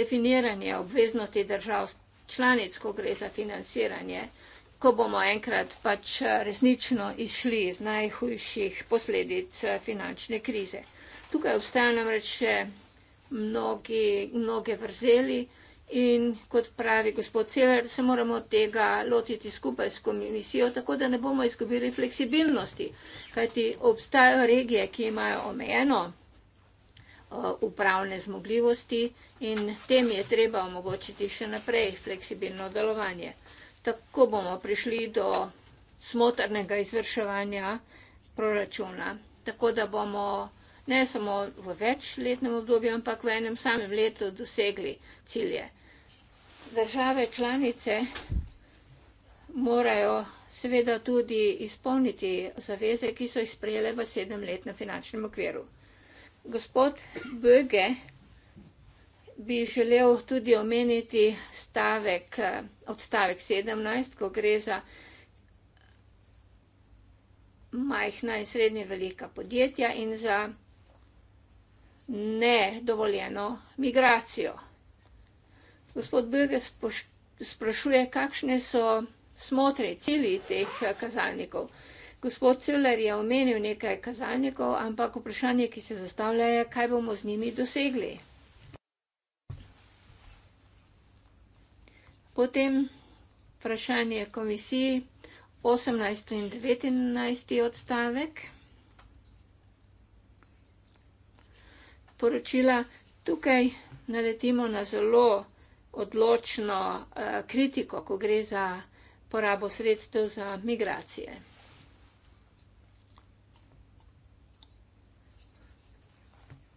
definiranje obveznosti držav članic, ko gre za financiranje računskega sodišča ko bomo enkrat pač resnično izšli iz najhujših posledic eh, finančne krize. Tukaj obstajajo namreč še mnogi, mnoge vrzeli in kot pravi gospod Celer, se moramo tega lotiti skupaj s komisijo, tako da ne bomo izgubili fleksibilnosti, kajti obstajajo regije, ki imajo omejeno eh, upravne zmogljivosti in tem je treba omogočiti še naprej fleksibilno delovanje tako bomo prišli do smotrnega izvrševanja proračuna. Tako da bomo ne samo v večletnem obdobju, ampak v enem samem letu dosegli cilje. Države članice morajo seveda tudi izpolniti zaveze, ki so jih sprejele v sedemletnem finančnem okviru. Gospod Böge bi želel tudi omeniti stavek, eh, odstavek 17, ko gre za majhna in srednje velika podjetja in za nedovoljeno migracijo. Gospod Böge sprašuje, kakšne so smotre, cilji teh eh, kazalnikov. Gospod Celler je omenil nekaj kazalnikov, ampak vprašanje, ki se zastavlja, je, kaj bomo z njimi dosegli. Potem vprašanje komisiji 18 in 19 odstavek. Poročila tukaj naletimo na zelo odločno eh, kritiko, ko gre za porabo sredstev za migracije.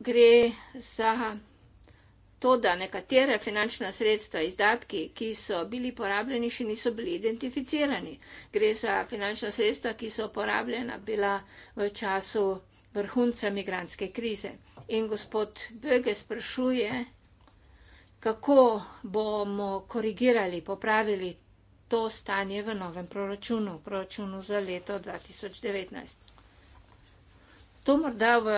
Gre za to, da nekatere finančna sredstva, izdatki, ki so bili porabljeni, še niso bili identificirani. Gre za finančna sredstva, ki so porabljena bila v času vrhunca migranske krize. In gospod Böge sprašuje, kako bomo korigirali, popravili to stanje v novem proračunu, proračunu za leto 2019. To morda v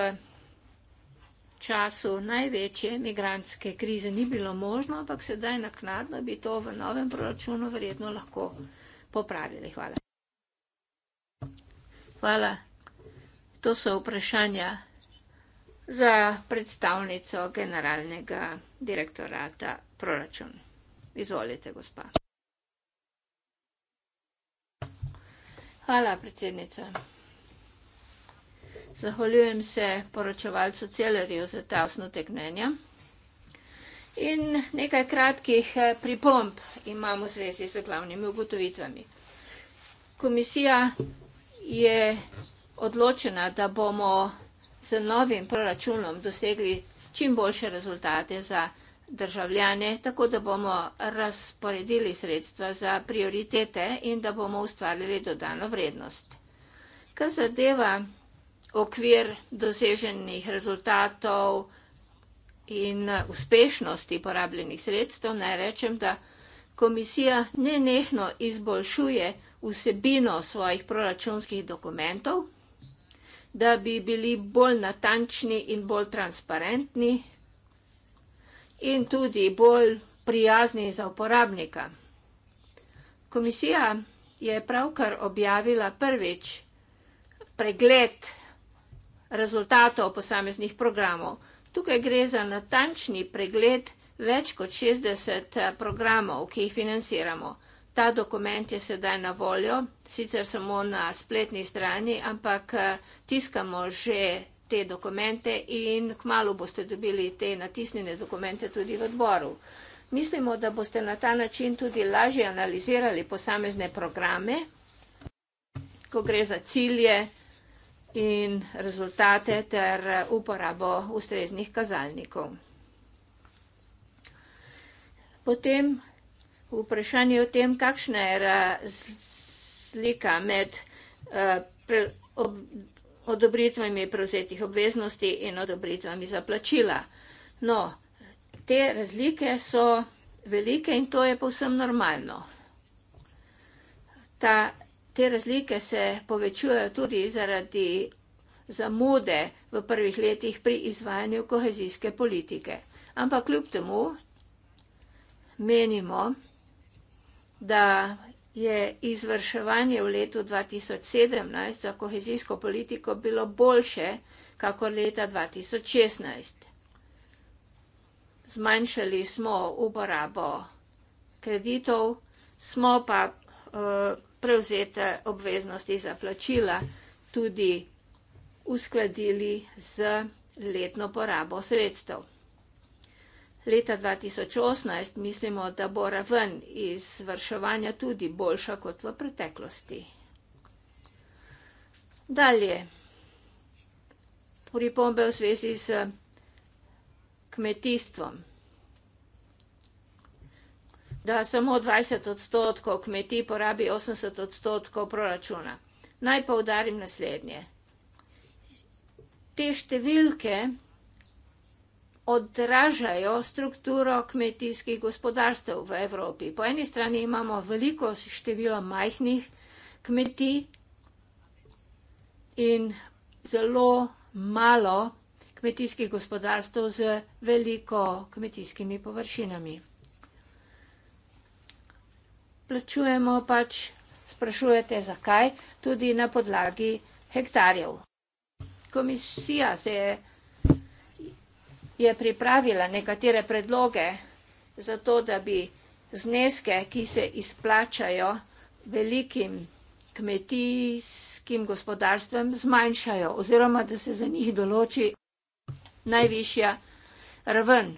času največje emigrantske krize ni bilo možno, ampak sedaj naknadno bi to v novem proračunu verjetno lahko popravili. Hvala. Hvala. To so vprašanja za predstavnico generalnega direktorata proračun. Izvolite, gospa. Hvala, predsednica. Zahvaljujem se poročevalcu Celerju za ta osnutek mnenja. In nekaj kratkih eh, pripomb imamo v zvezi z glavnimi ugotovitvami. Komisija je odločena, da bomo z novim proračunom dosegli čim boljše rezultate za državljane, tako da bomo razporedili sredstva za prioritete in da bomo ustvarili dodano vrednost. Kar zadeva okvir doseženih rezultatov in uspešnosti porabljenih sredstev. Naj rečem, da komisija ne nehno izboljšuje vsebino svojih proračunskih dokumentov, da bi bili bolj natančni in bolj transparentni in tudi bolj prijazni za uporabnika. Komisija je pravkar objavila prvič pregled rezultatov posameznih programov. Tukaj gre za natančni pregled več kot 60 eh, programov, ki jih financiramo. Ta dokument je sedaj na voljo, sicer samo na spletni strani, ampak eh, tiskamo že te dokumente in kmalo boste dobili te natisnjene dokumente tudi v odboru. Mislimo, da boste na ta način tudi lažje analizirali posamezne programe, ko gre za cilje, in rezultate ter uporabo ustreznih kazalnikov. Potem vprašanje o tem, kakšna je razlika med eh, odobritvami prevzetih obveznosti in odobritvami za plačila. No, te razlike so velike in to je povsem normalno. Ta Te razlike se povečujejo tudi zaradi zamude v prvih letih pri izvajanju kohezijske politike. Ampak kljub temu menimo, da je izvrševanje v letu 2017 za kohezijsko politiko bilo boljše kakor leta 2016. Zmanjšali smo uporabo kreditov, smo pa uh, prevzete obveznosti za plačila tudi uskladili z letno porabo sredstev. Leta 2018 mislimo, da bo raven iz vrševanja tudi boljša kot v preteklosti. Dalje, pripombe v zvezi s kmetijstvom da samo 20 odstotkov kmetij porabi 80 odstotkov proračuna. Naj poudarim naslednje. Te številke odražajo strukturo kmetijskih gospodarstev v Evropi. Po eni strani imamo veliko število majhnih kmetij in zelo malo kmetijskih gospodarstev z veliko kmetijskimi površinami plačujemo, pač sprašujete, zakaj, tudi na podlagi hektarjev. Komisija se je, je pripravila nekatere predloge za to, da bi zneske, ki se izplačajo velikim kmetijskim gospodarstvem, zmanjšajo oziroma da se za njih določi najvišja raven.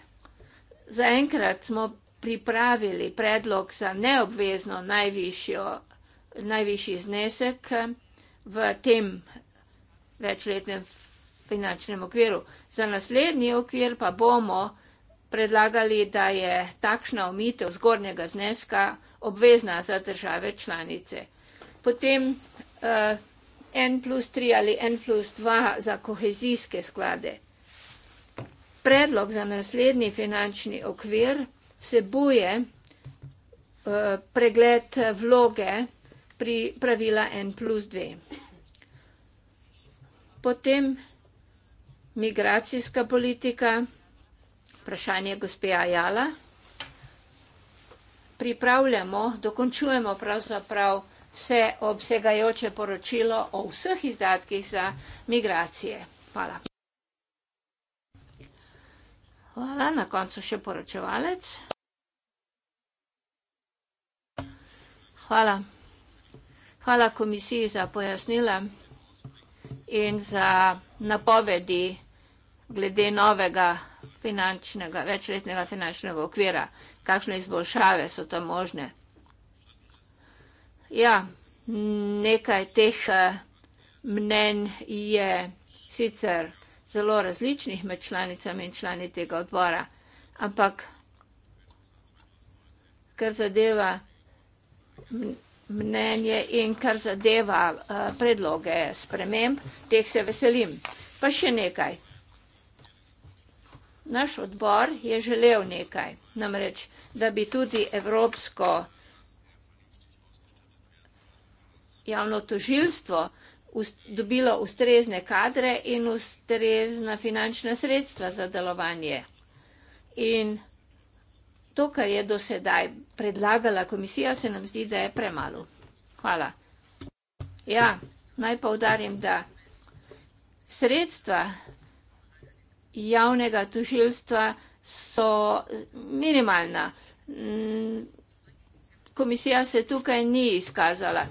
Zaenkrat smo pripravili predlog za neobvezno najvišjo, najvišji znesek eh, v tem večletnem finančnem okviru. Za naslednji okvir pa bomo predlagali, da je takšna omitev zgornjega zneska obvezna za države članice. Potem en eh, uh, plus tri ali en plus dva za kohezijske sklade. Predlog za naslednji finančni okvir 2021-2027 vsebuje uh, pregled vloge pri pravila N plus 2. Potem migracijska politika, vprašanje gospe Ajala. Pripravljamo, dokončujemo pravzaprav vse obsegajoče poročilo o vseh izdatkih za migracije. Hvala. Hvala, na koncu še poročevalec. Hvala. Hvala komisiji za pojasnila in za napovedi glede novega finančnega, večletnega finančnega okvira. Kakšne izboljšave so tam možne? Ja, nekaj teh eh, mnenj je sicer zelo različnih med članicami in člani tega odbora, ampak kar zadeva mnenje in kar zadeva eh, predloge sprememb, teh se veselim. Pa še nekaj. Naš odbor je želel nekaj, namreč, da bi tudi Evropsko javno tožilstvo dobilo ustrezne kadre in ustrezna finančna sredstva za delovanje. In to, kar je do sedaj predlagala komisija, se nam zdi, da je premalo. Hvala. Ja, naj pa udarim, da sredstva javnega tužilstva so minimalna. Komisija se tukaj ni izkazala.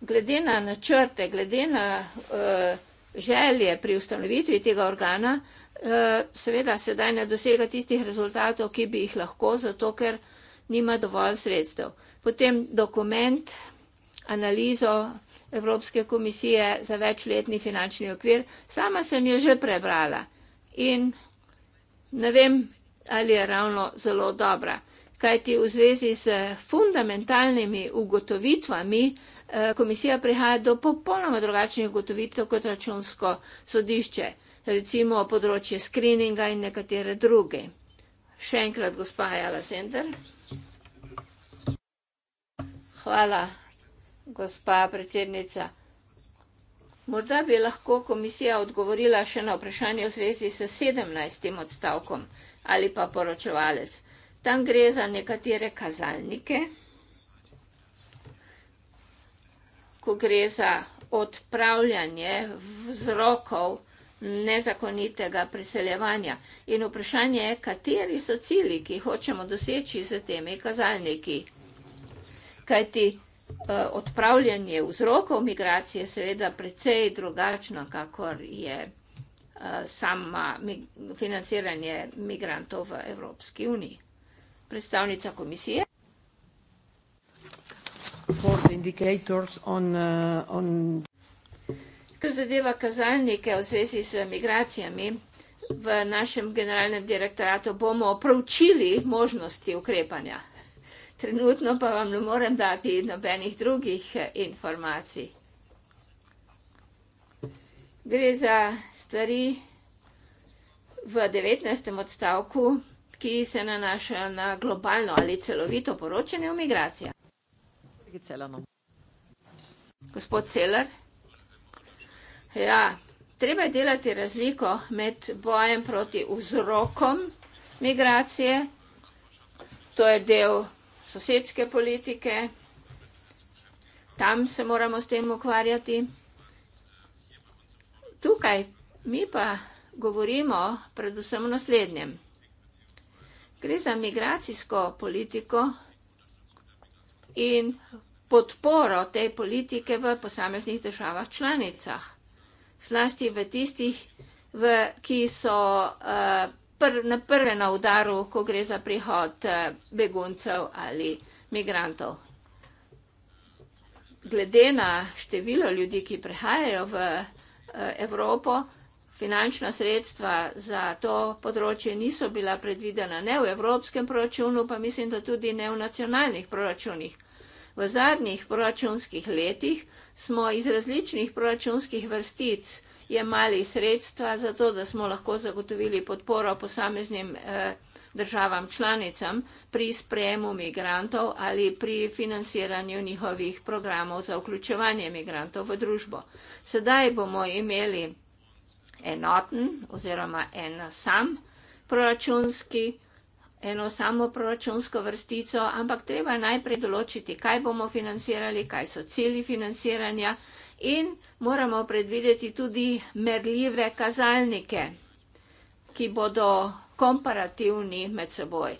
Glede na načrte, glede na eh, želje pri ustanovitvi tega organa, Eh, seveda sedaj ne dosega tistih rezultatov, ki bi jih lahko, zato ker nima dovolj sredstev. Potem dokument, analizo Evropske komisije za večletni finančni okvir, sama sem jo že prebrala in ne vem, ali je ravno zelo dobra. Kaj ti v zvezi s fundamentalnimi ugotovitvami eh, komisija prihaja do popolnoma drugačnih ugotovitev kot računsko sodišče recimo področje screeninga in nekatere druge. Še enkrat, gospa Jala Sender. Hvala, gospa predsednica. Morda bi lahko komisija odgovorila še na vprašanje v zvezi s 17. odstavkom ali pa poročevalec. Tam gre za nekatere kazalnike, ko gre za odpravljanje vzrokov vzrokov, nezakonitega preseljevanja. In vprašanje je, kateri so cilji, ki hočemo doseči z temi kazalniki. Kajti eh, odpravljanje vzrokov migracije je seveda precej drugačno, kakor je eh, sama financiranje migrantov v Evropski uniji. Predstavnica komisije. For the indicators on, uh, on Kar zadeva kazalnike v zvezi z migracijami, v našem generalnem direktoratu bomo proučili možnosti ukrepanja. Trenutno pa vam ne morem dati nobenih drugih eh, informacij. Gre za stvari v 19. odstavku, ki se nanašajo na globalno ali celovito poročanje o migracijah. Gospod Celer. Ja, treba je delati razliko med bojem proti vzrokom migracije, to je del sosedske politike, tam se moramo s tem ukvarjati. Tukaj mi pa govorimo predvsem o naslednjem. Gre za migracijsko politiko in podporo tej politike v posameznih državah članicah zlasti v tistih, v, ki so uh, pr, na prve na udaru, ko gre za prihod uh, beguncev ali migrantov. Glede na število ljudi, ki prihajajo v uh, Evropo, finančna sredstva za to področje niso bila predvidena ne v evropskem proračunu, pa mislim, da tudi ne v nacionalnih proračunih. V zadnjih proračunskih letih smo iz različnih proračunskih vrstic jemali sredstva za to, da smo lahko zagotovili podporo posameznim eh, državam članicam pri sprejemu migrantov ali pri financiranju njihovih programov za vključevanje migrantov v družbo. Sedaj bomo imeli enoten oziroma en sam proračunski program, eno samo proračunsko vrstico, ampak treba najprej določiti, kaj bomo financirali, kaj so cilji financiranja in moramo predvideti tudi merljive kazalnike, ki bodo komparativni med seboj.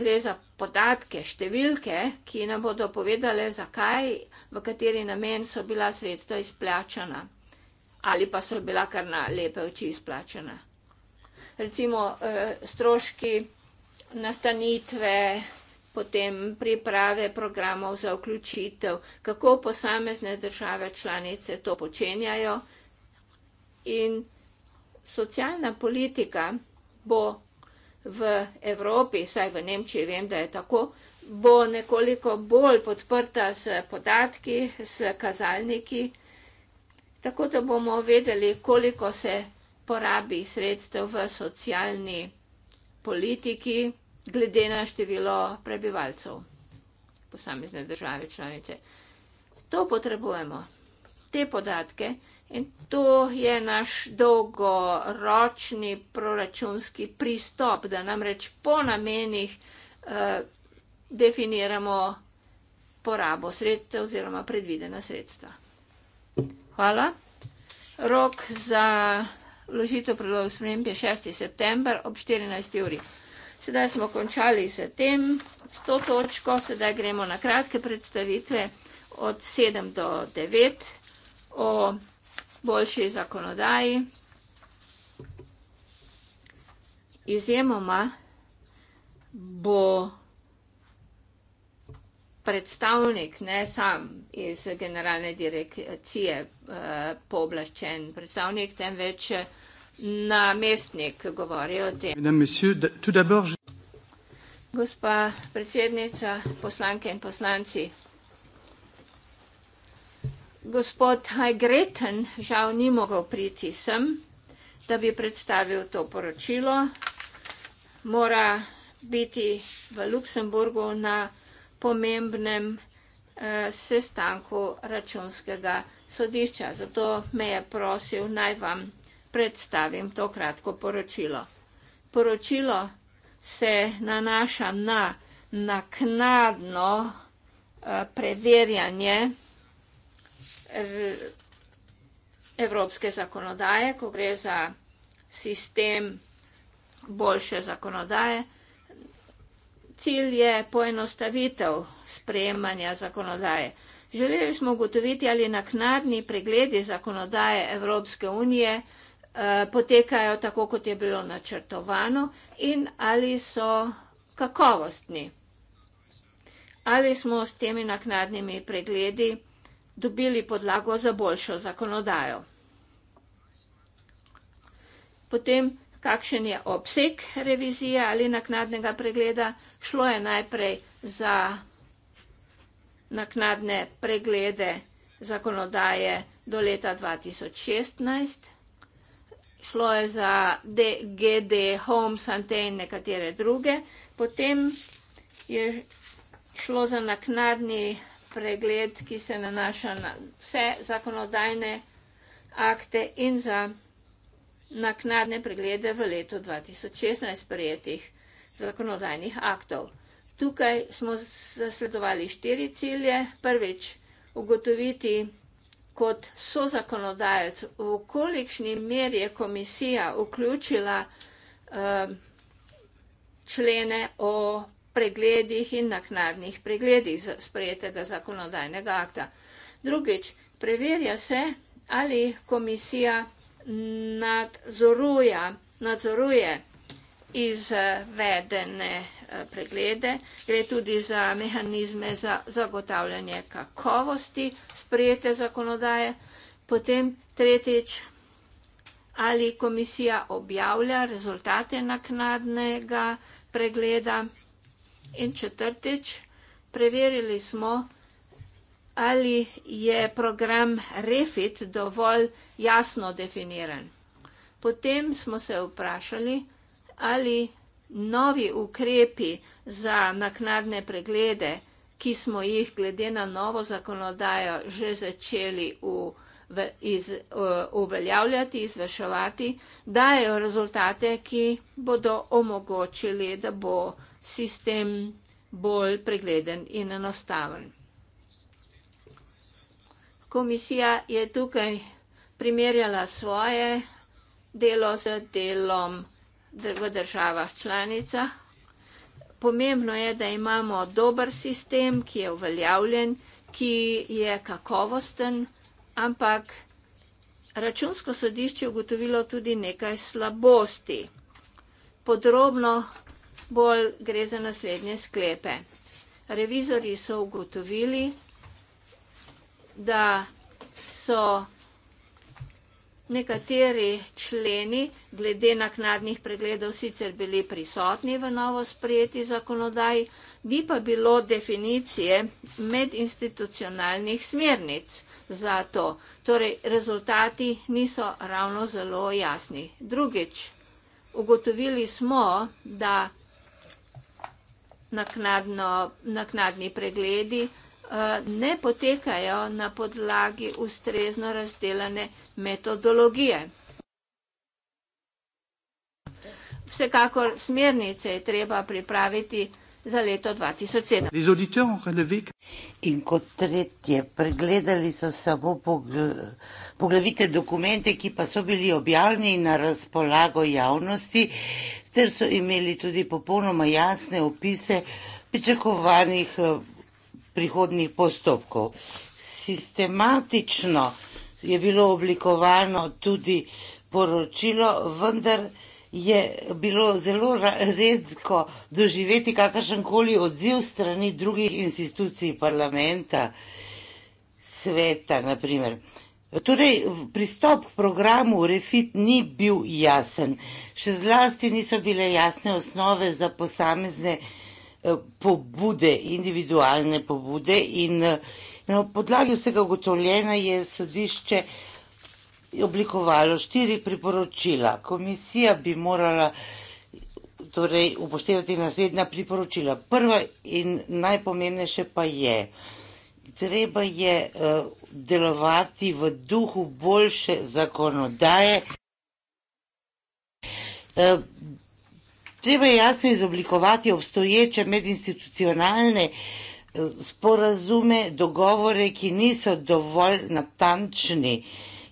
Gre za podatke, številke, ki nam bodo povedale, zakaj, v kateri namen so bila sredstva izplačana ali pa so bila kar na lepe oči izplačana. Recimo eh, stroški nastanitve, potem priprave programov za vključitev, kako posamezne države članice to počenjajo. In socialna politika bo v Evropi, vsaj v Nemčiji vem, da je tako, bo nekoliko bolj podprta s podatki, s kazalniki, tako da bomo vedeli, koliko se porabi sredstev v socialni politiki glede na število prebivalcev posamezne države članice. To potrebujemo, te podatke in to je naš dolgoročni proračunski pristop, da namreč po namenih eh, definiramo porabo sredstev oziroma predvidena sredstva. Hvala. Rok za ložitev predlogov sprememb je 6. september ob 14. uri. Sedaj smo končali s tem, s to točko, sedaj gremo na kratke predstavitve od 7 do 9 o boljši zakonodaji. Izjemoma bo predstavnik, ne sam iz generalne direkcije eh, pooblaščen predstavnik, temveč predstavnik, eh, namestnik govori o tem. Gospa predsednica, poslanke in poslanci. Gospod Hajgreten žal ni mogel priti sem, da bi predstavil to poročilo. Mora biti v Luksemburgu na pomembnem eh, sestanku računskega sodišča. Zato me je prosil naj vam predstavim to kratko poročilo. Poročilo se nanaša na naknadno eh, preverjanje evropske zakonodaje, ko gre za sistem boljše zakonodaje. Cilj je poenostavitev sprejemanja zakonodaje. Želeli smo ugotoviti, ali naknadni pregledi zakonodaje Evropske unije Eh, potekajo tako, kot je bilo načrtovano in ali so kakovostni. Ali smo s temi naknadnimi pregledi dobili podlago za boljšo zakonodajo. Potem, kakšen je obseg revizije ali naknadnega pregleda, šlo je najprej za naknadne preglede zakonodaje do leta 2016 šlo je za DGD, Homes, Antenne, nekatere druge. Potem je šlo za naknadni pregled, ki se nanaša na vse zakonodajne akte in za naknadne preglede v letu 2016 prijetih zakonodajnih aktov. Tukaj smo zasledovali štiri cilje. Prvič, ugotoviti, da je vse, kot so zakonodajec, v kolikšni meri je komisija vključila eh, člene o pregledih in naknadnih pregledih sprejetega zakonodajnega akta. Drugič, preverja se, ali komisija nadzoruje izvedene eh, preglede. Gre tudi za mehanizme za zagotavljanje kakovosti sprejete zakonodaje. Potem tretjič, ali komisija objavlja rezultate naknadnega pregleda. In četrtič, preverili smo, ali je program REFIT dovolj jasno definiran. Potem smo se vprašali, ali novi ukrepi za naknadne preglede, ki smo jih glede na novo zakonodajo že začeli v, v, iz, uveljavljati, izvrševati, dajejo rezultate, ki bodo omogočili, da bo sistem bolj pregleden in enostaven. Komisija je tukaj primerjala svoje delo z delom v državah članicah. Pomembno je, da imamo dober sistem, ki je uveljavljen, ki je kakovosten, ampak računsko sodišče ugotovilo tudi nekaj slabosti. Podrobno bolj gre za naslednje sklepe. Revizori so ugotovili, da so vsega, Nekateri členi glede naknadnih pregledov sicer bili prisotni v novo sprejeti zakonodaji, ni pa bilo definicije medinstitucionalnih smernic za to. Torej, rezultati niso ravno zelo jasni. Drugič, ugotovili smo, da naknadno, naknadni pregledi ne potekajo na podlagi ustrezno razdelane metodologije. Vsekakor smernice je treba pripraviti za leto 2007. In kot tretje, pregledali so samo poglavite dokumente, ki pa so bili objavljeni na razpolago javnosti, ter so imeli tudi popolnoma jasne opise pričakovanih eh, prihodnih postopkov. Sistematično je bilo oblikovano tudi poročilo, vendar je bilo zelo redko doživeti kakršenkoli odziv strani drugih institucij parlamenta, sveta naprimer. Torej, pristop k programu Refit ni bil jasen, še zlasti niso bile jasne osnove za posamezne Eh, pobude, individualne pobude in eh, na podlagi vsega ugotovljena je sodišče oblikovalo štiri priporočila. Komisija bi morala torej, upoštevati naslednja priporočila. Prva in najpomembnejše pa je, treba je uh, delovati v duhu boljše zakonodaje. Uh, Treba je jasno izoblikovati obstoječe medinstitucionalne eh, sporazume, dogovore, ki niso dovolj natančni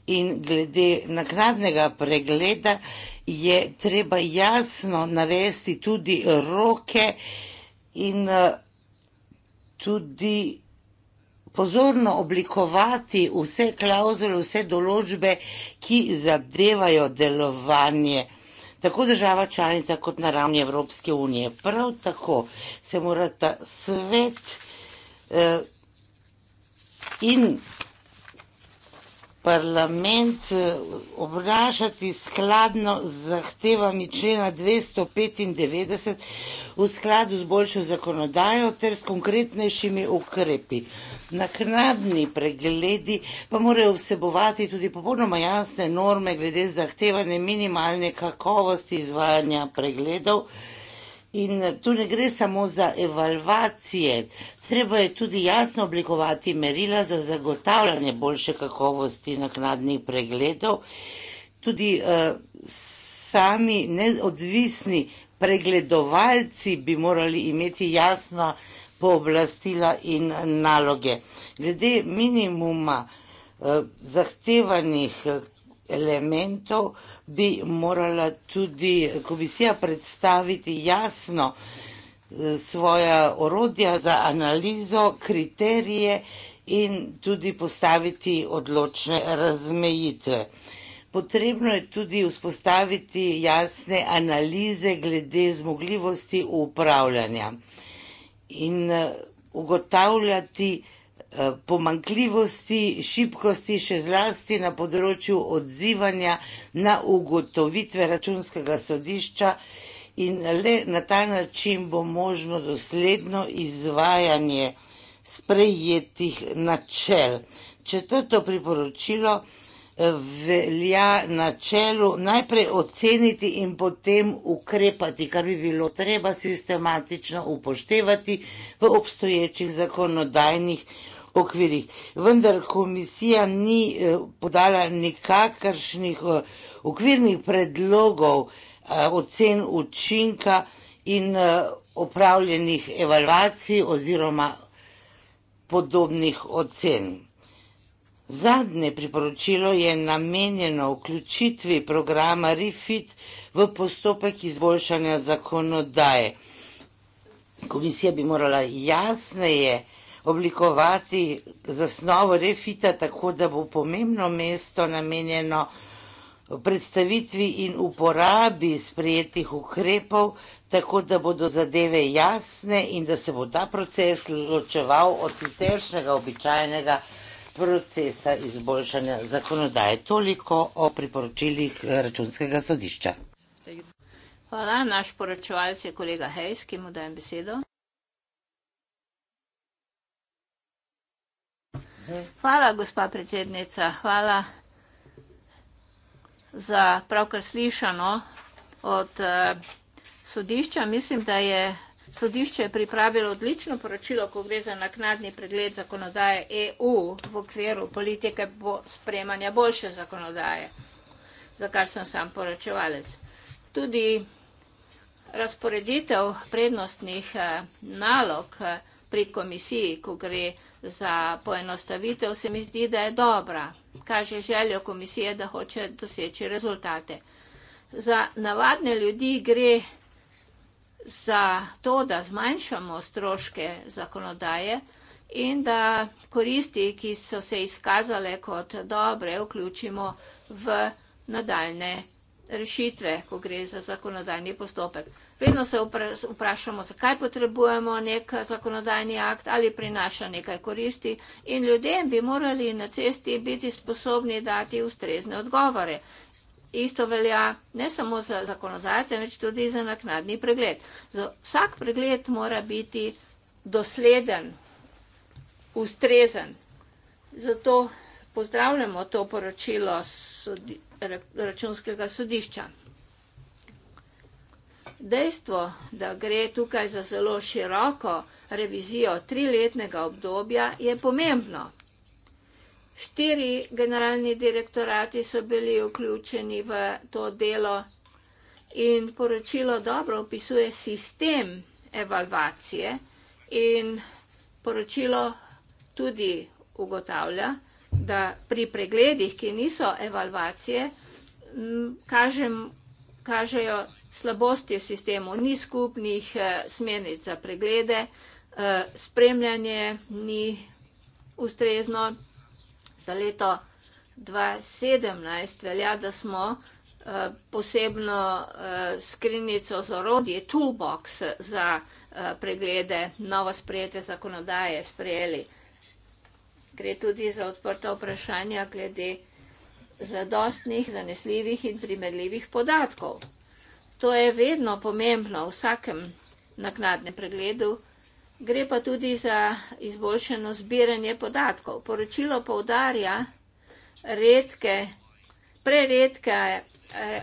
in glede nakladnega pregleda je treba jasno navesti tudi roke in eh, tudi pozorno oblikovati vse klauzule, vse določbe, ki zadevajo delovanje tako država članica kot na ravni Evropske unije. Prav tako se mora ta svet eh, in parlament eh, obnašati skladno z zahtevami člena 295 v skladu z boljšo zakonodajo ter s konkretnejšimi ukrepi. Naknadni pregledi pa morajo vsebovati tudi popolnoma jasne norme glede zahtevane minimalne kakovosti izvajanja pregledov. In tu ne gre samo za evalvacije, treba je tudi jasno oblikovati merila za zagotavljanje boljše kakovosti naknadnih pregledov. Tudi uh, sami neodvisni pregledovalci bi morali imeti jasno, pooblastila in naloge. Glede minimuma eh, zahtevanih eh, elementov bi morala tudi komisija predstaviti jasno eh, svoja orodja za analizo, kriterije in tudi postaviti odločne razmejitve. Potrebno je tudi vzpostaviti jasne analize glede zmogljivosti upravljanja in eh, ugotavljati eh, pomankljivosti, šibkosti, še zlasti na področju odzivanja na ugotovitve računskega sodišča in le na ta način bo možno dosledno izvajanje sprejetih načel. Četrto priporočilo je, velja na čelu najprej oceniti in potem ukrepati, kar bi bilo treba sistematično upoštevati v obstoječih zakonodajnih okvirih. Vendar komisija ni eh, podala nikakršnih eh, okvirnih predlogov eh, ocen učinka in opravljenih evalvacij oziroma podobnih ocen. Zadnje priporočilo je namenjeno vključitvi programa Refit v postopek izboljšanja zakonodaje. Komisija bi morala jasneje oblikovati zasnovo Refita tako, da bo pomembno mesto namenjeno predstavitvi in uporabi sprejetih ukrepov, tako da bodo zadeve jasne in da se bo ta proces ločeval od siceršnjega običajnega procesa izboljšanja zakonodaje. Toliko o priporočilih eh, računskega sodišča. Hvala, naš poročevalc je kolega Hejs, ki mu dajem besedo. Hvala, gospa predsednica, hvala za pravkar slišano od eh, sodišča. Mislim, da je Sodišče je pripravilo odlično poročilo, ko gre za naknadni pregled zakonodaje EU v okviru politike bo spremanja boljše zakonodaje, za kar sem sam poročevalec. Tudi razporeditev prednostnih eh, nalog eh, pri komisiji, ko gre za poenostavitev, se mi zdi, da je dobra. Kaže željo komisije, da hoče doseči rezultate. Za navadne ljudi gre za to, da zmanjšamo stroške zakonodaje in da koristi, ki so se izkazale kot dobre, vključimo v nadaljne rešitve, ko gre za zakonodajni postopek. Vedno se vprašamo, zakaj potrebujemo nek zakonodajni akt ali prinaša nekaj koristi in ljudem bi morali na cesti biti sposobni dati ustrezne odgovore isto velja ne samo za zakonodaj, temveč tudi za naknadni pregled. Za vsak pregled mora biti dosleden, ustrezen. Zato pozdravljamo to poročilo sodi, računskega sodišča. Dejstvo, da gre tukaj za zelo široko revizijo triletnega obdobja, je pomembno. Štiri generalni direktorati so bili vključeni v to delo in poročilo dobro opisuje sistem evalvacije in poročilo tudi ugotavlja, da pri pregledih, ki niso evalvacije, kažem, kažejo slabosti v sistemu, ni skupnih eh, smernic za preglede, eh, spremljanje ni ustrezno za leto 2017 velja, da smo eh, posebno eh, skrinjico z orodje, toolbox za eh, preglede novo sprejete zakonodaje sprejeli. Gre tudi za odprta vprašanja glede zadostnih, zanesljivih in primerljivih podatkov. To je vedno pomembno v vsakem naknadnem pregledu, gre pa tudi za izboljšeno zbiranje podatkov. Poročilo povdarja redke, preredke eh,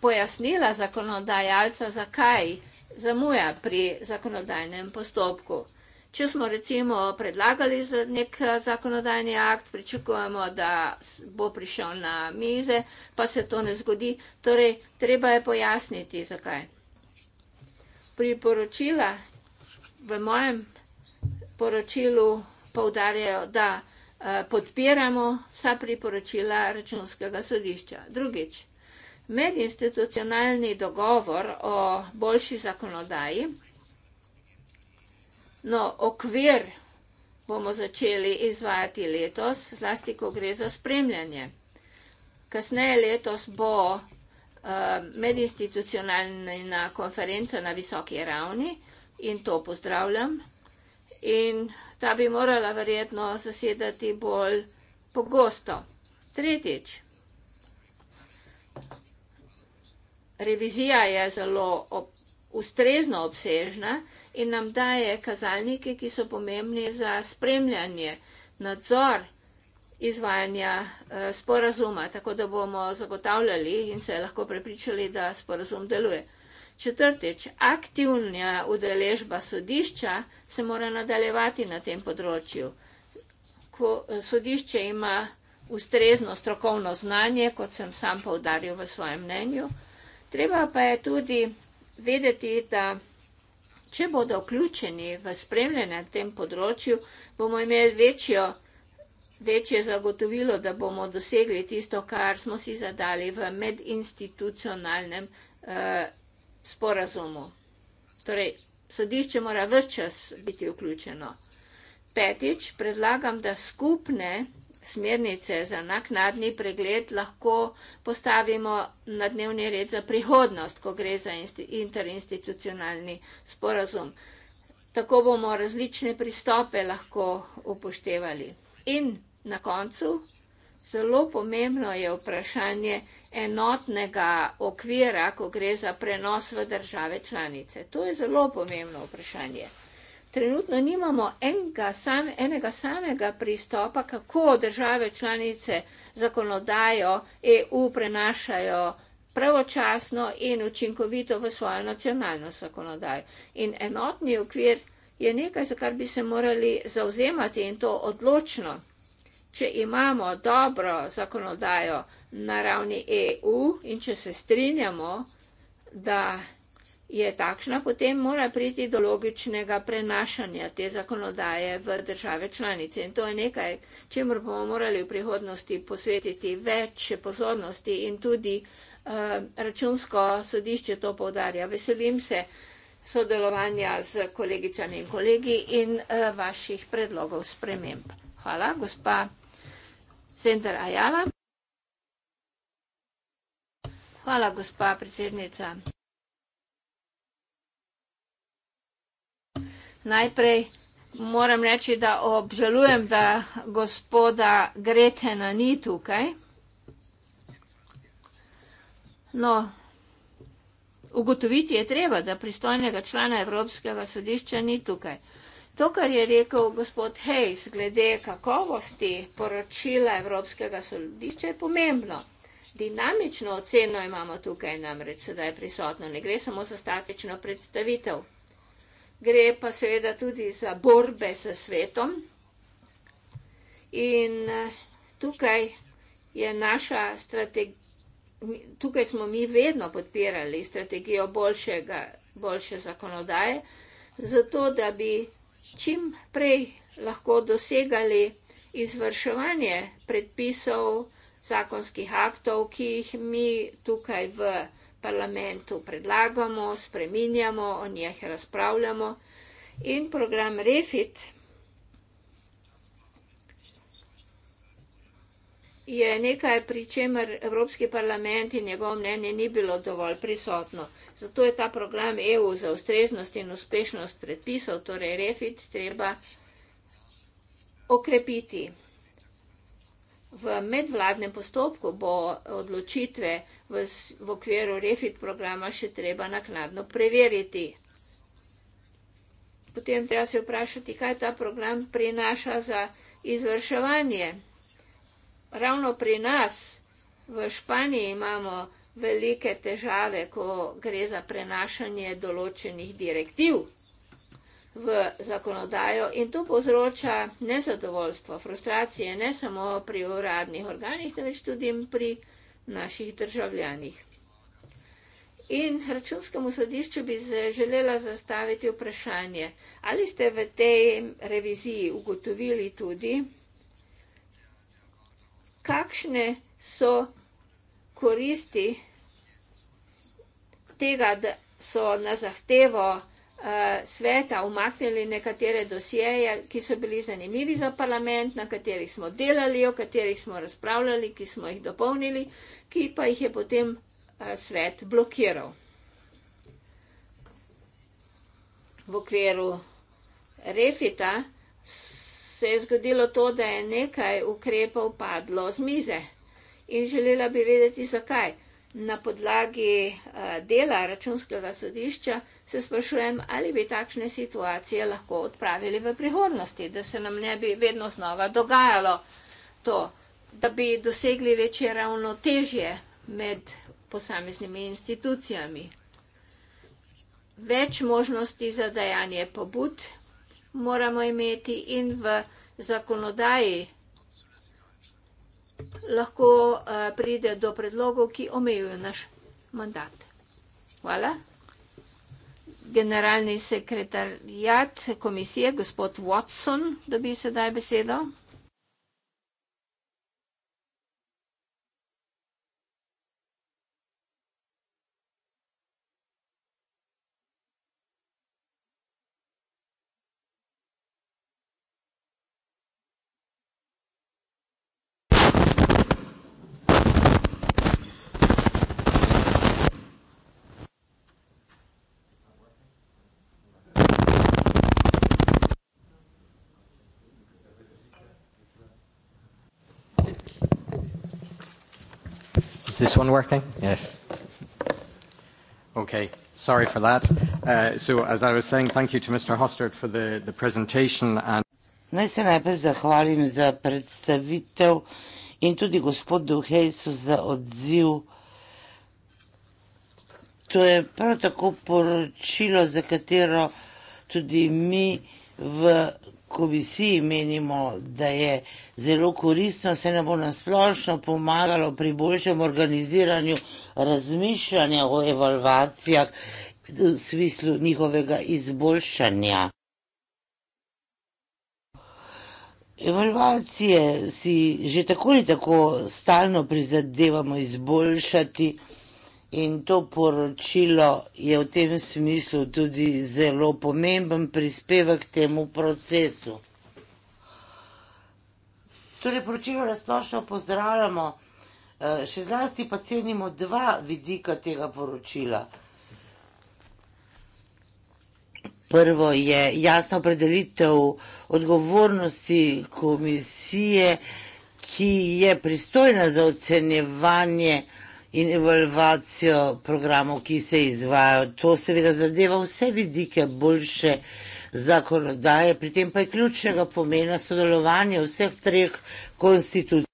pojasnila zakonodajalca, zakaj zamuja pri zakonodajnem postopku. Če smo recimo predlagali nek eh, zakonodajni akt, pričakujemo, da bo prišel na mize, pa se to ne zgodi. Torej, treba je pojasniti, zakaj. Priporočila v mojem poročilu povdarjajo, da eh, podpiramo vsa priporočila računskega sodišča. Drugič, medinstitucionalni dogovor o boljši zakonodaji, no, okvir bomo začeli izvajati letos, zlasti ko gre za spremljanje. Kasneje letos bo eh, medinstitucionalna konferenca na visoki ravni, in to pozdravljam. In ta bi morala verjetno zasedati bolj pogosto. Tretjič. Revizija je zelo ob, ustrezno obsežna in nam daje kazalnike, ki so pomembni za spremljanje, nadzor izvajanja eh, sporazuma, tako da bomo zagotavljali in se lahko prepričali, da sporazum deluje. Četrtič, aktivna udeležba sodišča se mora nadaljevati na tem področju. Ko eh, sodišče ima ustrezno strokovno znanje, kot sem sam povdaril v svojem mnenju, treba pa je tudi vedeti, da če bodo vključeni v spremljanje na tem področju, bomo imeli večjo, večje zagotovilo, da bomo dosegli tisto, kar smo si zadali v medinstitucionalnem eh, sporazumu. Torej, sodišče mora vse čas biti vključeno. Petič, predlagam, da skupne smernice za naknadni pregled lahko postavimo na dnevni red za prihodnost, ko gre za interinstitucionalni sporazum. Tako bomo različne pristope lahko upoštevali. In na koncu, zelo pomembno je vprašanje enotnega okvira, ko gre za prenos v države članice? To je zelo pomembno vprašanje. Trenutno nimamo enega, same, enega samega pristopa, kako države članice zakonodajo EU prenašajo pravočasno in učinkovito v svojo nacionalno zakonodajo. In enotni okvir je nekaj, za kar bi se morali zauzemati in to odločno. Če imamo dobro zakonodajo, na ravni EU in če se strinjamo, da je takšna, potem mora priti do logičnega prenašanja te zakonodaje v države članice. In to je nekaj, čemur bomo morali v prihodnosti posvetiti več pozornosti in tudi eh, računsko sodišče to povdarja. Veselim se sodelovanja z kolegicami in kolegi in eh, vaših predlogov sprememb. Hvala, gospa Center Ajala. Hvala, gospa predsednica. Najprej moram reči, da obžalujem, da gospoda Gretena ni tukaj. No, ugotoviti je treba, da pristojnega člana Evropskega sodišča ni tukaj. To, kar je rekel gospod Hayes glede kakovosti poročila Evropskega sodišča, je pomembno. Dinamično oceno imamo tukaj namreč sedaj prisotno, ne gre samo za statično predstavitev. Gre pa seveda tudi za borbe s svetom. In eh, tukaj je naša strategija, tukaj smo mi vedno podpirali strategijo boljšega, boljše zakonodaje, zato da bi čim prej lahko dosegali izvrševanje predpisov, zakonskih aktov, ki jih mi tukaj v parlamentu predlagamo, spreminjamo, o njih razpravljamo. In program REFIT je nekaj, pri čemer Evropski parlament in njegovo mnenje ni bilo dovolj prisotno. Zato je ta program EU za ustreznost in uspešnost predpisov, torej REFIT, treba okrepiti. V medvladnem postopku bo odločitve v, v okviru refit programa še treba nakladno preveriti. Potem treba se vprašati, kaj ta program prinaša za izvrševanje. Ravno pri nas v Španiji imamo velike težave, ko gre za prenašanje določenih direktiv v zakonodajo in to povzroča nezadovoljstvo, frustracije ne samo pri uradnih organih, temveč tudi pri naših državljanih. In računskemu sodišču bi želela zastaviti vprašanje, ali ste v tej reviziji ugotovili tudi, kakšne so koristi tega, da so na zahtevo vsega, Eh, sveta umaknili nekatere dosjeje, ki so bili zanimivi za parlament, na katerih smo delali, o katerih smo razpravljali, ki smo jih dopolnili, ki pa jih je potem eh, svet blokiral. V okviru refita se je zgodilo to, da je nekaj ukrepov padlo z mize in želela bi vedeti, zakaj na podlagi eh, dela računskega sodišča, se sprašujem, ali bi takšne situacije lahko odpravili v prihodnosti, da se nam ne bi vedno znova dogajalo to, da bi dosegli večje ravnotežje med posameznimi institucijami. Več možnosti za dajanje pobud moramo imeti in v zakonodaji lahko uh, pride do predlogov, ki omejujo naš mandat. Hvala. Generalni sekretarjat komisije, gospod Watson, dobi sedaj besedo. Is this one working? Yes. Okay. Sorry for that. Uh, so, as I was saying, thank you to Mr. Hostert for the, the presentation. And Naj se najprej zahvalim za predstavitev in tudi gospodu Hejsu za odziv. To je prav tako poročilo, za katero tudi mi v komisiji menimo, da je zelo koristno, se nam bo nasplošno pomagalo pri boljšem organiziranju razmišljanja o evalvacijah v smislu njihovega izboljšanja. Evalvacije si že tako in tako stalno prizadevamo izboljšati. In to poročilo je v tem smislu tudi zelo pomemben prispevek k temu procesu. Torej, poročilo razplošno pozdravljamo, eh, še zlasti pa cenimo dva vidika tega poročila. Prvo je jasna opredelitev odgovornosti komisije, ki je pristojna za ocenjevanje in evalvacijo programov, ki se izvajo. To seveda zadeva vse vidike boljše zakonodaje, pri tem pa je ključnega pomena sodelovanje vseh treh konstitucij.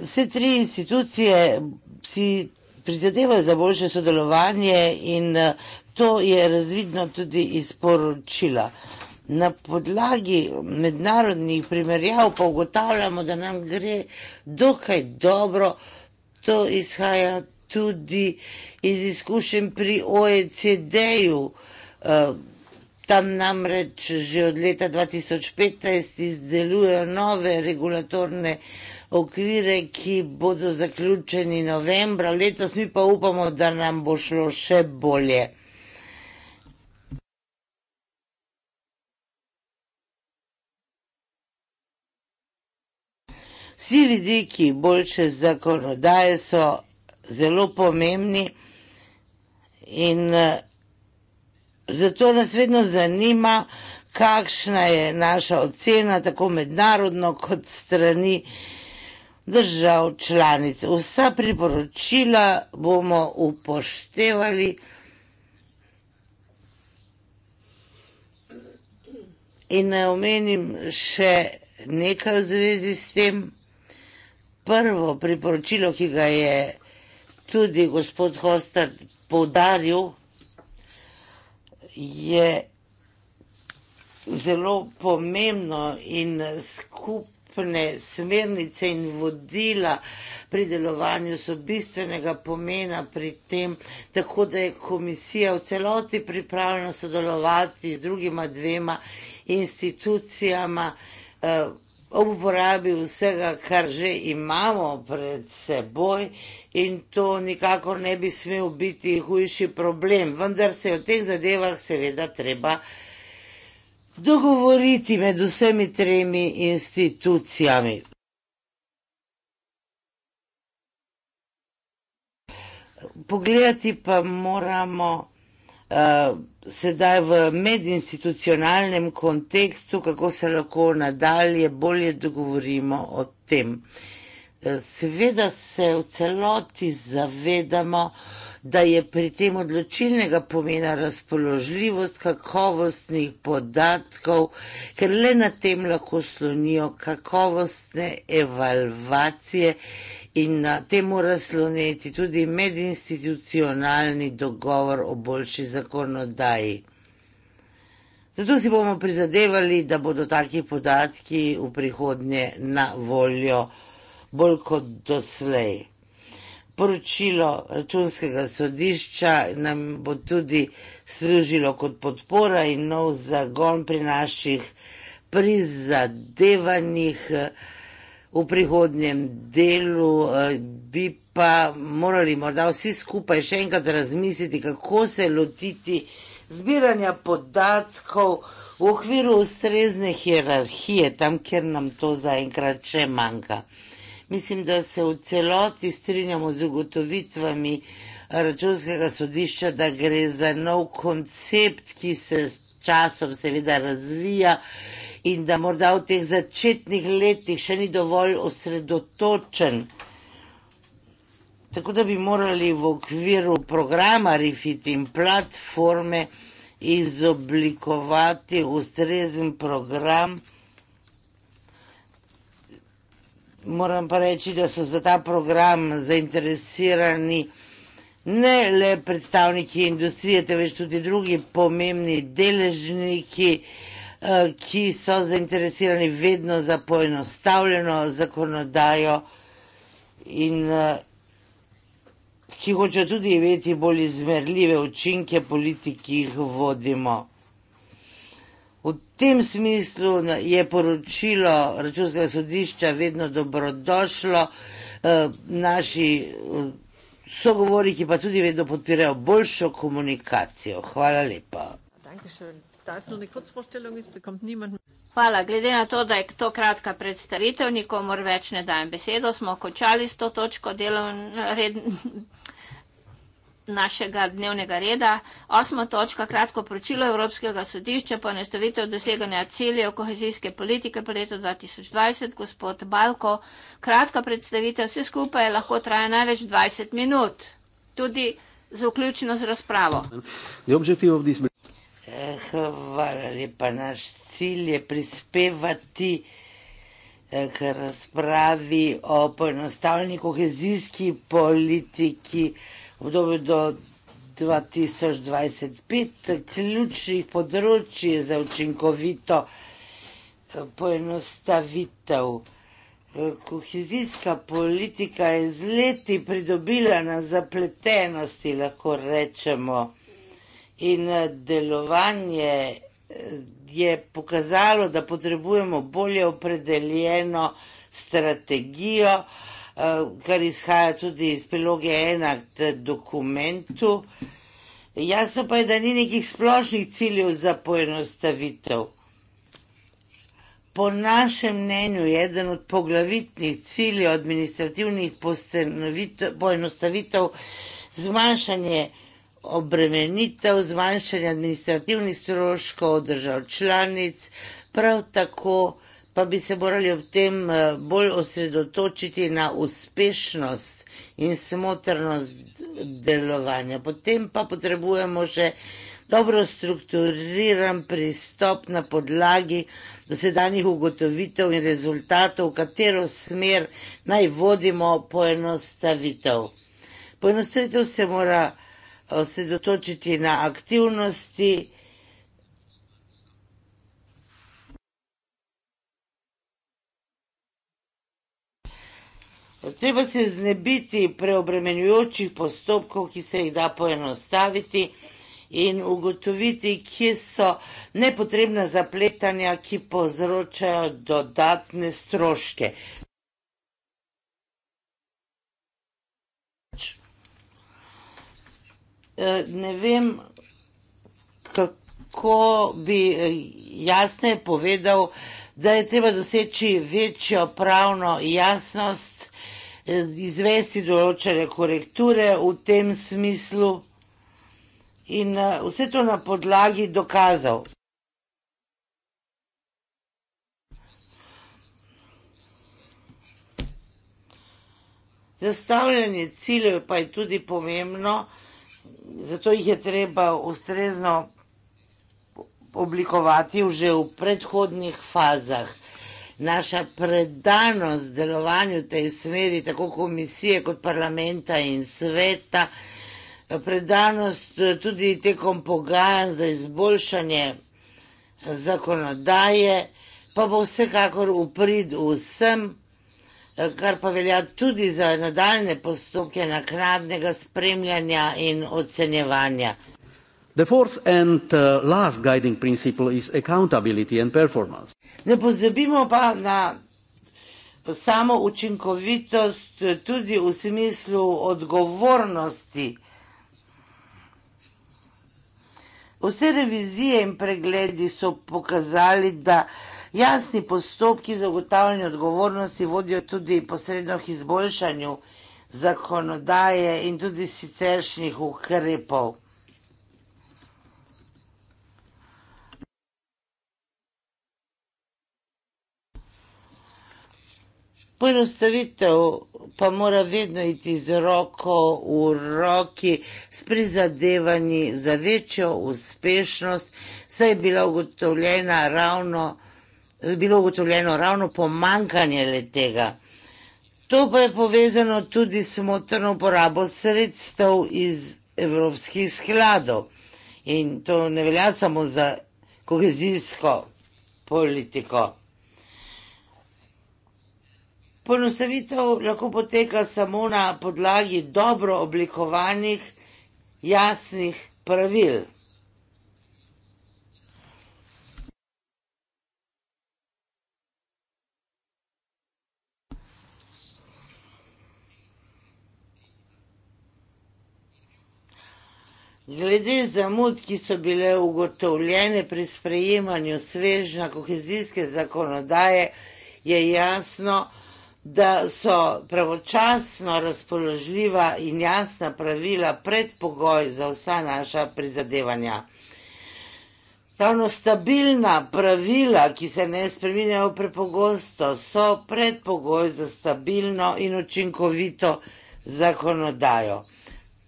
Vse tri institucije si prizadevajo za boljše sodelovanje in eh, to je razvidno tudi iz poročila. Na podlagi mednarodnih primerjav pa ugotavljamo, da nam gre dokaj dobro. To izhaja tudi iz izkušenj pri OECD-ju. Eh, tam namreč že od leta 2015 izdelujejo nove regulatorne okvire, ki bodo zaključeni novembra letos, mi pa upamo, da nam bo šlo še bolje. Vsi vidiki boljše zakonodaje so zelo pomembni in eh, zato nas vedno zanima, kakšna je naša ocena, tako mednarodno kot strani držav članic. Vsa priporočila bomo upoštevali in naj eh, omenim še nekaj v zvezi s tem, prvo priporočilo, ki ga je tudi gospod Hostar poudaril, je zelo pomembno in skupne smernice in vodila pri delovanju so bistvenega pomena pri tem, tako da je komisija v celoti pripravljena sodelovati z drugima dvema institucijama, eh, ob uporabi vsega, kar že imamo pred seboj in to nikakor ne bi smel biti hujši problem, vendar se je v teh zadevah seveda treba dogovoriti med vsemi tremi institucijami. Pogledati pa moramo Eh, sedaj v medinstitucionalnem kontekstu, kako se lahko nadalje bolje dogovorimo o tem. Eh, seveda se v celoti zavedamo, da je pri tem odločilnega pomena razpoložljivost kakovostnih podatkov, ker le na tem lahko slonijo kakovostne evalvacije in na temu razloneti tudi medinstitucionalni dogovor o boljši zakonodaji. Zato si bomo prizadevali, da bodo taki podatki v prihodnje na voljo bolj kot doslej poročilo računskega sodišča nam bo tudi služilo kot podpora in nov zagon pri naših prizadevanjih eh, v prihodnjem delu, eh, bi pa morali morda vsi skupaj še enkrat razmisliti, kako se lotiti zbiranja podatkov v okviru ustrezne hierarhije, tam, kjer nam to zaenkrat še manjka. Mislim, da se v celoti strinjamo z ugotovitvami računskega sodišča, da gre za nov koncept, ki se s časom seveda razvija in da morda v teh začetnih letih še ni dovolj osredotočen. Tako da bi morali v okviru programa Refit in platforme izoblikovati ustrezen program, moram pa reči, da so za ta program zainteresirani ne le predstavniki industrije, temveč tudi drugi pomembni deležniki, eh, ki so zainteresirani vedno za poenostavljeno zakonodajo in eh, ki hočejo tudi imeti bolj izmerljive učinke politik, ki jih vodimo. V tem smislu je poročilo računskega sodišča vedno dobrodošlo. Eh, naši eh, sogovorniki pa tudi vedno podpirajo boljšo komunikacijo. Hvala lepa. Hvala. Glede na to, da je to kratka predstavitev, nikomor več ne dajem besedo, smo končali s to točko delovne reda našega dnevnega reda. Osma točka, kratko poročilo Evropskega sodišča, ponestavitev doseganja ciljev kohezijske politike po letu 2020, gospod Balko. Kratka predstavitev, vse skupaj lahko traja največ 20 minut, tudi za vključeno z razpravo. Hvala lepa, naš cilj je prispevati eh, k razpravi o poenostavljeni kohezijski politiki obdobju do 2025 ključnih področji za učinkovito eh, poenostavitev. Eh, kohezijska politika je z leti pridobila na zapletenosti, lahko rečemo, in eh, delovanje je pokazalo, da potrebujemo bolje opredeljeno strategijo, kar izhaja tudi iz priloge ena k dokumentu. Jasno pa je, da ni nekih splošnih ciljev za poenostavitev. Po našem mnenju je eden od poglavitnih ciljev administrativnih poenostavitev zmanjšanje obremenitev, zmanjšanje administrativnih stroškov držav članic, prav tako pa bi se morali ob tem eh, bolj osredotočiti na uspešnost in smotrnost delovanja. Potem pa potrebujemo še dobro strukturiran pristop na podlagi dosedanjih ugotovitev in rezultatov, v katero smer naj vodimo poenostavitev. Poenostavitev se mora eh, osredotočiti na aktivnosti, Treba se znebiti preobremenjujočih postopkov, ki se jih da poenostaviti in ugotoviti, kje so nepotrebna zapletanja, ki povzročajo dodatne stroške. Pač, eh, ne vem, ko bi eh, jasneje povedal, da je treba doseči večjo pravno jasnost, eh, izvesti določene korekture v tem smislu in eh, vse to na podlagi dokazov. Zastavljanje ciljev pa je tudi pomembno, zato jih je treba ustrezno oblikovati že v predhodnih fazah. Naša predanost delovanju v tej smeri, tako komisije kot parlamenta in sveta, predanost eh, tudi tekom pogajanj za izboljšanje eh, zakonodaje, pa bo vsekakor uprid vsem, eh, kar pa velja tudi za nadaljne postopke naknadnega spremljanja in ocenjevanja. The fourth and uh, last guiding principle is accountability and performance. Ne pozabimo pa na samo učinkovitost tudi v smislu odgovornosti. Vse revizije in pregledi so pokazali, da jasni postopki za ugotavljanje odgovornosti vodijo tudi posredno k izboljšanju zakonodaje in tudi siceršnjih ukrepov. Poenostavitev pa mora vedno iti z roko v roki s prizadevanji za večjo uspešnost, saj je bila ugotovljena ravno bilo ugotovljeno ravno pomankanje letega. To pa je povezano tudi s motorno uporabo sredstev iz evropskih skladov. In to ne velja samo za kohezijsko politiko. Poenostavitev lahko poteka samo na podlagi dobro oblikovanih, jasnih pravil. Glede zamud, ki so bile ugotovljene pri sprejemanju svežna kohezijske zakonodaje, je jasno, da je jasno, da so pravočasno razpoložljiva in jasna pravila predpogoj za vsa naša prizadevanja. Ravno stabilna pravila, ki se ne spreminjajo prepogosto, so predpogoj za stabilno in učinkovito zakonodajo.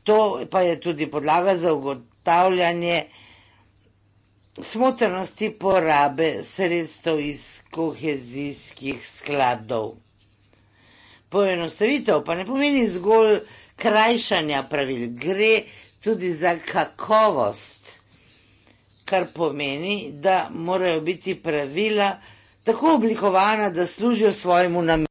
To pa je tudi podlaga za ugotavljanje smotrnosti porabe sredstev iz kohezijskih skladov poenostavitev pa ne pomeni zgolj krajšanja pravil, gre tudi za kakovost, kar pomeni, da morajo biti pravila tako oblikovana, da služijo svojemu namenu.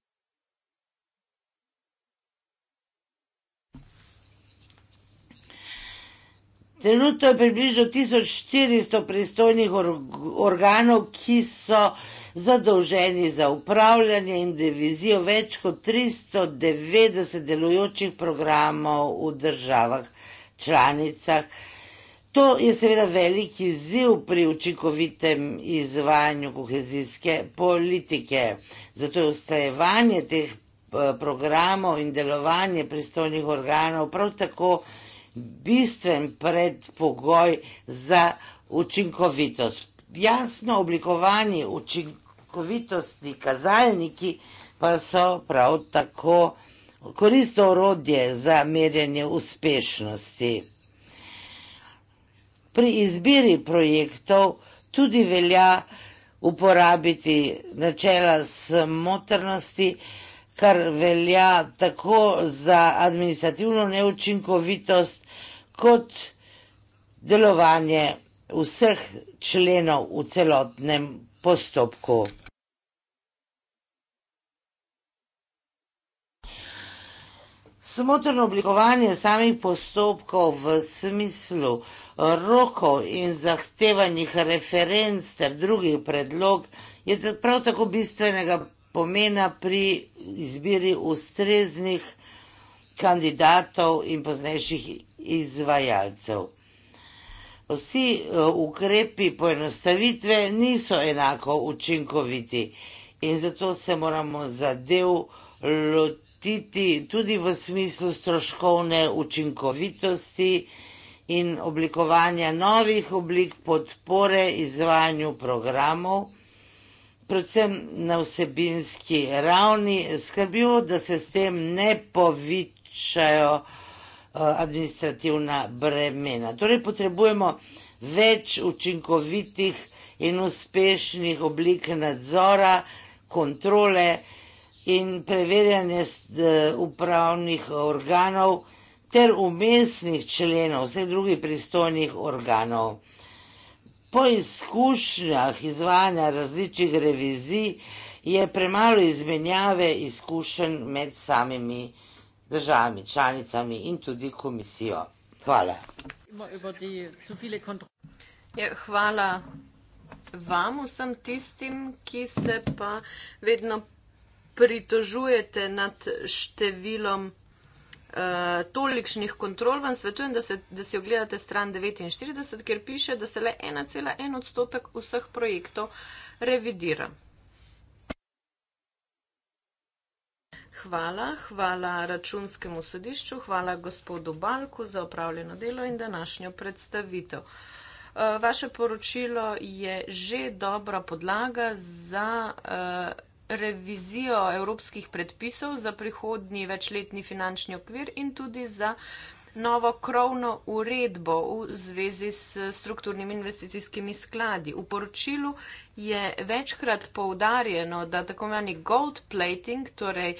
Trenutno je približno 1400 pristojnih organov, ki so zadolženi za upravljanje in divizijo več kot 390 delujočih programov v državah članicah. To je seveda veliki ziv pri učinkovitem izvajanju kohezijske politike. Zato je ustajevanje teh eh, programov in delovanje pristojnih organov prav tako bistven predpogoj za učinkovitost. Jasno oblikovanje učinkovitosti učinkovitostni kazalniki pa so prav tako koristno orodje za merjenje uspešnosti. Pri izbiri projektov tudi velja uporabiti načela smotrnosti, kar velja tako za administrativno neučinkovitost kot delovanje vseh členov v celotnem postopku. Smotrno oblikovanje samih postopkov v smislu rokov in zahtevanih referenc ter drugih predlog je prav tako bistvenega pomena pri izbiri ustreznih kandidatov in poznejših izvajalcev. Vsi e, ukrepi poenostavitve niso enako učinkoviti in zato se moramo zadev loti zaščititi tudi v smislu stroškovne učinkovitosti in oblikovanja novih oblik podpore izvajanju programov, predvsem na vsebinski ravni, skrbijo, da se s tem ne povičajo eh, administrativna bremena. Torej potrebujemo več učinkovitih in uspešnih oblik nadzora, kontrole, kontrole, in preverjanje eh, upravnih organov ter umestnih členov vseh drugih pristojnih organov. Po izkušnjah izvajanja različnih revizij je premalo izmenjave izkušenj med samimi državami, članicami in tudi komisijo. Hvala. Je, ja, hvala vam vsem tistim, ki se pa vedno pritožujete nad številom uh, tolikšnih kontrol, vam svetujem, da, se, da si ogledate stran 49, kjer piše, da se le 1,1 odstotek vseh projektov revidira. Hvala, hvala računskemu sodišču, hvala gospodu Balku za opravljeno delo in današnjo predstavitev. Eh, vaše poročilo je že dobra podlaga za eh, revizijo evropskih predpisov za prihodnji večletni finančni okvir in tudi za novo krovno uredbo v zvezi s strukturnimi investicijskimi skladi. V poročilu je večkrat poudarjeno, da tako imenovani gold plating, torej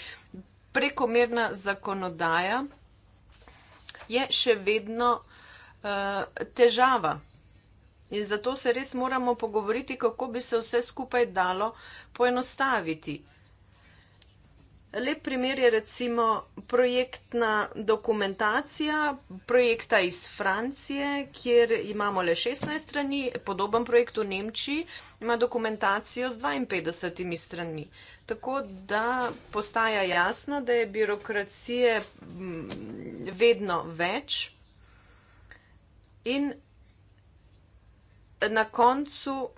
prekomerna zakonodaja, je še vedno uh, težava. In zato se res moramo pogovoriti, kako bi se vse skupaj dalo poenostaviti. Lep primer je recimo projektna dokumentacija projekta iz Francije, kjer imamo le 16 strani, podoben projekt v Nemčiji ima dokumentacijo z 52 strani. Tako da postaja jasno, da je birokracije vedno več in na koncu.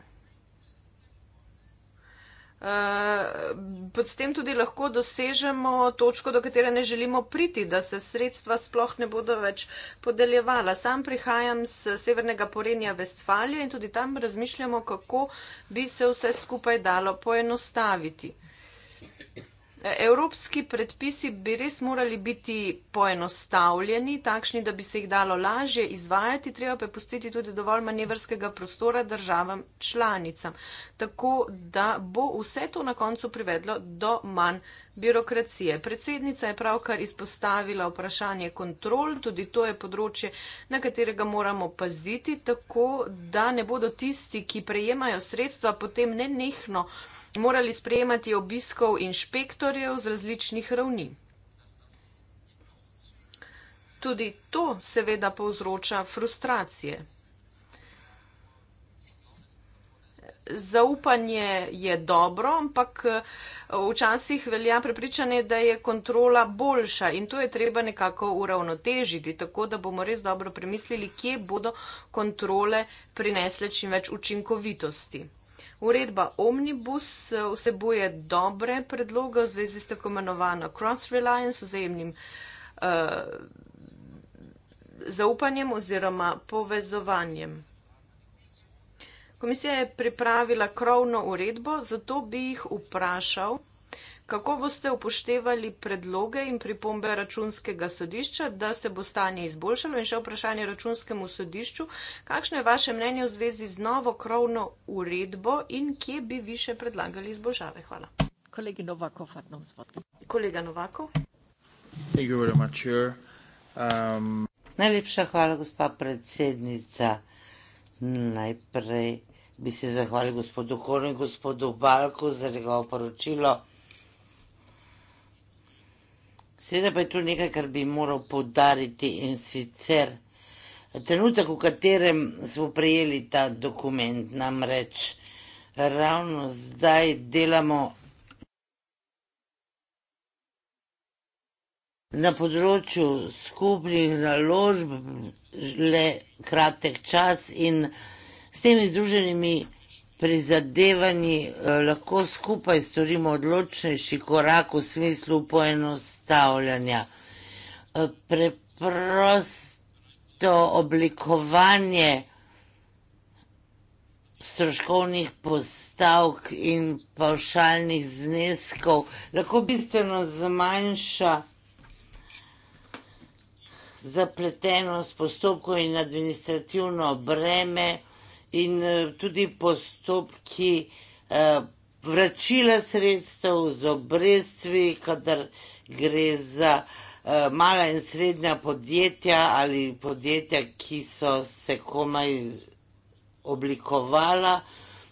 Uh, pod tem tudi lahko dosežemo točko, do katere ne želimo priti, da se sredstva sploh ne bodo več podeljevala. Sam prihajam z severnega porenja Vestfalije in tudi tam razmišljamo, kako bi se vse skupaj dalo poenostaviti evropski predpisi bi res morali biti poenostavljeni, takšni, da bi se jih dalo lažje izvajati, treba pa pustiti tudi dovolj manevrskega prostora državam članicam, tako da bo vse to na koncu privedlo do manj birokracije. Predsednica je pravkar izpostavila vprašanje kontrol, tudi to je področje, na katerega moramo paziti, tako da ne bodo tisti, ki prejemajo sredstva, potem nenehno morali sprejemati obiskov inšpektorjev z različnih ravni. Tudi to seveda povzroča frustracije. Zaupanje je dobro, ampak eh, včasih velja prepričanje, da je kontrola boljša in to je treba nekako uravnotežiti, tako da bomo res dobro premislili, kje bodo kontrole prinesle čim več učinkovitosti. Uredba Omnibus eh, vsebuje dobre predloge v zvezi s tako imenovano cross-reliance vzajemnim uh, zaupanjem oziroma povezovanjem. Komisija je pripravila krovno uredbo, zato bi jih vprašal, Kako boste upoštevali predloge in pripombe računskega sodišča, da se bo stanje izboljšalo? In še vprašanje računskemu sodišču, kakšno je vaše mnenje v zvezi z novo krovno uredbo in kje bi vi še predlagali izboljšave? Hvala. Kolegi Novako, Fatnom Spotkom. Kolega Novako. Um... Najlepša hvala, gospa predsednica. Najprej bi se zahvalil gospodu Horn in gospodu Balku za njegovo poročilo. Seveda pa je tu nekaj, kar bi moral podariti in sicer trenutek, v katerem smo prejeli ta dokument, namreč ravno zdaj delamo na področju skupnih naložb le kratek čas in s temi združenimi prizadevanji eh, lahko skupaj storimo odločnejši korak v smislu poenostavljanja. Eh, preprosto oblikovanje stroškovnih postavk in pavšalnih zneskov lahko bistveno zmanjša zapletenost postopkov in administrativno breme, in eh, tudi postopki eh, vračila sredstev z obrestvi, kadar gre za eh, mala in srednja podjetja ali podjetja, ki so se komaj oblikovala.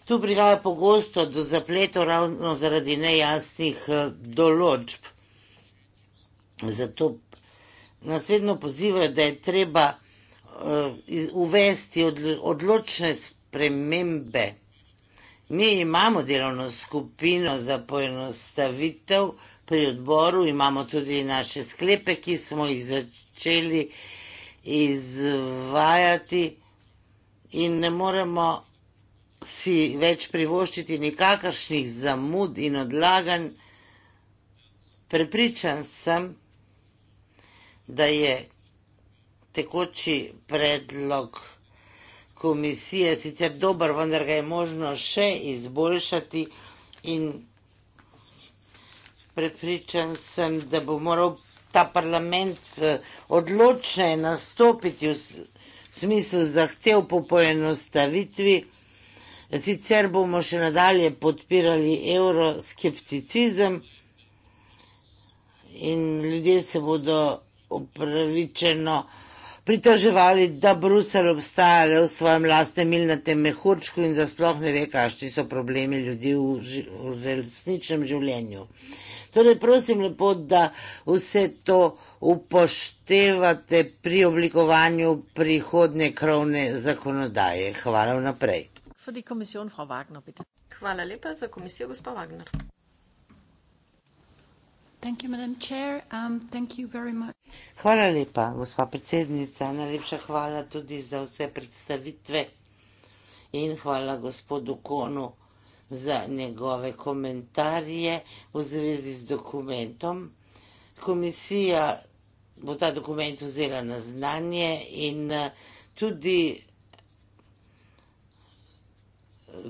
Tu prihaja pogosto do zapletov ravno zaradi nejasnih določb. Zato nas vedno pozivajo, da je treba vsega, Eh, uvesti odločne spremembe. Mi imamo delovno skupino za poenostavitev pri odboru, imamo tudi naše sklepe, ki smo jih začeli izvajati in ne moremo si več privoščiti nikakršnih zamud in odlaganj. Prepričan sem, da je tekoči predlog komisije sicer dober, vendar ga je možno še izboljšati in prepričan sem, da bo moral ta parlament eh, odločneje nastopiti v smislu zahtev po poenostavitvi. Sicer bomo še nadalje podpirali euroskepticizem in ljudje se bodo upravičeno vprašali, pritoževali, da Bruselj obstaja le v svojem lastnem milnatem mehurčku in da sploh ne ve, kakšni so problemi ljudi v, ži, v resničnem življenju. Torej, prosim lepo, da vse to upoštevate pri oblikovanju prihodne krovne zakonodaje. Hvala vnaprej. Hvala lepa za komisijo, gospod Wagner. Um, hvala lepa, gospa predsednica. Najlepša hvala tudi za vse predstavitve in hvala gospodu Konu za njegove komentarje v zvezi z dokumentom. Komisija bo ta dokument vzela na znanje in eh, tudi eh,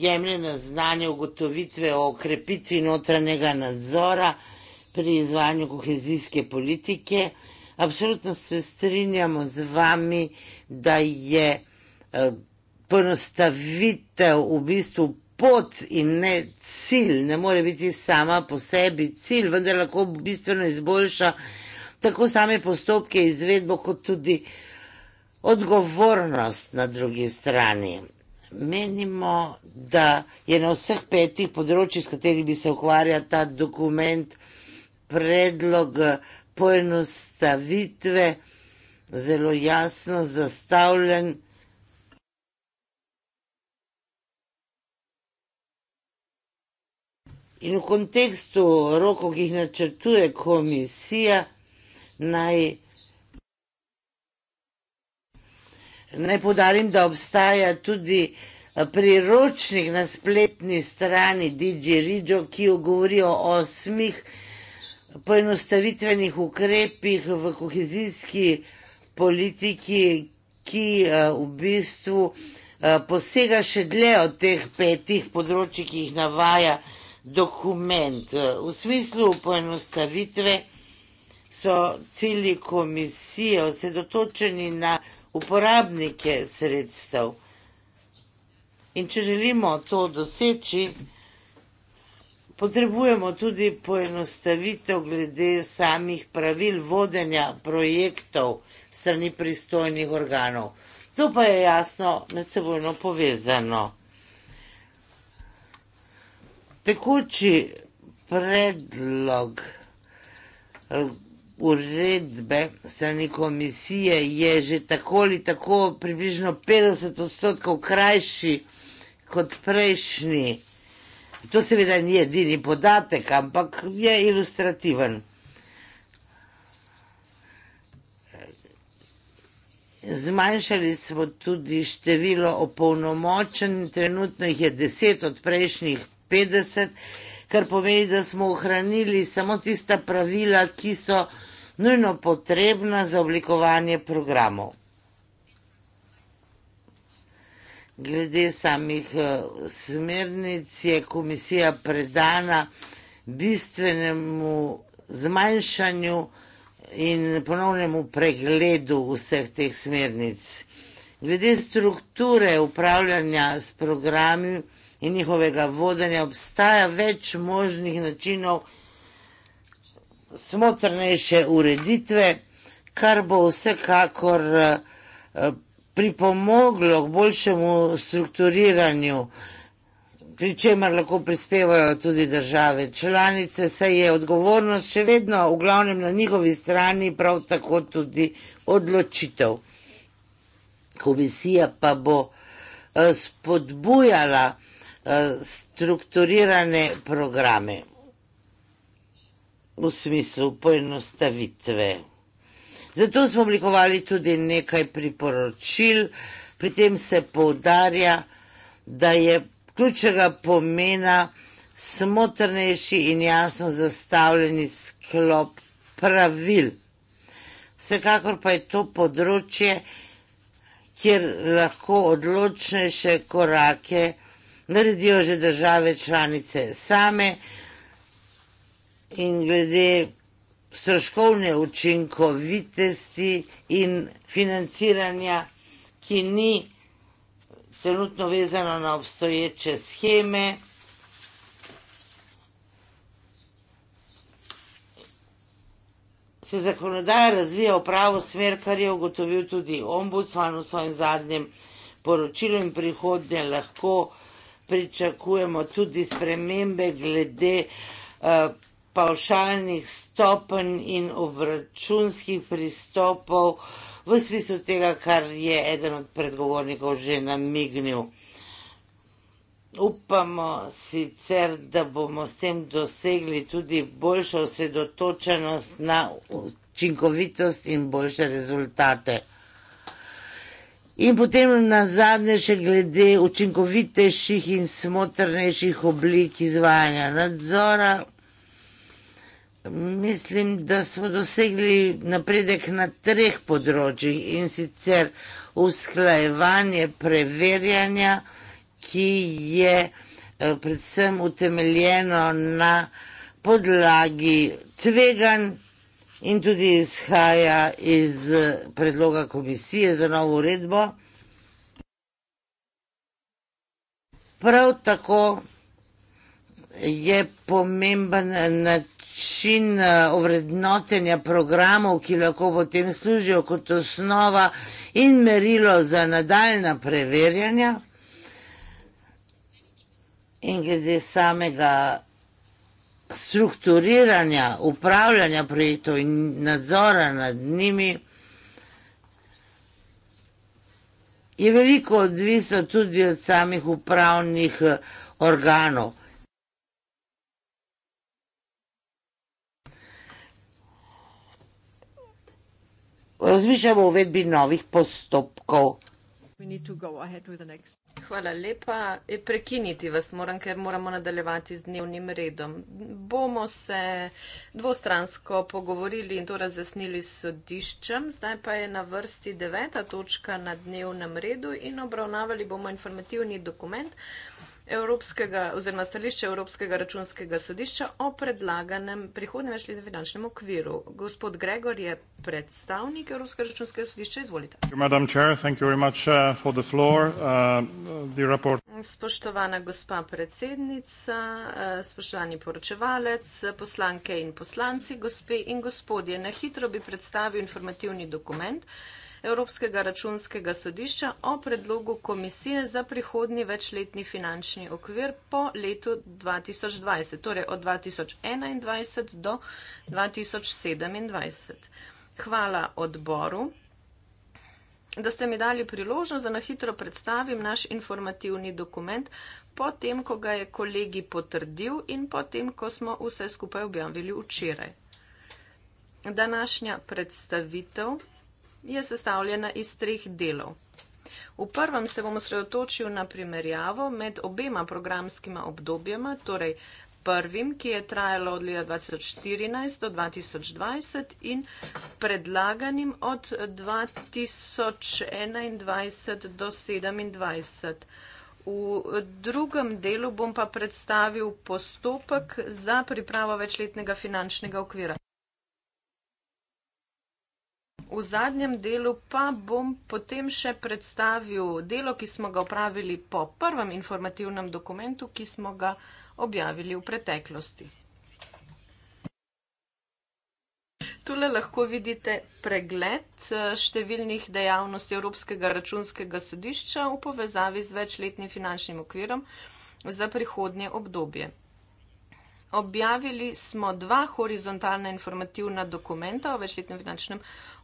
jemljena znanje ugotovitve o krepitvi notranjega nadzora pri izvajanju kohezijske politike. Absolutno se strinjamo z vami, da je eh, ponostavitev v bistvu pot in ne cilj, ne more biti sama po sebi cilj, vendar lahko bistveno izboljša tako same postopke izvedbo, kot tudi odgovornost na drugi strani. Menimo, da je na vseh petih področjih, s katerimi bi se ukvarja ta dokument, predlog poenostavitve zelo jasno zastavljen. In v kontekstu rokov, ki jih načrtuje komisija, naj Naj podarim, da obstaja tudi eh, priročnik na spletni strani DigiRidžo, ki jo govori o osmih poenostavitvenih ukrepih v kohezijski politiki, ki eh, v bistvu eh, posega še dlje od teh petih področji, ki jih navaja dokument. V smislu poenostavitve so cilji komisije osedotočeni na vsega, uporabnike sredstev. In če želimo to doseči, potrebujemo tudi poenostavitev glede samih pravil vodenja projektov strani pristojnih organov. To pa je jasno med sebojno povezano. Tekoči predlog eh, uredbe strani komisije je že tako ali tako približno 50 odstotkov krajši kot prejšnji. To seveda ni edini podatek, ampak je ilustrativen. Zmanjšali smo tudi število opolnomočen, trenutno jih je 10 od prejšnjih 50, kar pomeni, da smo ohranili samo tista pravila, ki so nujno potrebna za oblikovanje programov. Glede samih eh, smernic je komisija predana bistvenemu zmanjšanju in ponovnemu pregledu vseh teh smernic. Glede strukture upravljanja s programi in njihovega vodenja obstaja več možnih načinov izgledanja smotrnejše ureditve, kar bo vsekakor eh, pripomoglo k boljšemu strukturiranju, pri čemer lahko prispevajo tudi države članice, saj je odgovornost še vedno v glavnem na njihovi strani, prav tako tudi odločitev. Komisija pa bo eh, spodbujala eh, strukturirane programe v smislu poenostavitve. Zato smo oblikovali tudi nekaj priporočil, pri tem se poudarja, da je ključnega pomena smotrnejši in jasno zastavljeni sklop pravil. Vsekakor pa je to področje, kjer lahko odločnejše korake naredijo že države članice same, in glede stroškovne učinkovitosti in financiranja, ki ni trenutno vezano na obstoječe scheme. Se zakonodaja razvija v pravo smer, kar je ugotovil tudi ombudsman v svojem zadnjem poročilu in prihodnje lahko pričakujemo tudi spremembe glede uh, pavšalnih stopenj in obračunskih pristopov v smislu tega, kar je eden od predgovornikov že namignil. Upamo sicer, da bomo s tem dosegli tudi boljšo osredotočenost na učinkovitost in boljše rezultate. In potem na zadnje še glede učinkovitejših in smotrnejših oblik izvajanja nadzora. Mislim, da smo dosegli napredek na treh področjih in sicer usklajevanje preverjanja, ki je eh, predvsem utemeljeno na podlagi tvegan in tudi izhaja iz eh, predloga komisije za novo uredbo. Prav tako je pomemben način, način eh, ovrednotenja programov, ki lahko potem služijo kot osnova in merilo za nadaljna preverjanja. In glede samega strukturiranja, upravljanja projektov in nadzora nad njimi, je veliko odvisno tudi od samih upravnih eh, organov. razmišljamo o uvedbi novih postopkov. Hvala lepa. E, prekiniti vas moram, ker moramo nadaljevati z dnevnim redom. Bomo se dvostransko pogovorili in to razjasnili s sodiščem. Zdaj pa je na vrsti deveta točka na dnevnem redu in obravnavali bomo informativni dokument Evropskega, oziroma stališče Evropskega računskega sodišča o predlaganem prihodnem večletnem finančnem okviru. Gospod Gregor je predstavnik Evropskega računskega sodišča. Izvolite. Chair, much, uh, floor, uh, uh spoštovana gospa predsednica, uh, spoštovani poročevalec, poslanke in poslanci, gospe in gospodje, na hitro bi predstavil informativni dokument. Uh, Evropskega računskega sodišča o predlogu komisije za prihodni večletni finančni okvir po letu 2020, torej od 2021 do 2027. Hvala odboru, da ste mi dali priložnost, da na hitro predstavim naš informativni dokument, potem, ko ga je kolegi potrdil in potem, ko smo vse skupaj objavili včeraj. Današnja predstavitev je sestavljena iz treh delov. V prvem se bom osredotočil na primerjavo med obema programskima obdobjema, torej prvim, ki je trajalo od leta 2014 do 2020 in predlaganim od 2021 do 2027. V drugem delu bom pa predstavil postopek za pripravo večletnega finančnega okvira v zadnjem delu pa bom potem še predstavil delo, ki smo ga opravili po prvem informativnem dokumentu, ki smo ga objavili v preteklosti. Tule lahko vidite pregled eh, številnih dejavnosti Evropskega računskega sodišča v povezavi z večletnim finančnim okvirom za prihodnje obdobje objavili smo dva horizontalna informativna dokumenta o večletnem finančnem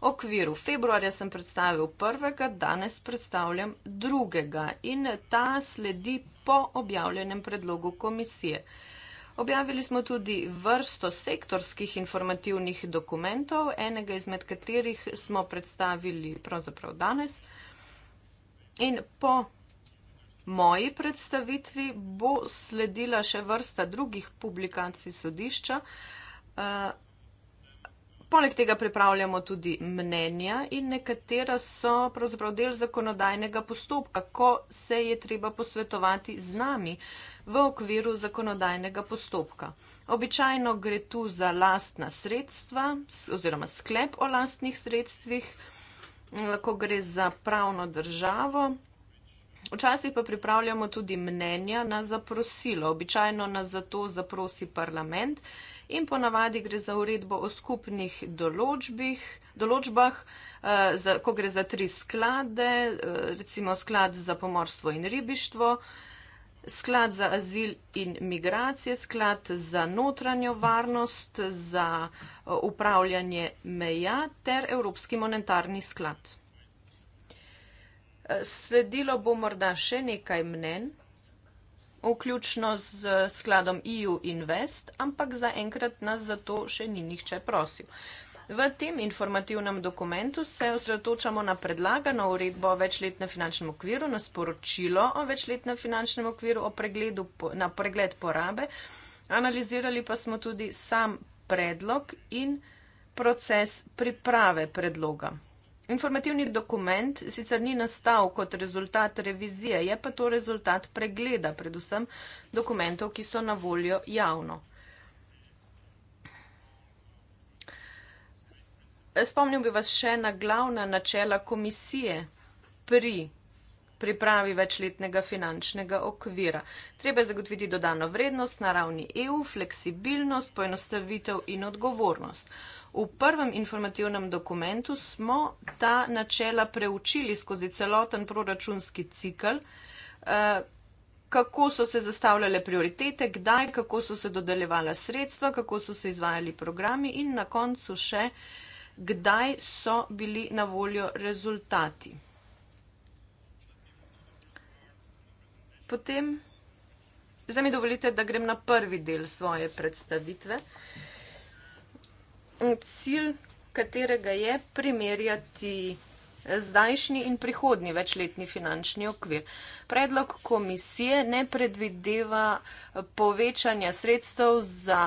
okviru. Februarja sem predstavil prvega, danes predstavljam drugega in ta sledi po objavljenem predlogu komisije. Objavili smo tudi vrsto sektorskih informativnih dokumentov, enega izmed katerih smo predstavili pravzaprav danes. In po moji predstavitvi bo sledila še vrsta drugih publikacij sodišča. Eh, poleg tega pripravljamo tudi mnenja in nekatera so pravzaprav del zakonodajnega postopka, ko se je treba posvetovati z nami v okviru zakonodajnega postopka. Običajno gre tu za lastna sredstva oziroma sklep o lastnih sredstvih, lahko eh, gre za pravno državo. Včasih pa pripravljamo tudi mnenja na zaprosilo. Običajno nas za to zaprosi parlament in ponavadi gre za uredbo o skupnih določbih, določbah, eh, za, ko gre za tri sklade, eh, recimo sklad za pomorstvo in ribištvo, sklad za azil in migracije, sklad za notranjo varnost, za eh, upravljanje meja ter Evropski monetarni sklad. Sledilo bo morda še nekaj mnen, vključno z skladom EU Invest, ampak zaenkrat nas za to še ni nihče prosil. V tem informativnem dokumentu se osredotočamo na predlagano uredbo o večletnem finančnem okviru, na sporočilo o večletnem finančnem okviru, o pregledu, na pregled porabe. Analizirali pa smo tudi sam predlog in proces priprave predloga. Informativni dokument sicer ni nastal kot rezultat revizije, je pa to rezultat pregleda, predvsem dokumentov, ki so na voljo javno. Spomnil bi vas še na glavna načela komisije pri pripravi večletnega finančnega okvira. Treba je zagotoviti dodano vrednost na ravni EU, fleksibilnost, poenostavitev in odgovornost. V prvem informativnem dokumentu smo ta načela preučili skozi celoten proračunski cikl, eh, kako so se zastavljale prioritete, kdaj, kako so se dodeljevala sredstva, kako so se izvajali programi in na koncu še, kdaj so bili na voljo rezultati. Potem, zdaj mi dovolite, da grem na prvi del svoje predstavitve cilj katerega je primerjati eh, zdajšnji in prihodni večletni finančni okvir. Predlog komisije ne predvideva eh, povečanja sredstev za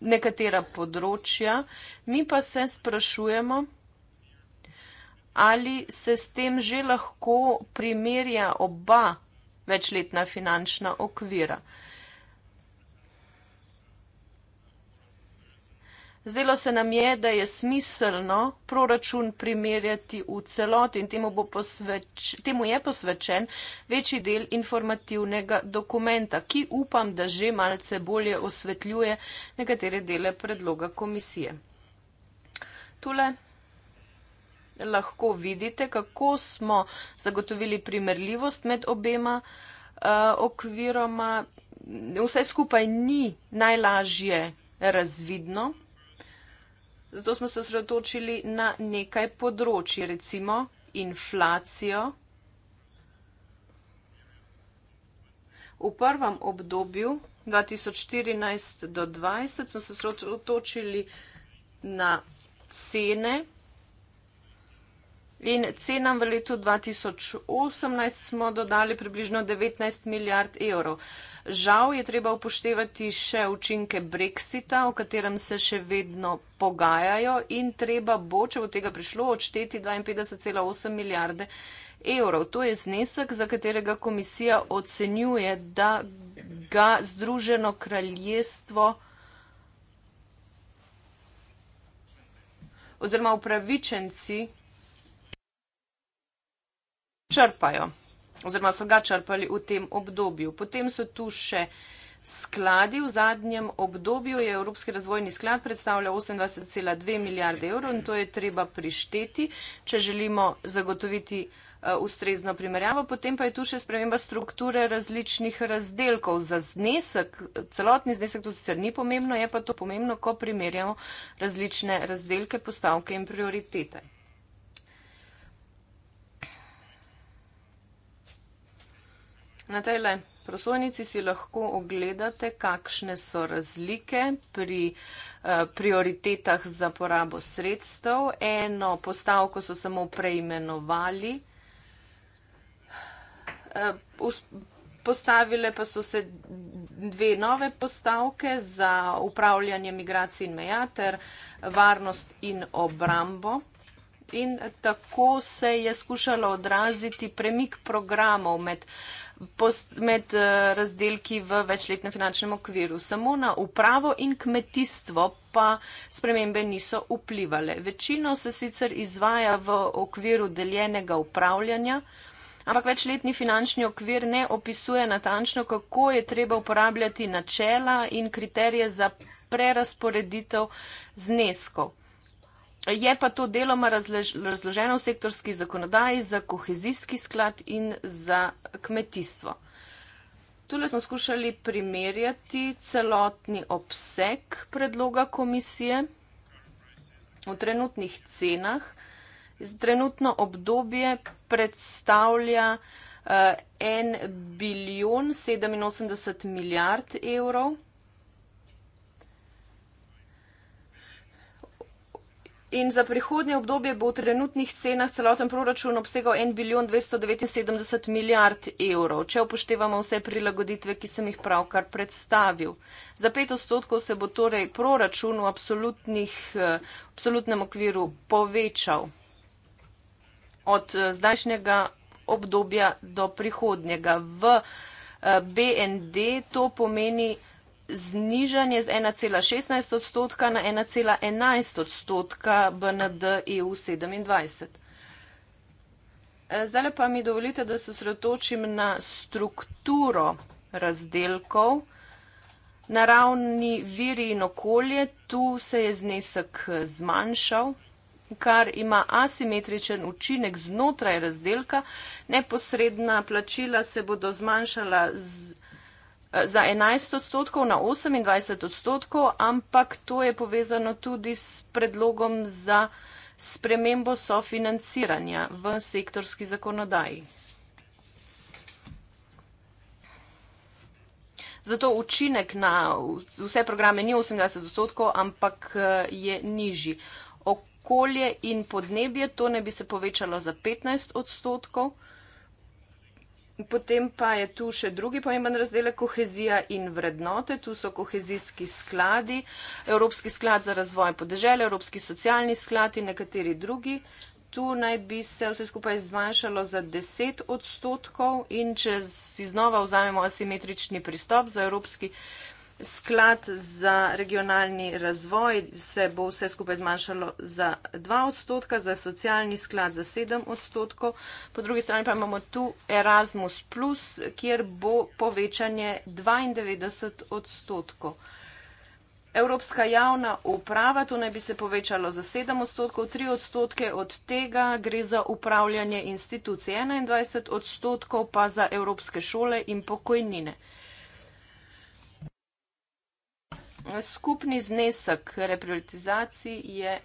nekatera področja, mi pa se sprašujemo, ali se s tem že lahko primerja oba večletna finančna okvira. Zdelo se nam je, da je smiselno proračun primerjati v celoti in temu, posveč, temu je posvečen večji del informativnega dokumenta, ki upam, da že malce bolje osvetljuje nekatere dele predloga komisije. Tule lahko vidite, kako smo zagotovili primerljivost med obema uh, okviroma. Vse skupaj ni najlažje razvidno. Zato smo se osredotočili na nekaj področji, recimo inflacijo. V prvem obdobju 2014 do 2020 smo se osredotočili na cene. In cenam v letu 2018 smo dodali približno 19 milijard evrov. Žal je treba upoštevati še učinke Brexita, o katerem se še vedno pogajajo in treba bo, če bo tega prišlo, odšteti 52,8 milijarde evrov. To je znesek, za katerega komisija ocenjuje, da ga Združeno kraljestvo. oziroma upravičenci črpajo oziroma so ga črpali v tem obdobju. Potem so tu še skladi. V zadnjem obdobju je Evropski razvojni sklad predstavljal 28,2 milijarde evrov in to je treba prišteti, če želimo zagotoviti eh, ustrezno primerjavo. Potem pa je tu še sprememba strukture različnih razdelkov za znesek. Celotni znesek tu sicer ni pomembno, je pa to pomembno, ko primerjamo različne razdelke, postavke in prioritete. Na tej le prosojnici si lahko ogledate, kakšne so razlike pri eh, prioritetah za porabo sredstev. Eno postavko so samo preimenovali, eh, postavile pa so se dve nove postavke za upravljanje migracij in meja ter varnost in obrambo. In tako se je skušalo odraziti premik programov med uh, med eh, razdelki v večletnem finančnem okviru. Samo na upravo in kmetijstvo pa spremembe niso vplivale. Večino se sicer izvaja v okviru deljenega upravljanja, ampak večletni finančni okvir ne opisuje natančno, kako je treba uporabljati načela in kriterije za prerasporeditev zneskov. Je pa to deloma razloženo v sektorski zakonodaji za kohezijski sklad in za kmetijstvo. Tule smo skušali primerjati celotni obseg predloga komisije v trenutnih cenah. Trenutno obdobje predstavlja 1 eh, bilijon 87 milijard evrov. In za prihodnje obdobje bo v trenutnih cenah celoten proračun obsegal 1 bilijon 279 milijard evrov, če upoštevamo vse prilagoditve, ki sem jih pravkar predstavil. Za pet odstotkov se bo torej proračun v eh, absolutnem okviru povečal od eh, zdajšnjega obdobja do prihodnjega. V eh, BND to pomeni znižanje z 1,16 odstotka na 1,11 odstotka BND EU 27. Zdaj pa mi dovolite, da se sredotočim na strukturo razdelkov. Na ravni viri in okolje tu se je znesek eh, zmanjšal, kar ima asimetričen učinek znotraj razdelka. Neposredna plačila se bodo zmanjšala z Eh, za 11 odstotkov na 28 odstotkov, ampak to je povezano tudi s predlogom za spremembo sofinanciranja v sektorski zakonodaji. Zato učinek na vse programe ni 28 odstotkov, ampak eh, je nižji. Okolje in podnebje, to ne bi se povečalo za 15 odstotkov. Potem pa je tu še drugi pomemben razdelek, kohezija in vrednote. Tu so kohezijski skladi, Evropski sklad za razvoj podeželja, Evropski socialni sklad in nekateri drugi. Tu naj bi se vse skupaj zmanjšalo za 10 odstotkov in če si znova vzamemo asimetrični pristop za Evropski sklad, sklad za regionalni razvoj se bo vse skupaj zmanjšalo za 2 odstotka, za socialni sklad za 7 odstotkov. Po drugi strani pa imamo tu Erasmus, plus, kjer bo povečanje 92 odstotkov. Evropska javna uprava, to naj bi se povečalo za 7 odstotkov, 3 odstotke od tega gre za upravljanje institucij, 21 odstotkov pa za evropske šole in pokojnine. Skupni znesek reprivatizacij je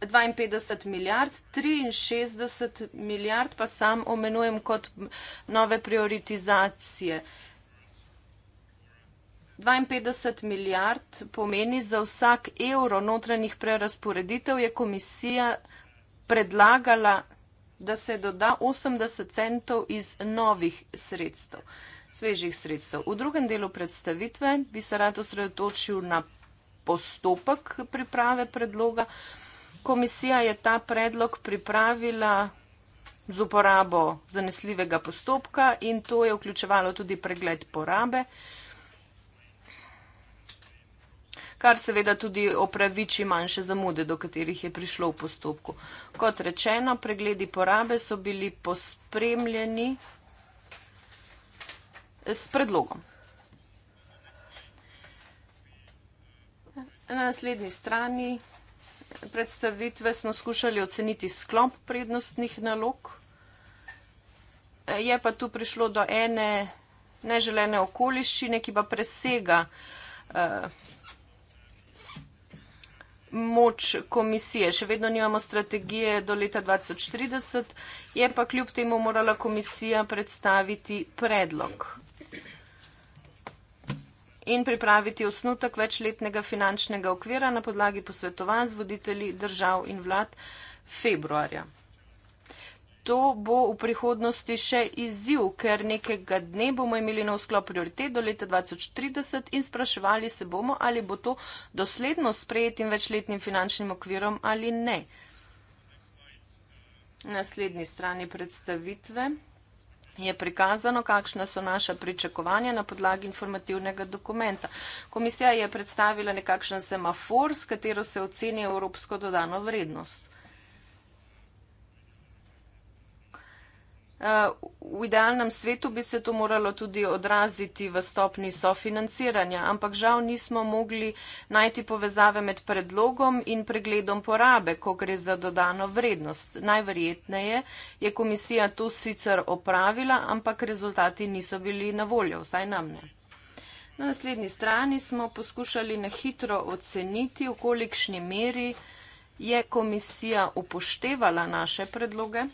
52 milijard, 63 milijard pa sam omenujem kot nove prioritizacije. 52 milijard pomeni za vsak evro notranjih prerasporeditev je komisija predlagala, da se doda 80 centov iz novih sredstev svežih sredstev. V drugem delu predstavitve bi se rad osredotočil na postopek priprave predloga. Komisija je ta predlog pripravila z uporabo zanesljivega postopka in to je vključevalo tudi pregled porabe, kar seveda tudi opraviči manjše zamude, do katerih je prišlo v postopku. Kot rečeno, pregledi porabe so bili pospremljeni s predlogom. Na naslednji strani predstavitve smo skušali oceniti sklop prednostnih nalog. Je pa tu prišlo do ene neželene okoliščine, ki pa presega eh, moč komisije. Še vedno nimamo strategije do leta 2030, je pa kljub temu morala komisija predstaviti predlog in pripraviti osnutek večletnega finančnega okvira na podlagi posvetovanj z voditelji držav in vlad februarja. To bo v prihodnosti še izziv, ker nekega dne bomo imeli nov sklop prioritet do leta 2030 in spraševali se bomo, ali bo to dosledno sprejetim večletnim finančnim okvirom ali ne. Naslednji strani predstavitve je prikazano, kakšna so naša pričakovanja na podlagi informativnega dokumenta. Komisija je predstavila nekakšen semafor, s katero se ocenje evropsko dodano vrednost. V idealnem svetu bi se to moralo tudi odraziti v stopni sofinanciranja, ampak žal nismo mogli najti povezave med predlogom in pregledom porabe, ko gre za dodano vrednost. Najverjetneje je komisija to sicer opravila, ampak rezultati niso bili na voljo, vsaj nam ne. Na naslednji strani smo poskušali na hitro oceniti, v kolikšni meri je komisija upoštevala naše predloge.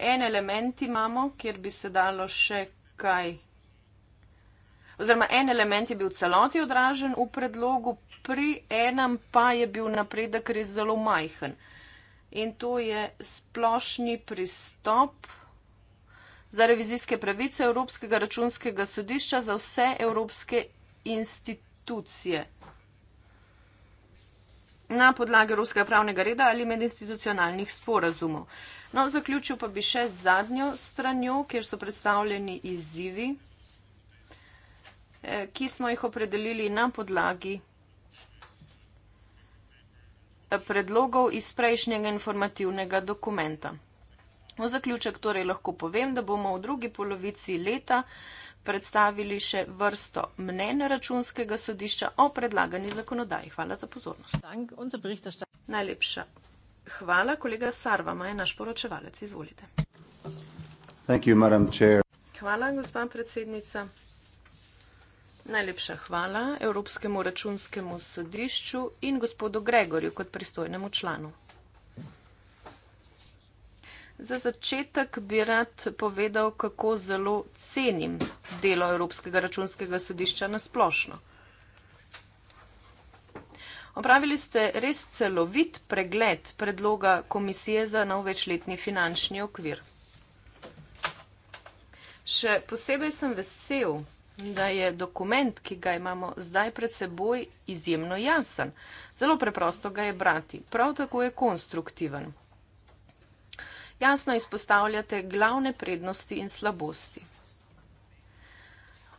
en element imamo, kjer bi se dalo še kaj. Oziroma, en element je bil v celoti odražen v predlogu, pri enem pa je bil napredek res zelo majhen. In to je splošni pristop za revizijske pravice Evropskega računskega sodišča za vse evropske institucije na podlagi ruskega pravnega reda ali medinstitucionalnih sporazumov. No, zaključil pa bi še z zadnjo stranjo, kjer so predstavljeni izzivi, eh, ki smo jih opredelili na podlagi eh, predlogov iz prejšnjega informativnega dokumenta. V zaključek torej lahko povem, da bomo v drugi polovici leta predstavili še vrsto mnenja računskega sodišča o predlagani zakonodaji. Hvala za pozornost. Najlepša hvala, kolega Sarvama je naš poročevalec. Izvolite. You, hvala, gospod predsednica. Najlepša hvala Evropskemu računskemu sodišču in gospodu Gregorju kot pristojnemu članu. Za začetek bi rad povedal, kako zelo cenim delo Evropskega računskega sodišča na splošno. Opravili ste res celovit pregled predloga Komisije za nov večletni finančni okvir. Še posebej sem vesel, da je dokument, ki ga imamo zdaj pred seboj, izjemno jasen. Zelo preprosto ga je brati, prav tako je konstruktiven jasno izpostavljate glavne prednosti in slabosti.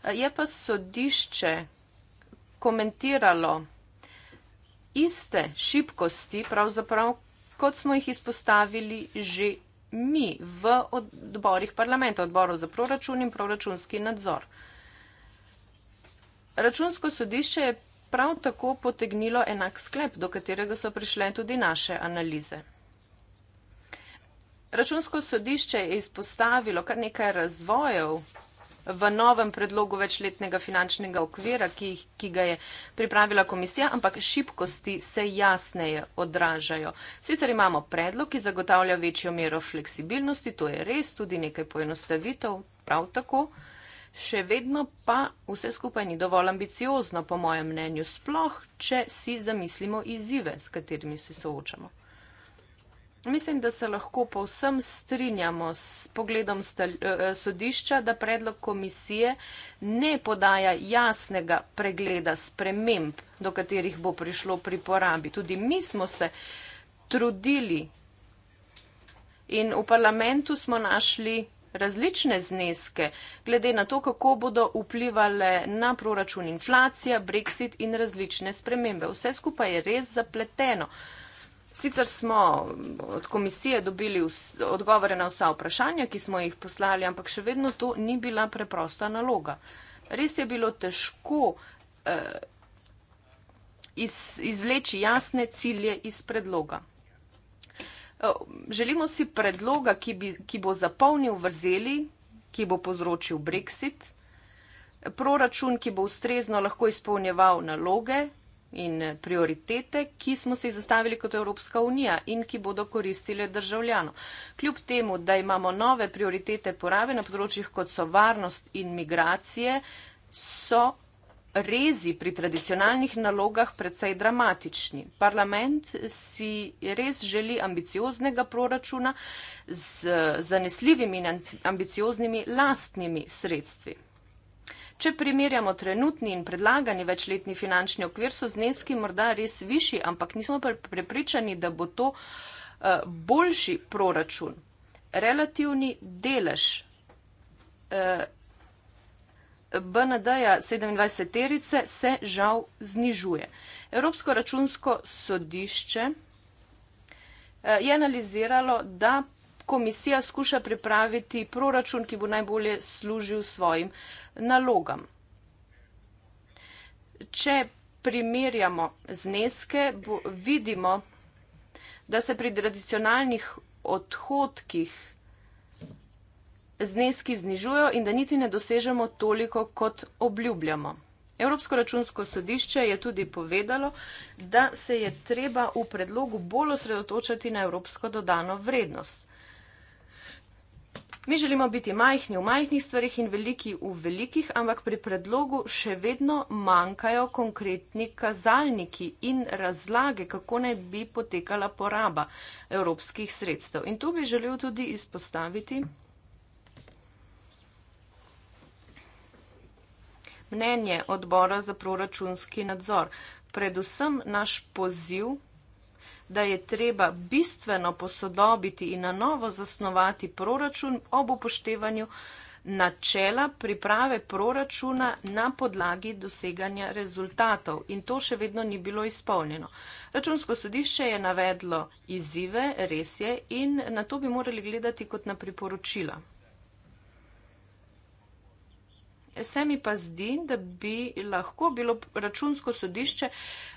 Je pa sodišče komentiralo iste šibkosti, pravzaprav, kot smo jih izpostavili že mi v odborih parlamenta, odborov za proračun in proračunski nadzor. Računsko sodišče je prav tako potegnilo enak sklep, do katerega so prišle tudi naše analize. Računsko sodišče je izpostavilo kar nekaj razvojev v novem predlogu večletnega finančnega okvira, ki, ki ga je pripravila komisija, ampak šibkosti se jasneje odražajo. Sicer imamo predlog, ki zagotavlja večjo mero fleksibilnosti, to je res, tudi nekaj poenostavitev, prav tako. Še vedno pa vse skupaj ni dovolj ambiciozno, po mojem mnenju, sploh, če si zamislimo izzive, s katerimi se soočamo. Mislim, da se lahko povsem strinjamo s pogledom stali, eh, eh, sodišča, da predlog komisije ne podaja jasnega pregleda sprememb, do katerih bo prišlo pri porabi. Tudi mi smo se trudili in v parlamentu smo našli različne zneske, glede na to, kako bodo vplivali na proračun inflacija, brexit in različne spremembe. Vse skupaj je res zapleteno. Sicer smo od komisije dobili odgovore na vsa vprašanja, ki smo jih poslali, ampak še vedno to ni bila preprosta naloga. Res je bilo težko eh, iz, izvleči jasne cilje iz predloga. Eh, želimo si predloga, ki, bi, ki bo zapolnil vrzeli, ki bo povzročil brexit, proračun, ki bo ustrezno lahko izpolnjeval naloge, in prioritete, ki smo se jih zastavili kot Evropska unija in ki bodo koristile državljanom. Kljub temu, da imamo nove prioritete porabe na področjih, kot so varnost in migracije, so rezi pri tradicionalnih nalogah predvsej dramatični. Parlament si res želi ambicioznega proračuna z zanesljivimi in ambicioznimi lastnimi sredstvi. Če primerjamo trenutni in predlagani večletni finančni okvir, so zneski morda res višji, ampak nismo prepričani, da bo to eh, boljši proračun. Relativni delež eh, BND-ja 27 terice se žal znižuje. Evropsko računsko sodišče eh, je analiziralo, da komisija skuša pripraviti proračun, ki bo najbolje služil svojim nalogam. Če primerjamo zneske, bo, vidimo, da se pri tradicionalnih odhodkih zneski znižujo in da niti ne dosežemo toliko, kot obljubljamo. Evropsko računsko sodišče je tudi povedalo, da se je treba v predlogu bolj osredotočati na evropsko dodano vrednost. Mi želimo biti majhni v majhnih stvarih in veliki v velikih, ampak pri predlogu še vedno manjkajo konkretni kazalniki in razlage, kako naj bi potekala poraba evropskih sredstev. In tu bi želel tudi izpostaviti mnenje odbora za proračunski nadzor. Predvsem naš poziv da je treba bistveno posodobiti in na novo zasnovati proračun ob upoštevanju načela priprave proračuna na podlagi doseganja rezultatov in to še vedno ni bilo izpolnjeno. Računsko sodišče je navedlo izzive, res je, in na to bi morali gledati kot na priporočila. Se mi pa zdi, da bi lahko bilo računsko sodišče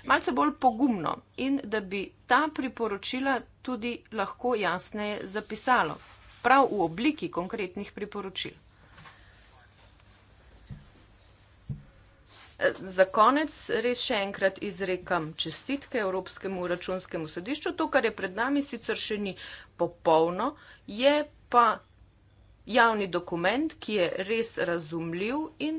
malce bolj pogumno in da bi ta priporočila tudi lahko jasneje zapisalo, prav v obliki konkretnih priporočil. E, za konec res še enkrat izrekam čestitke Evropskemu računskemu sodišču. To, kar je pred nami, sicer še ni popolno, je pa javni dokument, ki je res razumljiv in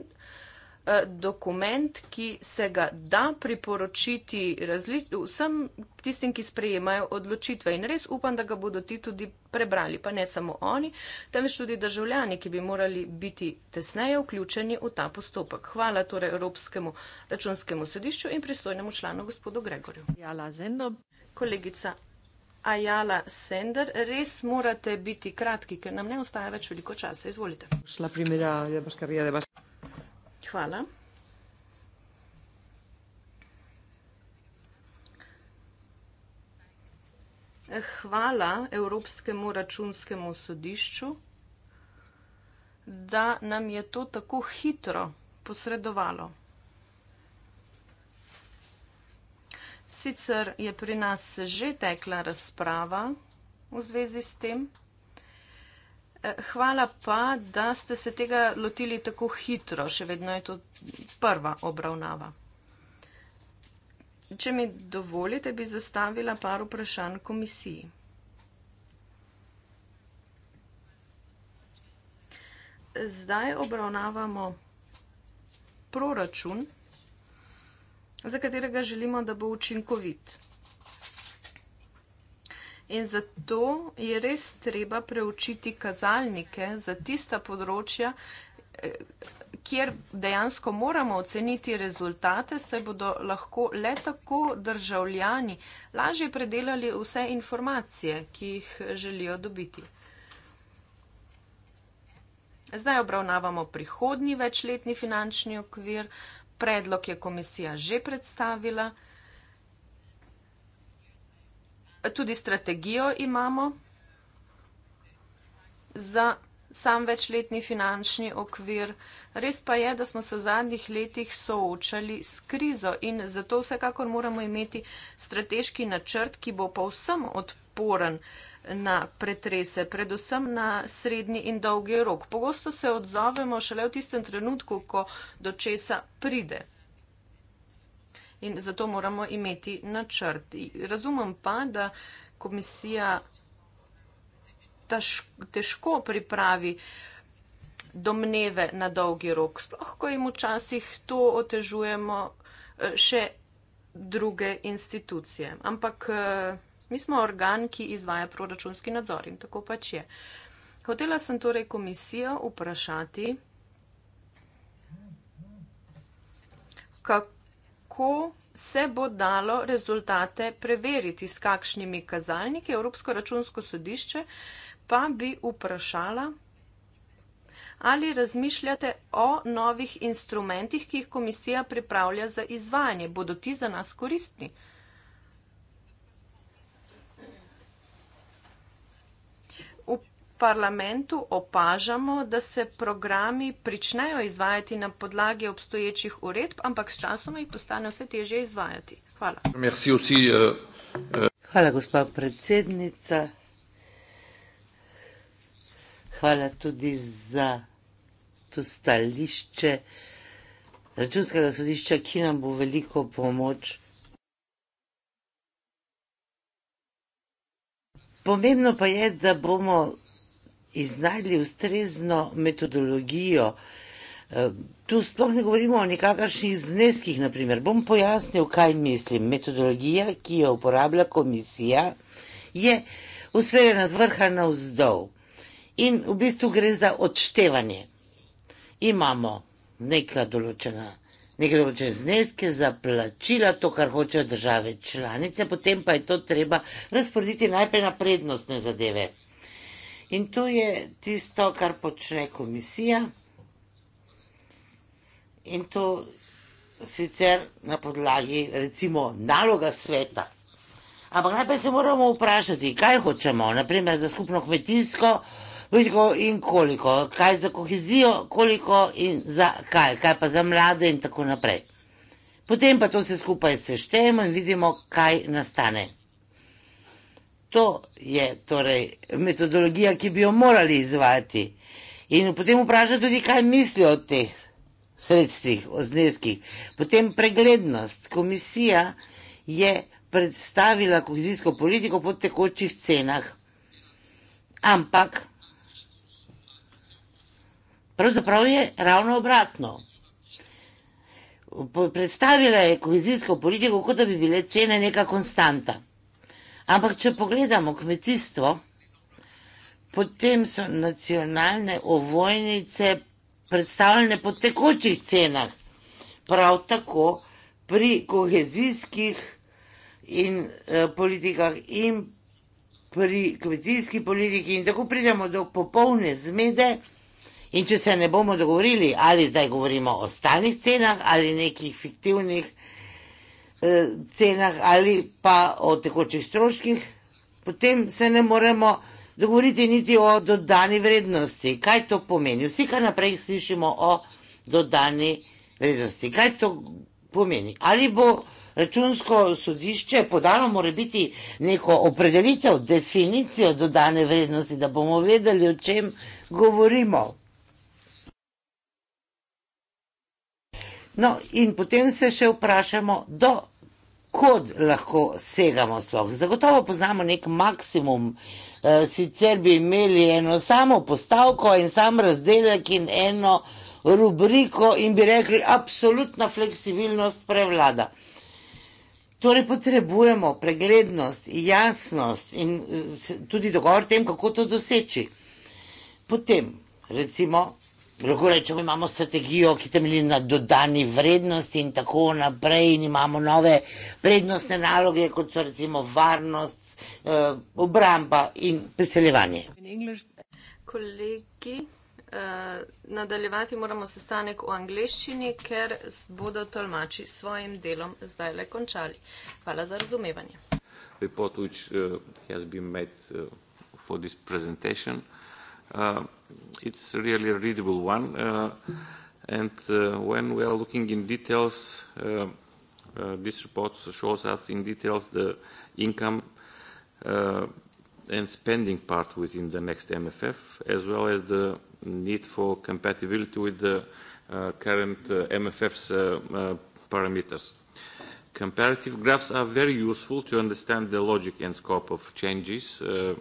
eh, dokument, ki se ga da priporočiti razli, vsem tistim, ki sprejemajo odločitve. In res upam, da ga bodo ti tudi prebrali, pa ne samo oni, temveč tudi državljani, ki bi morali biti tesneje vključeni v ta postopek. Hvala torej Evropskemu računskemu sodišču in pristojnemu članu gospodu Gregorju. Ja, Kolegica Ajala Sender. Res morate biti kratki, ker nam ne ostaja več veliko časa. Izvolite. Hvala. Hvala Evropskemu računskemu sodišču, da nam je to tako hitro posredovalo. sicer je pri nas že tekla razprava v zvezi s tem. Eh, hvala pa, da ste se tega lotili tako hitro, še vedno je to prva obravnava. Če mi dovolite, bi zastavila par vprašanj komisiji. Zdaj obravnavamo proračun za katerega želimo, da bo učinkovit. In zato je res treba preučiti kazalnike za tista področja, eh, kjer dejansko moramo oceniti rezultate, se bodo lahko le tako državljani lažje predelali vse informacije, ki jih želijo dobiti. Zdaj obravnavamo prihodni večletni finančni okvir, Predlog je komisija že predstavila, tudi strategijo imamo za sam večletni finančni okvir. Res pa je, da smo se v zadnjih letih soočali s krizo in zato vsekakor moramo imeti strateški načrt, ki bo povsem odporen. Uh, na pretrese, predvsem na srednji in dolgi rok. Pogosto se odzovemo šele v tistem trenutku, ko do česa pride. In zato moramo imeti načrt. Razumem pa, da komisija težko pripravi domneve na dolgi rok, sploh ko jim včasih to otežujemo eh, še druge institucije. Ampak eh, Mi smo organ, ki izvaja proračunski nadzor in tako pač je. Hotela sem torej komisijo vprašati, kako se bo dalo rezultate preveriti, s kakšnimi kazalniki. Evropsko računsko sodišče pa bi vprašala, ali razmišljate o novih instrumentih, ki jih komisija pripravlja za izvajanje. Bodo ti za nas koristni? Uh, parlamentu opažamo, da se programi pričnejo izvajati na podlagi obstoječih uredb, ampak s časoma jih postane vse težje izvajati. Hvala. Merci, vsi, uh, uh. Hvala, gospa predsednica. Hvala tudi za to stališče računskega sodišča, ki nam bo veliko pomoč. Pomembno pa je, da bomo iznajdli ustrezno metodologijo. Eh, tu sploh ne govorimo o nekakšnih zneskih, naprimer. Bom pojasnil, kaj mislim. Metodologija, ki jo uporablja komisija, je usmerjena z vrha na vzdolj. In v bistvu gre za odštevanje. Imamo neka določena, neke določene zneske za plačila, to, kar hočejo države članice, potem pa je to treba razporediti najprej na prednostne zadeve. In to je tisto, kar počne komisija. In to sicer na podlagi, recimo, naloga sveta. Ampak najprej se moramo vprašati, kaj hočemo, naprimer za skupno kmetijsko politiko in koliko, kaj za kohezijo, koliko in za kaj, kaj pa za mlade in tako naprej. Potem pa to vse skupaj seštejemo in vidimo, kaj nastane to je torej metodologija, ki bi jo morali izvati. In potem vprašajo tudi, kaj mislijo o teh sredstvih, o zneskih. Potem preglednost. Komisija je predstavila kohezijsko politiko po tekočih cenah. Ampak pravzaprav je ravno obratno. Predstavila je kohezijsko politiko, kot da bi bile cene neka konstanta. Ampak, če pogledamo kmetijstvo, potem so nacionalne ovojnice predstavljene po tekočih cenah. Prav tako pri kohezijskih in eh, politikah in pri kmetijski politiki in tako pridemo do popolne zmede in če se ne bomo dogovorili, ali zdaj govorimo o stalnih cenah ali nekih fiktivnih Eh, cenah ali pa o tekočih stroških, potem se ne moremo dogovoriti niti o dodani vrednosti. Kaj to pomeni? Vsi kar naprej slišimo o dodani vrednosti. Kaj to pomeni? Ali bo računsko sodišče podalo mora biti neko opredelitev, definicijo dodane vrednosti, da bomo vedeli, o čem govorimo. No, in potem se še vprašamo, do kod lahko segamo sploh. Zagotovo poznamo nek maksimum, eh, sicer bi imeli eno samo postavko in sam razdelek in eno rubriko in bi rekli, absolutna fleksibilnost prevlada. Torej potrebujemo preglednost, jasnost in eh, tudi dogovor tem, kako to doseči. Potem, recimo, Lahko rečemo, imamo strategijo, ki temelji na dodani vrednosti in tako naprej, in imamo nove prednostne naloge, kot so recimo varnost, eh, obramba in priseljevanje. Kolegi, eh, nadaljevati moramo sestanek v angleščini, ker bodo tolmači s svojim delom zdaj le končali. Hvala za razumevanje. Report which uh, has been made uh, for this presentation. Uh, it's really a readable one. Uh, and uh, when we are looking in details, uh, uh, this report shows us in details the income uh, and spending part within the next MFF, as well as the need for compatibility with the uh, current uh, MFF's uh, uh, parameters. Comparative graphs are very useful to understand the logic and scope of changes. Uh,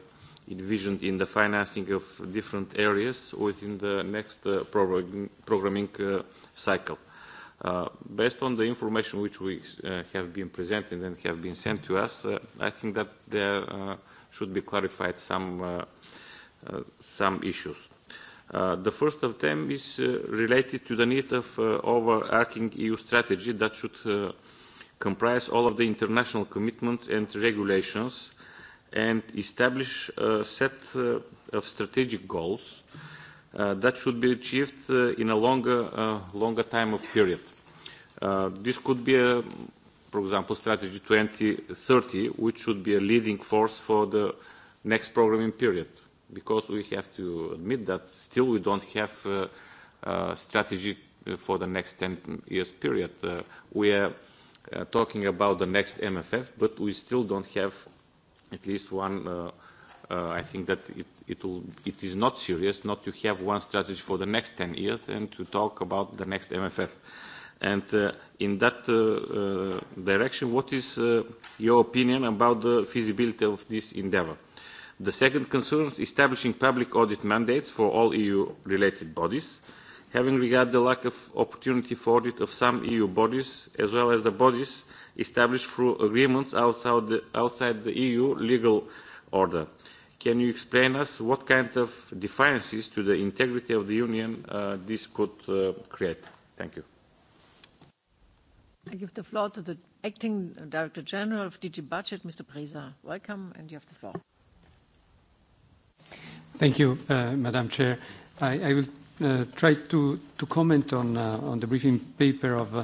envisioned in the financing of different areas within the next uh, programming uh, cycle. Uh, based on the information which we uh, have been presented and have been sent to us, uh, I think that there uh, should be clarified some, uh, uh, some issues. Uh, the first of them is uh, related to the need of uh, overarching EU strategy that should uh, comprise all of the international commitments and regulations and establish a set uh, of strategic goals uh, that should be achieved uh, in a longer, uh, longer time of period. Uh, this could be, a, for example, strategy 2030, which should be a leading force for the next programming period, because we have to admit that still we don't have a uh, uh, strategy uh, for the next 10 years period. Uh, we are uh, talking about the next MFF, but we still don't have at least one uh, uh, I think that it, it, will, it is not serious not to have one strategy for the next 10 years and to talk about the next MFF. And uh, in that uh, uh, direction, what is uh, your opinion about the feasibility of this endeavor? The second concern is establishing public audit mandates for all EU-related bodies. Uh, having regard the lack of opportunity for audit of some EU bodies, as well as the bodies established through agreements outside the, outside the EU legal order. Can you explain us what kind of defiances to the integrity of the Union uh, this could uh, create? Thank you. I give the floor to the Acting Director General of DG Budget, Mr. Preza. Welcome, and you have the floor. Thank you, uh, Madam Chair. I, I will Uh, try to, to comment on, uh, on the briefing paper of, uh,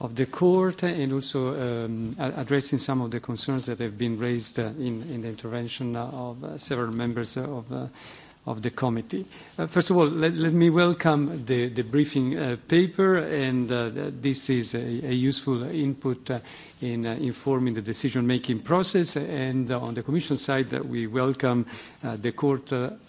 of the court and also um, addressing some of the concerns that have been raised uh, in, in the intervention of uh, several members of, uh, of the committee. Uh, first of all, let, let me welcome the, the briefing uh, paper, and uh, this is a, a useful input uh, in uh, informing the decision-making process. And uh, on the Commission side, uh, we welcome uh, the court uh,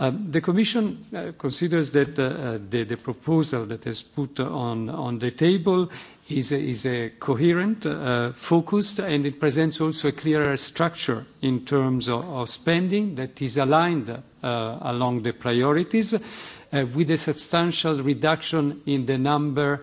Um, the commission uh, considers that uh, uh, the proposal that is put on the table is a coherent, focused, and it presents also a clearer structure in terms of spending that is aligned along the priorities with a substantial reduction in the number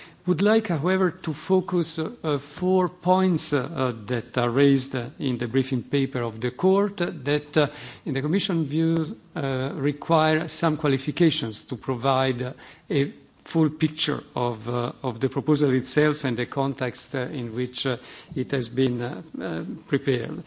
would like, however, to focus uh, uh four points uh, uh, that are raised uh, in the briefing paper of the court that, uh, in the commission views, uh, require some qualifications to provide a full picture of, uh, of the proposal itself and the context uh, in which uh, it has been uh, uh, prepared. Uh,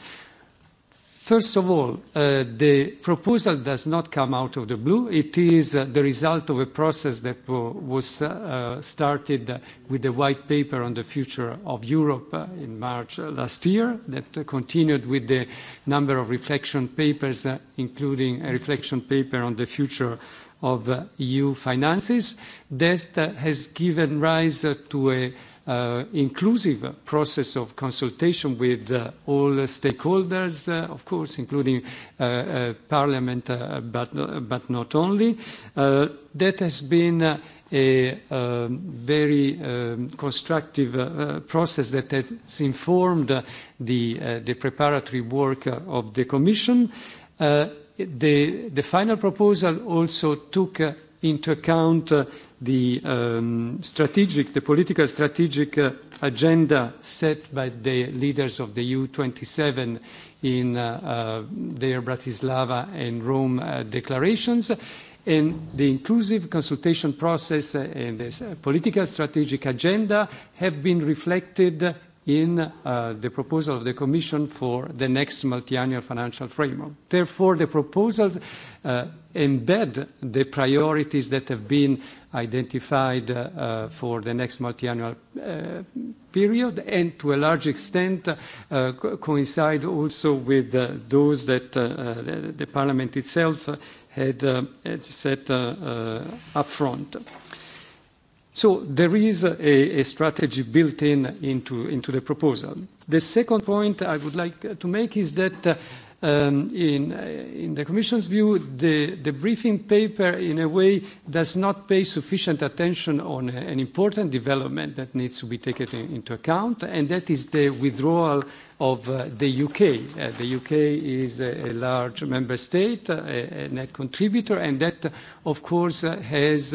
First of all, uh, the proposal does not come out of the blue. It is uh, the result of a process that was uh, started with the white paper on the future of Europe in March last year, that continued with the number of reflection papers, including a reflection paper on the future of EU finances. That has given rise to a Uh, inclusive process of consultation with uh, all uh, stakeholders, uh, of course, including uh, uh, Parliament, uh, but, uh, but not only. Uh, that has been uh, a um, very um, constructive uh, uh, process that has informed uh, the, uh, the preparatory work uh, of the Commission. Uh, the, the final proposal also took uh, into account uh, the um, strategic, the political strategic uh, agenda set by the leaders of the U27 in uh, uh, their Bratislava and Rome uh, declarations. And the inclusive consultation process and this uh, political strategic agenda have been reflected in uh, the proposal of the Commission for the next multiannual financial framework. Therefore, the proposals uh, embed the priorities that have been identified uh, uh, for the next multiannual uh, period and to a large extent uh, co- coincide also with uh, those that uh, uh the, the Parliament itself had, uh, had set uh, uh, up front. There is a strategy built into the proposal. The second point I would like to make is that uh, um, uh, in the commission's view, the briefing paper, in a way, does not pay sufficient attention on an important development that needs to be taken into account, and that is the withdrawal of uh, the U.K. The U.K. is a large member state, a net contributor, and that, of course, has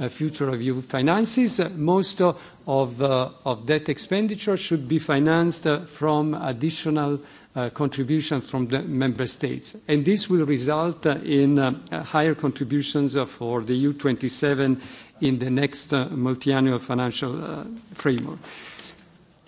Uh, future of EU finances. Uh, most uh, of that expenditure should be financed from additional contribution from the member states. This will result in higher contributions for the EU 27 in the next multi-annual financial framework.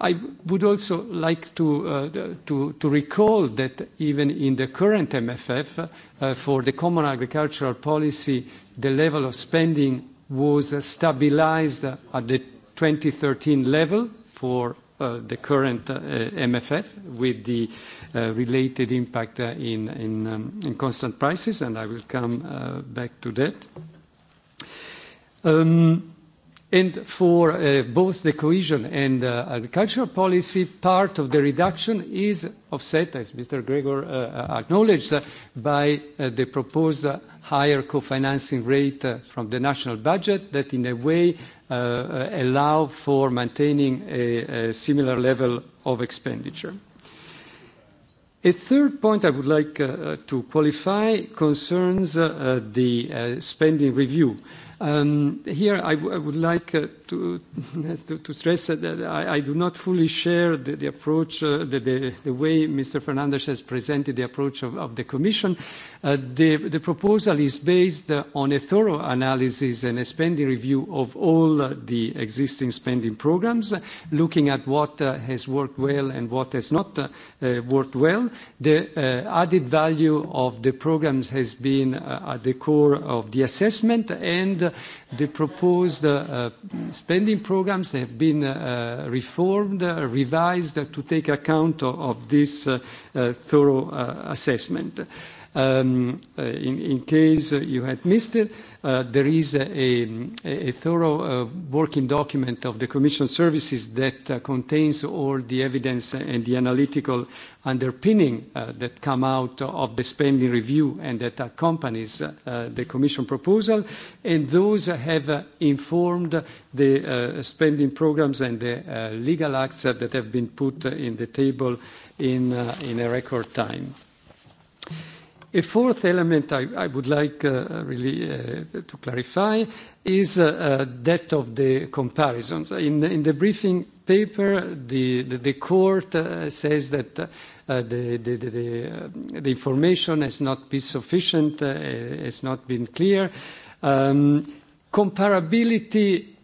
I would also like to, uh, to, to recall that even in the current MFF, uh, for the common agricultural policy, the level of spending was uh, stabilized uh, at the 2013 level for uh, the current uh, MFF with the uh, related impact uh, in, in, um, in constant prices, and I will come uh, back to that. Um, And for uh, both the cohesion and uh, agricultural policy, part of the reduction is offset, as Mr. Gregor uh, acknowledged, by the proposed higher co-financing rate from the national budget that, in a way, allow for maintaining a similar level of expenditure. A third point I would like to qualify concerns the spending review. Um, here, I would like uh, to stress that I do not fully share the approach, uh, the way Mr. Fernandes has presented the approach of the commission. Uh, the proposal is based on a thorough analysis and a spending review of all the existing spending programs, looking at what has worked well and what has not worked well. The added value of the programs has been at the core of the assessment, and the proposed uh, uh, spending programs have been uh, uh, reformed, uh, revised uh, to take account of, of this uh, uh, thorough uh, assessment. Um, uh, in, in case you had missed it, Uh, there is a, a thorough uh, working document of the Commission services that uh, contains all the evidence and the analytical underpinning uh, that come out of the spending review and that accompanies uh, the Commission proposal. And those have uh, informed the uh, spending programs and the uh, legal acts that have been put in the table in, uh, in a record time. A fourth element I, I would like uh, really uh, to clarify is uh, uh, that of the comparisons. In, in the briefing paper, the, the, the court uh, says that uh, the, the, the, the, uh, the information has not been sufficient, uh, has not been clear. Um, comparability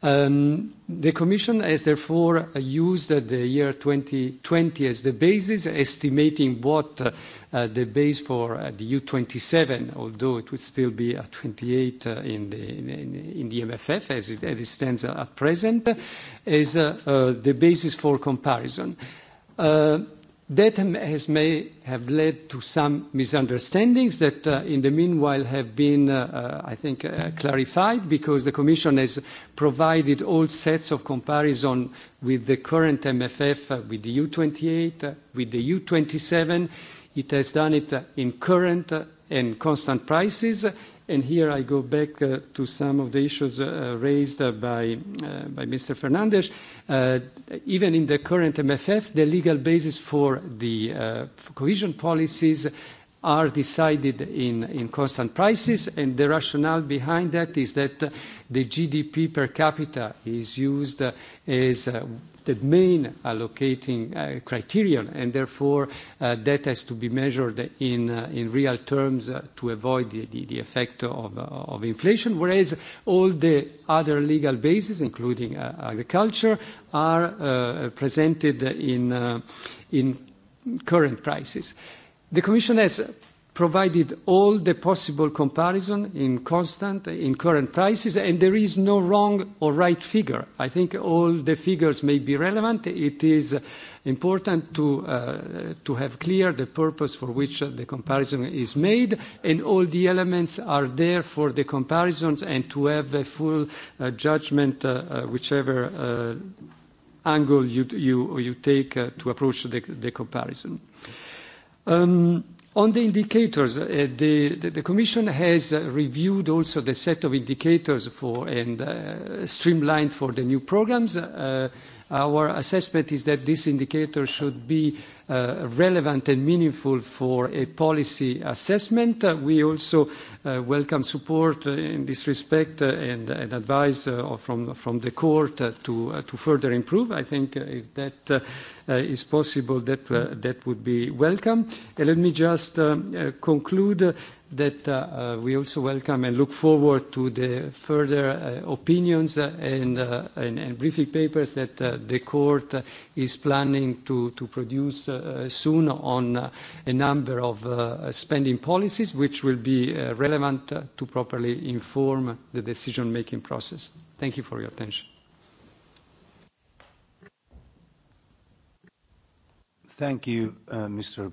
Um, the commission has therefore used the year 2020 as the basis, estimating what uh, uh, the base for uh, the year 2027, although it would still be at 28 in the MFF as it stands at present, is the basis for comparison. That has, may have led to some misunderstandings that, uh, in the meanwhile, have been, uh, uh, I think, uh, clarified because the Commission has provided all sets of comparison with the current MFF, uh, with the U28, uh, with the U27. It has done it uh, in current uh, and constant prices. Uh, Here I go back uh, to some of the issues uh, raised uh, by Mr. Fernandes. Even in the current MFF, the legal basis for the cohesion policies are decided in constant prices. The rationale behind that is that the GDP per capita is used as the main allocating uh, criterion, and therefore uh, that has to be measured in, uh, in real terms uh, to avoid the, the, the effect of, uh, of inflation, whereas all the other legal bases, including uh, agriculture, are uh, presented in, uh, in current prices. The Commission has provided all the possible comparison in constant, in current prices, and there is no wrong or right figure. I think all the figures may be relevant. It is important to, uh, to have clear the purpose for which the comparison is made, and all the elements are there for the comparisons and to have a full uh, judgment, uh, uh, whichever uh, angle you, you, you take uh, to approach the, the comparison. Um, On the indicators, uh, the Commission has uh, reviewed also the set of indicators and uh, streamlined for the new programs. Our assessment is that this indicator should be relevant and meaningful for a policy assessment. We also Uh, welcome support uh, in this respect uh, and advice from the court to further improve. I think if that is possible, that would be welcome. Let me just um, conclude that uh, uh, we also welcome and look forward to the further uh, opinions and briefing papers that the court is planning to produce soon on a number of spending policies, which will be relevant to properly inform the decision-making process. Thank you for your attention. Thank you, Mr.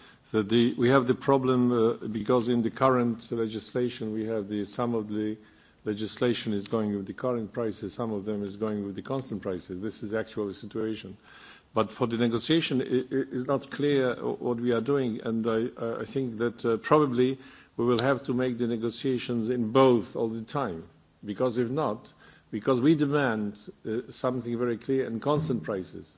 We have the problem uh, because in the current legislation, we have the some of the legislation is going with the current prices, some of them is going with the constant prices. This is actual situation. For the negotiation, it is not clear what we are doing, and I think that uh, probably we will have to make the negotiations in both all the time. If not, because we demand uh, something very clear and constant prices,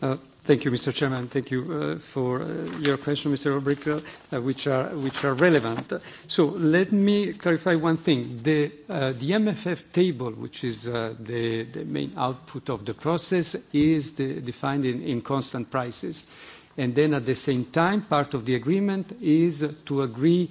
Uh, thank you, Mr. Chairman. Thank you uh, for uh, your question, Mr. Ulrich, which are relevant. So let me clarify one thing. The MFF table, which is the main output of the process, is defined in constant prices. And then at the same time, part of the agreement is to agree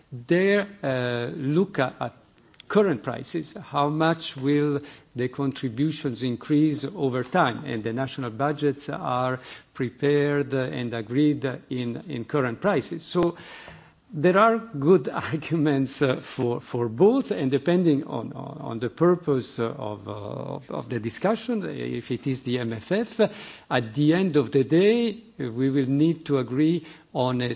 their uh, look at current prices, how much will the contributions increase over time? The national budgets are prepared and agreed in current prices. There are good arguments for both, and depending on the purpose of the discussion, if it is the MFF, at the end of the day, we will need to agree on a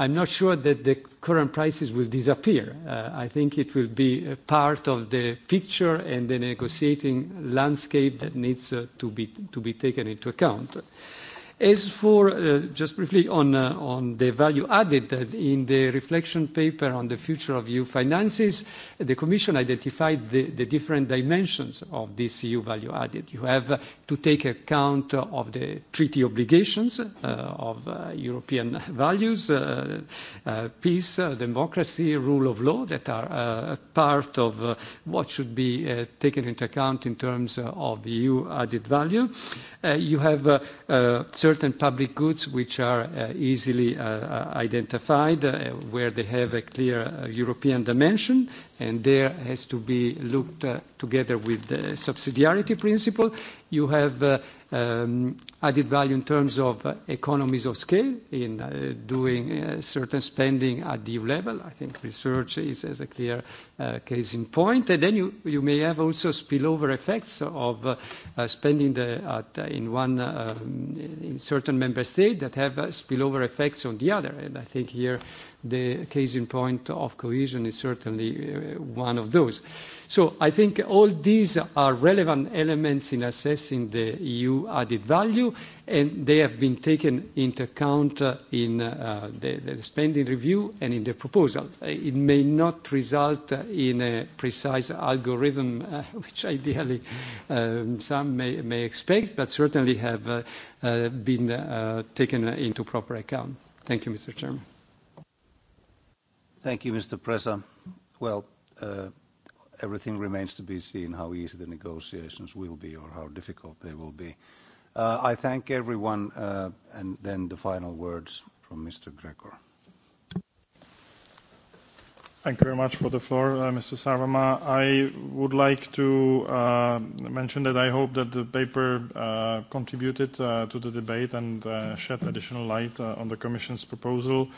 I'm not sure that the current prices will disappear. Uh, I think it will be a part of the picture and the negotiating landscape that needs uh, to be taken into account. As for uh, just briefly on the value added in the reflection paper on the future of EU finances, the Commission identified the different dimensions of this EU value added. You have to take account of the treaty obligations uh, of uh, European values, uh, uh, peace, uh, democracy, rule of law, that are uh, part of uh, what should be uh, taken into account in terms uh, of EU added value. Uh, you have uh, uh, certain public goods which are uh, easily uh, uh identified, uh, where they have a clear uh, European dimension, and there has to be looked uh, together with the subsidiarity principle. You have uh, um, added value in terms of uh, economies of scale in uh, doing uh, certain spending at the EU level. I think research is, is a clear uh, case in point. And then you, you may have also spillover effects of uh, uh, spending the, at, uh, in one uh, um, in certain member state that have uh, spillover effects on the other. And I think here the case in point of cohesion is certainly uh, one of those. I think all these are relevant elements in assessing the EU added value, and they have been taken into account uh, in uh, the spending review and in the proposal. It may not result in a precise algorithm, which ideally um, some may expect, but certainly have been taken into proper account. Thank you, Mr. Chairman. Thank you, Mr. Presa. Well, uh, everything remains to be seen how easy the negotiations will be or how difficult they will be. Uh, I thank everyone, uh, and then the final words from Mr. Grégoire. Thank you very much for the floor, Mr. Sarvamaa. I would like to mention that I hope that the paper contributed to the debate and shed additional light on the Commission's proposal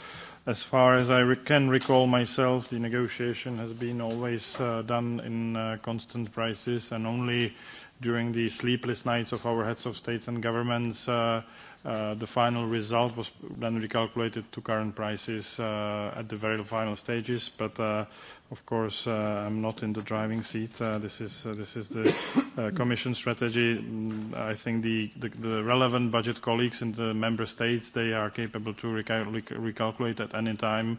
as far as I re can recall myself, the negotiation has been always uh, done in uh, constant prices and only during the sleepless nights of our heads of states and governments uh, Uh, the final result was then recalculated to current prices uh, at the very final stages. Uh, of course, I'm not in the driving seat. This is the commission strategy. Mm, I think the relevant budget colleagues in the member states, they are capable to recalculate at any time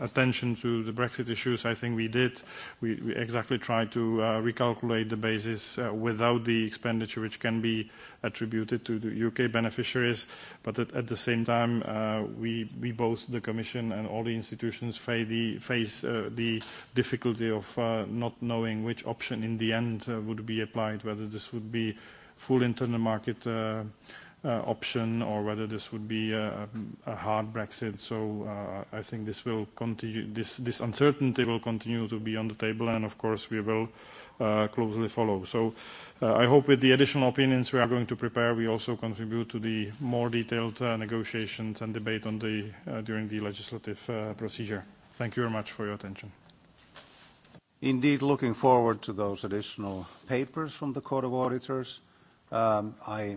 attention to the Brexit issues, I think we did. We exactly tried to uh, recalculate the basis uh, without the expenditure, which can be attributed to the U.K. beneficiaries. At the same time, uh, we both, the Commission and all the institutions, face the difficulty of not knowing which option in the end would be applied, whether this would be full internal market Uh, option or whether this would be a hard Brexit. Uh, I think this uncertainty will continue to be on the table, and of course, we will uh, closely follow. I hope with the additional opinions we are going to prepare, we also contribute to the more detailed negotiations and debate during the legislative procedure. Thank you very much for your attention. Indeed, looking forward to those additional papers from the Court of Auditors. Um, I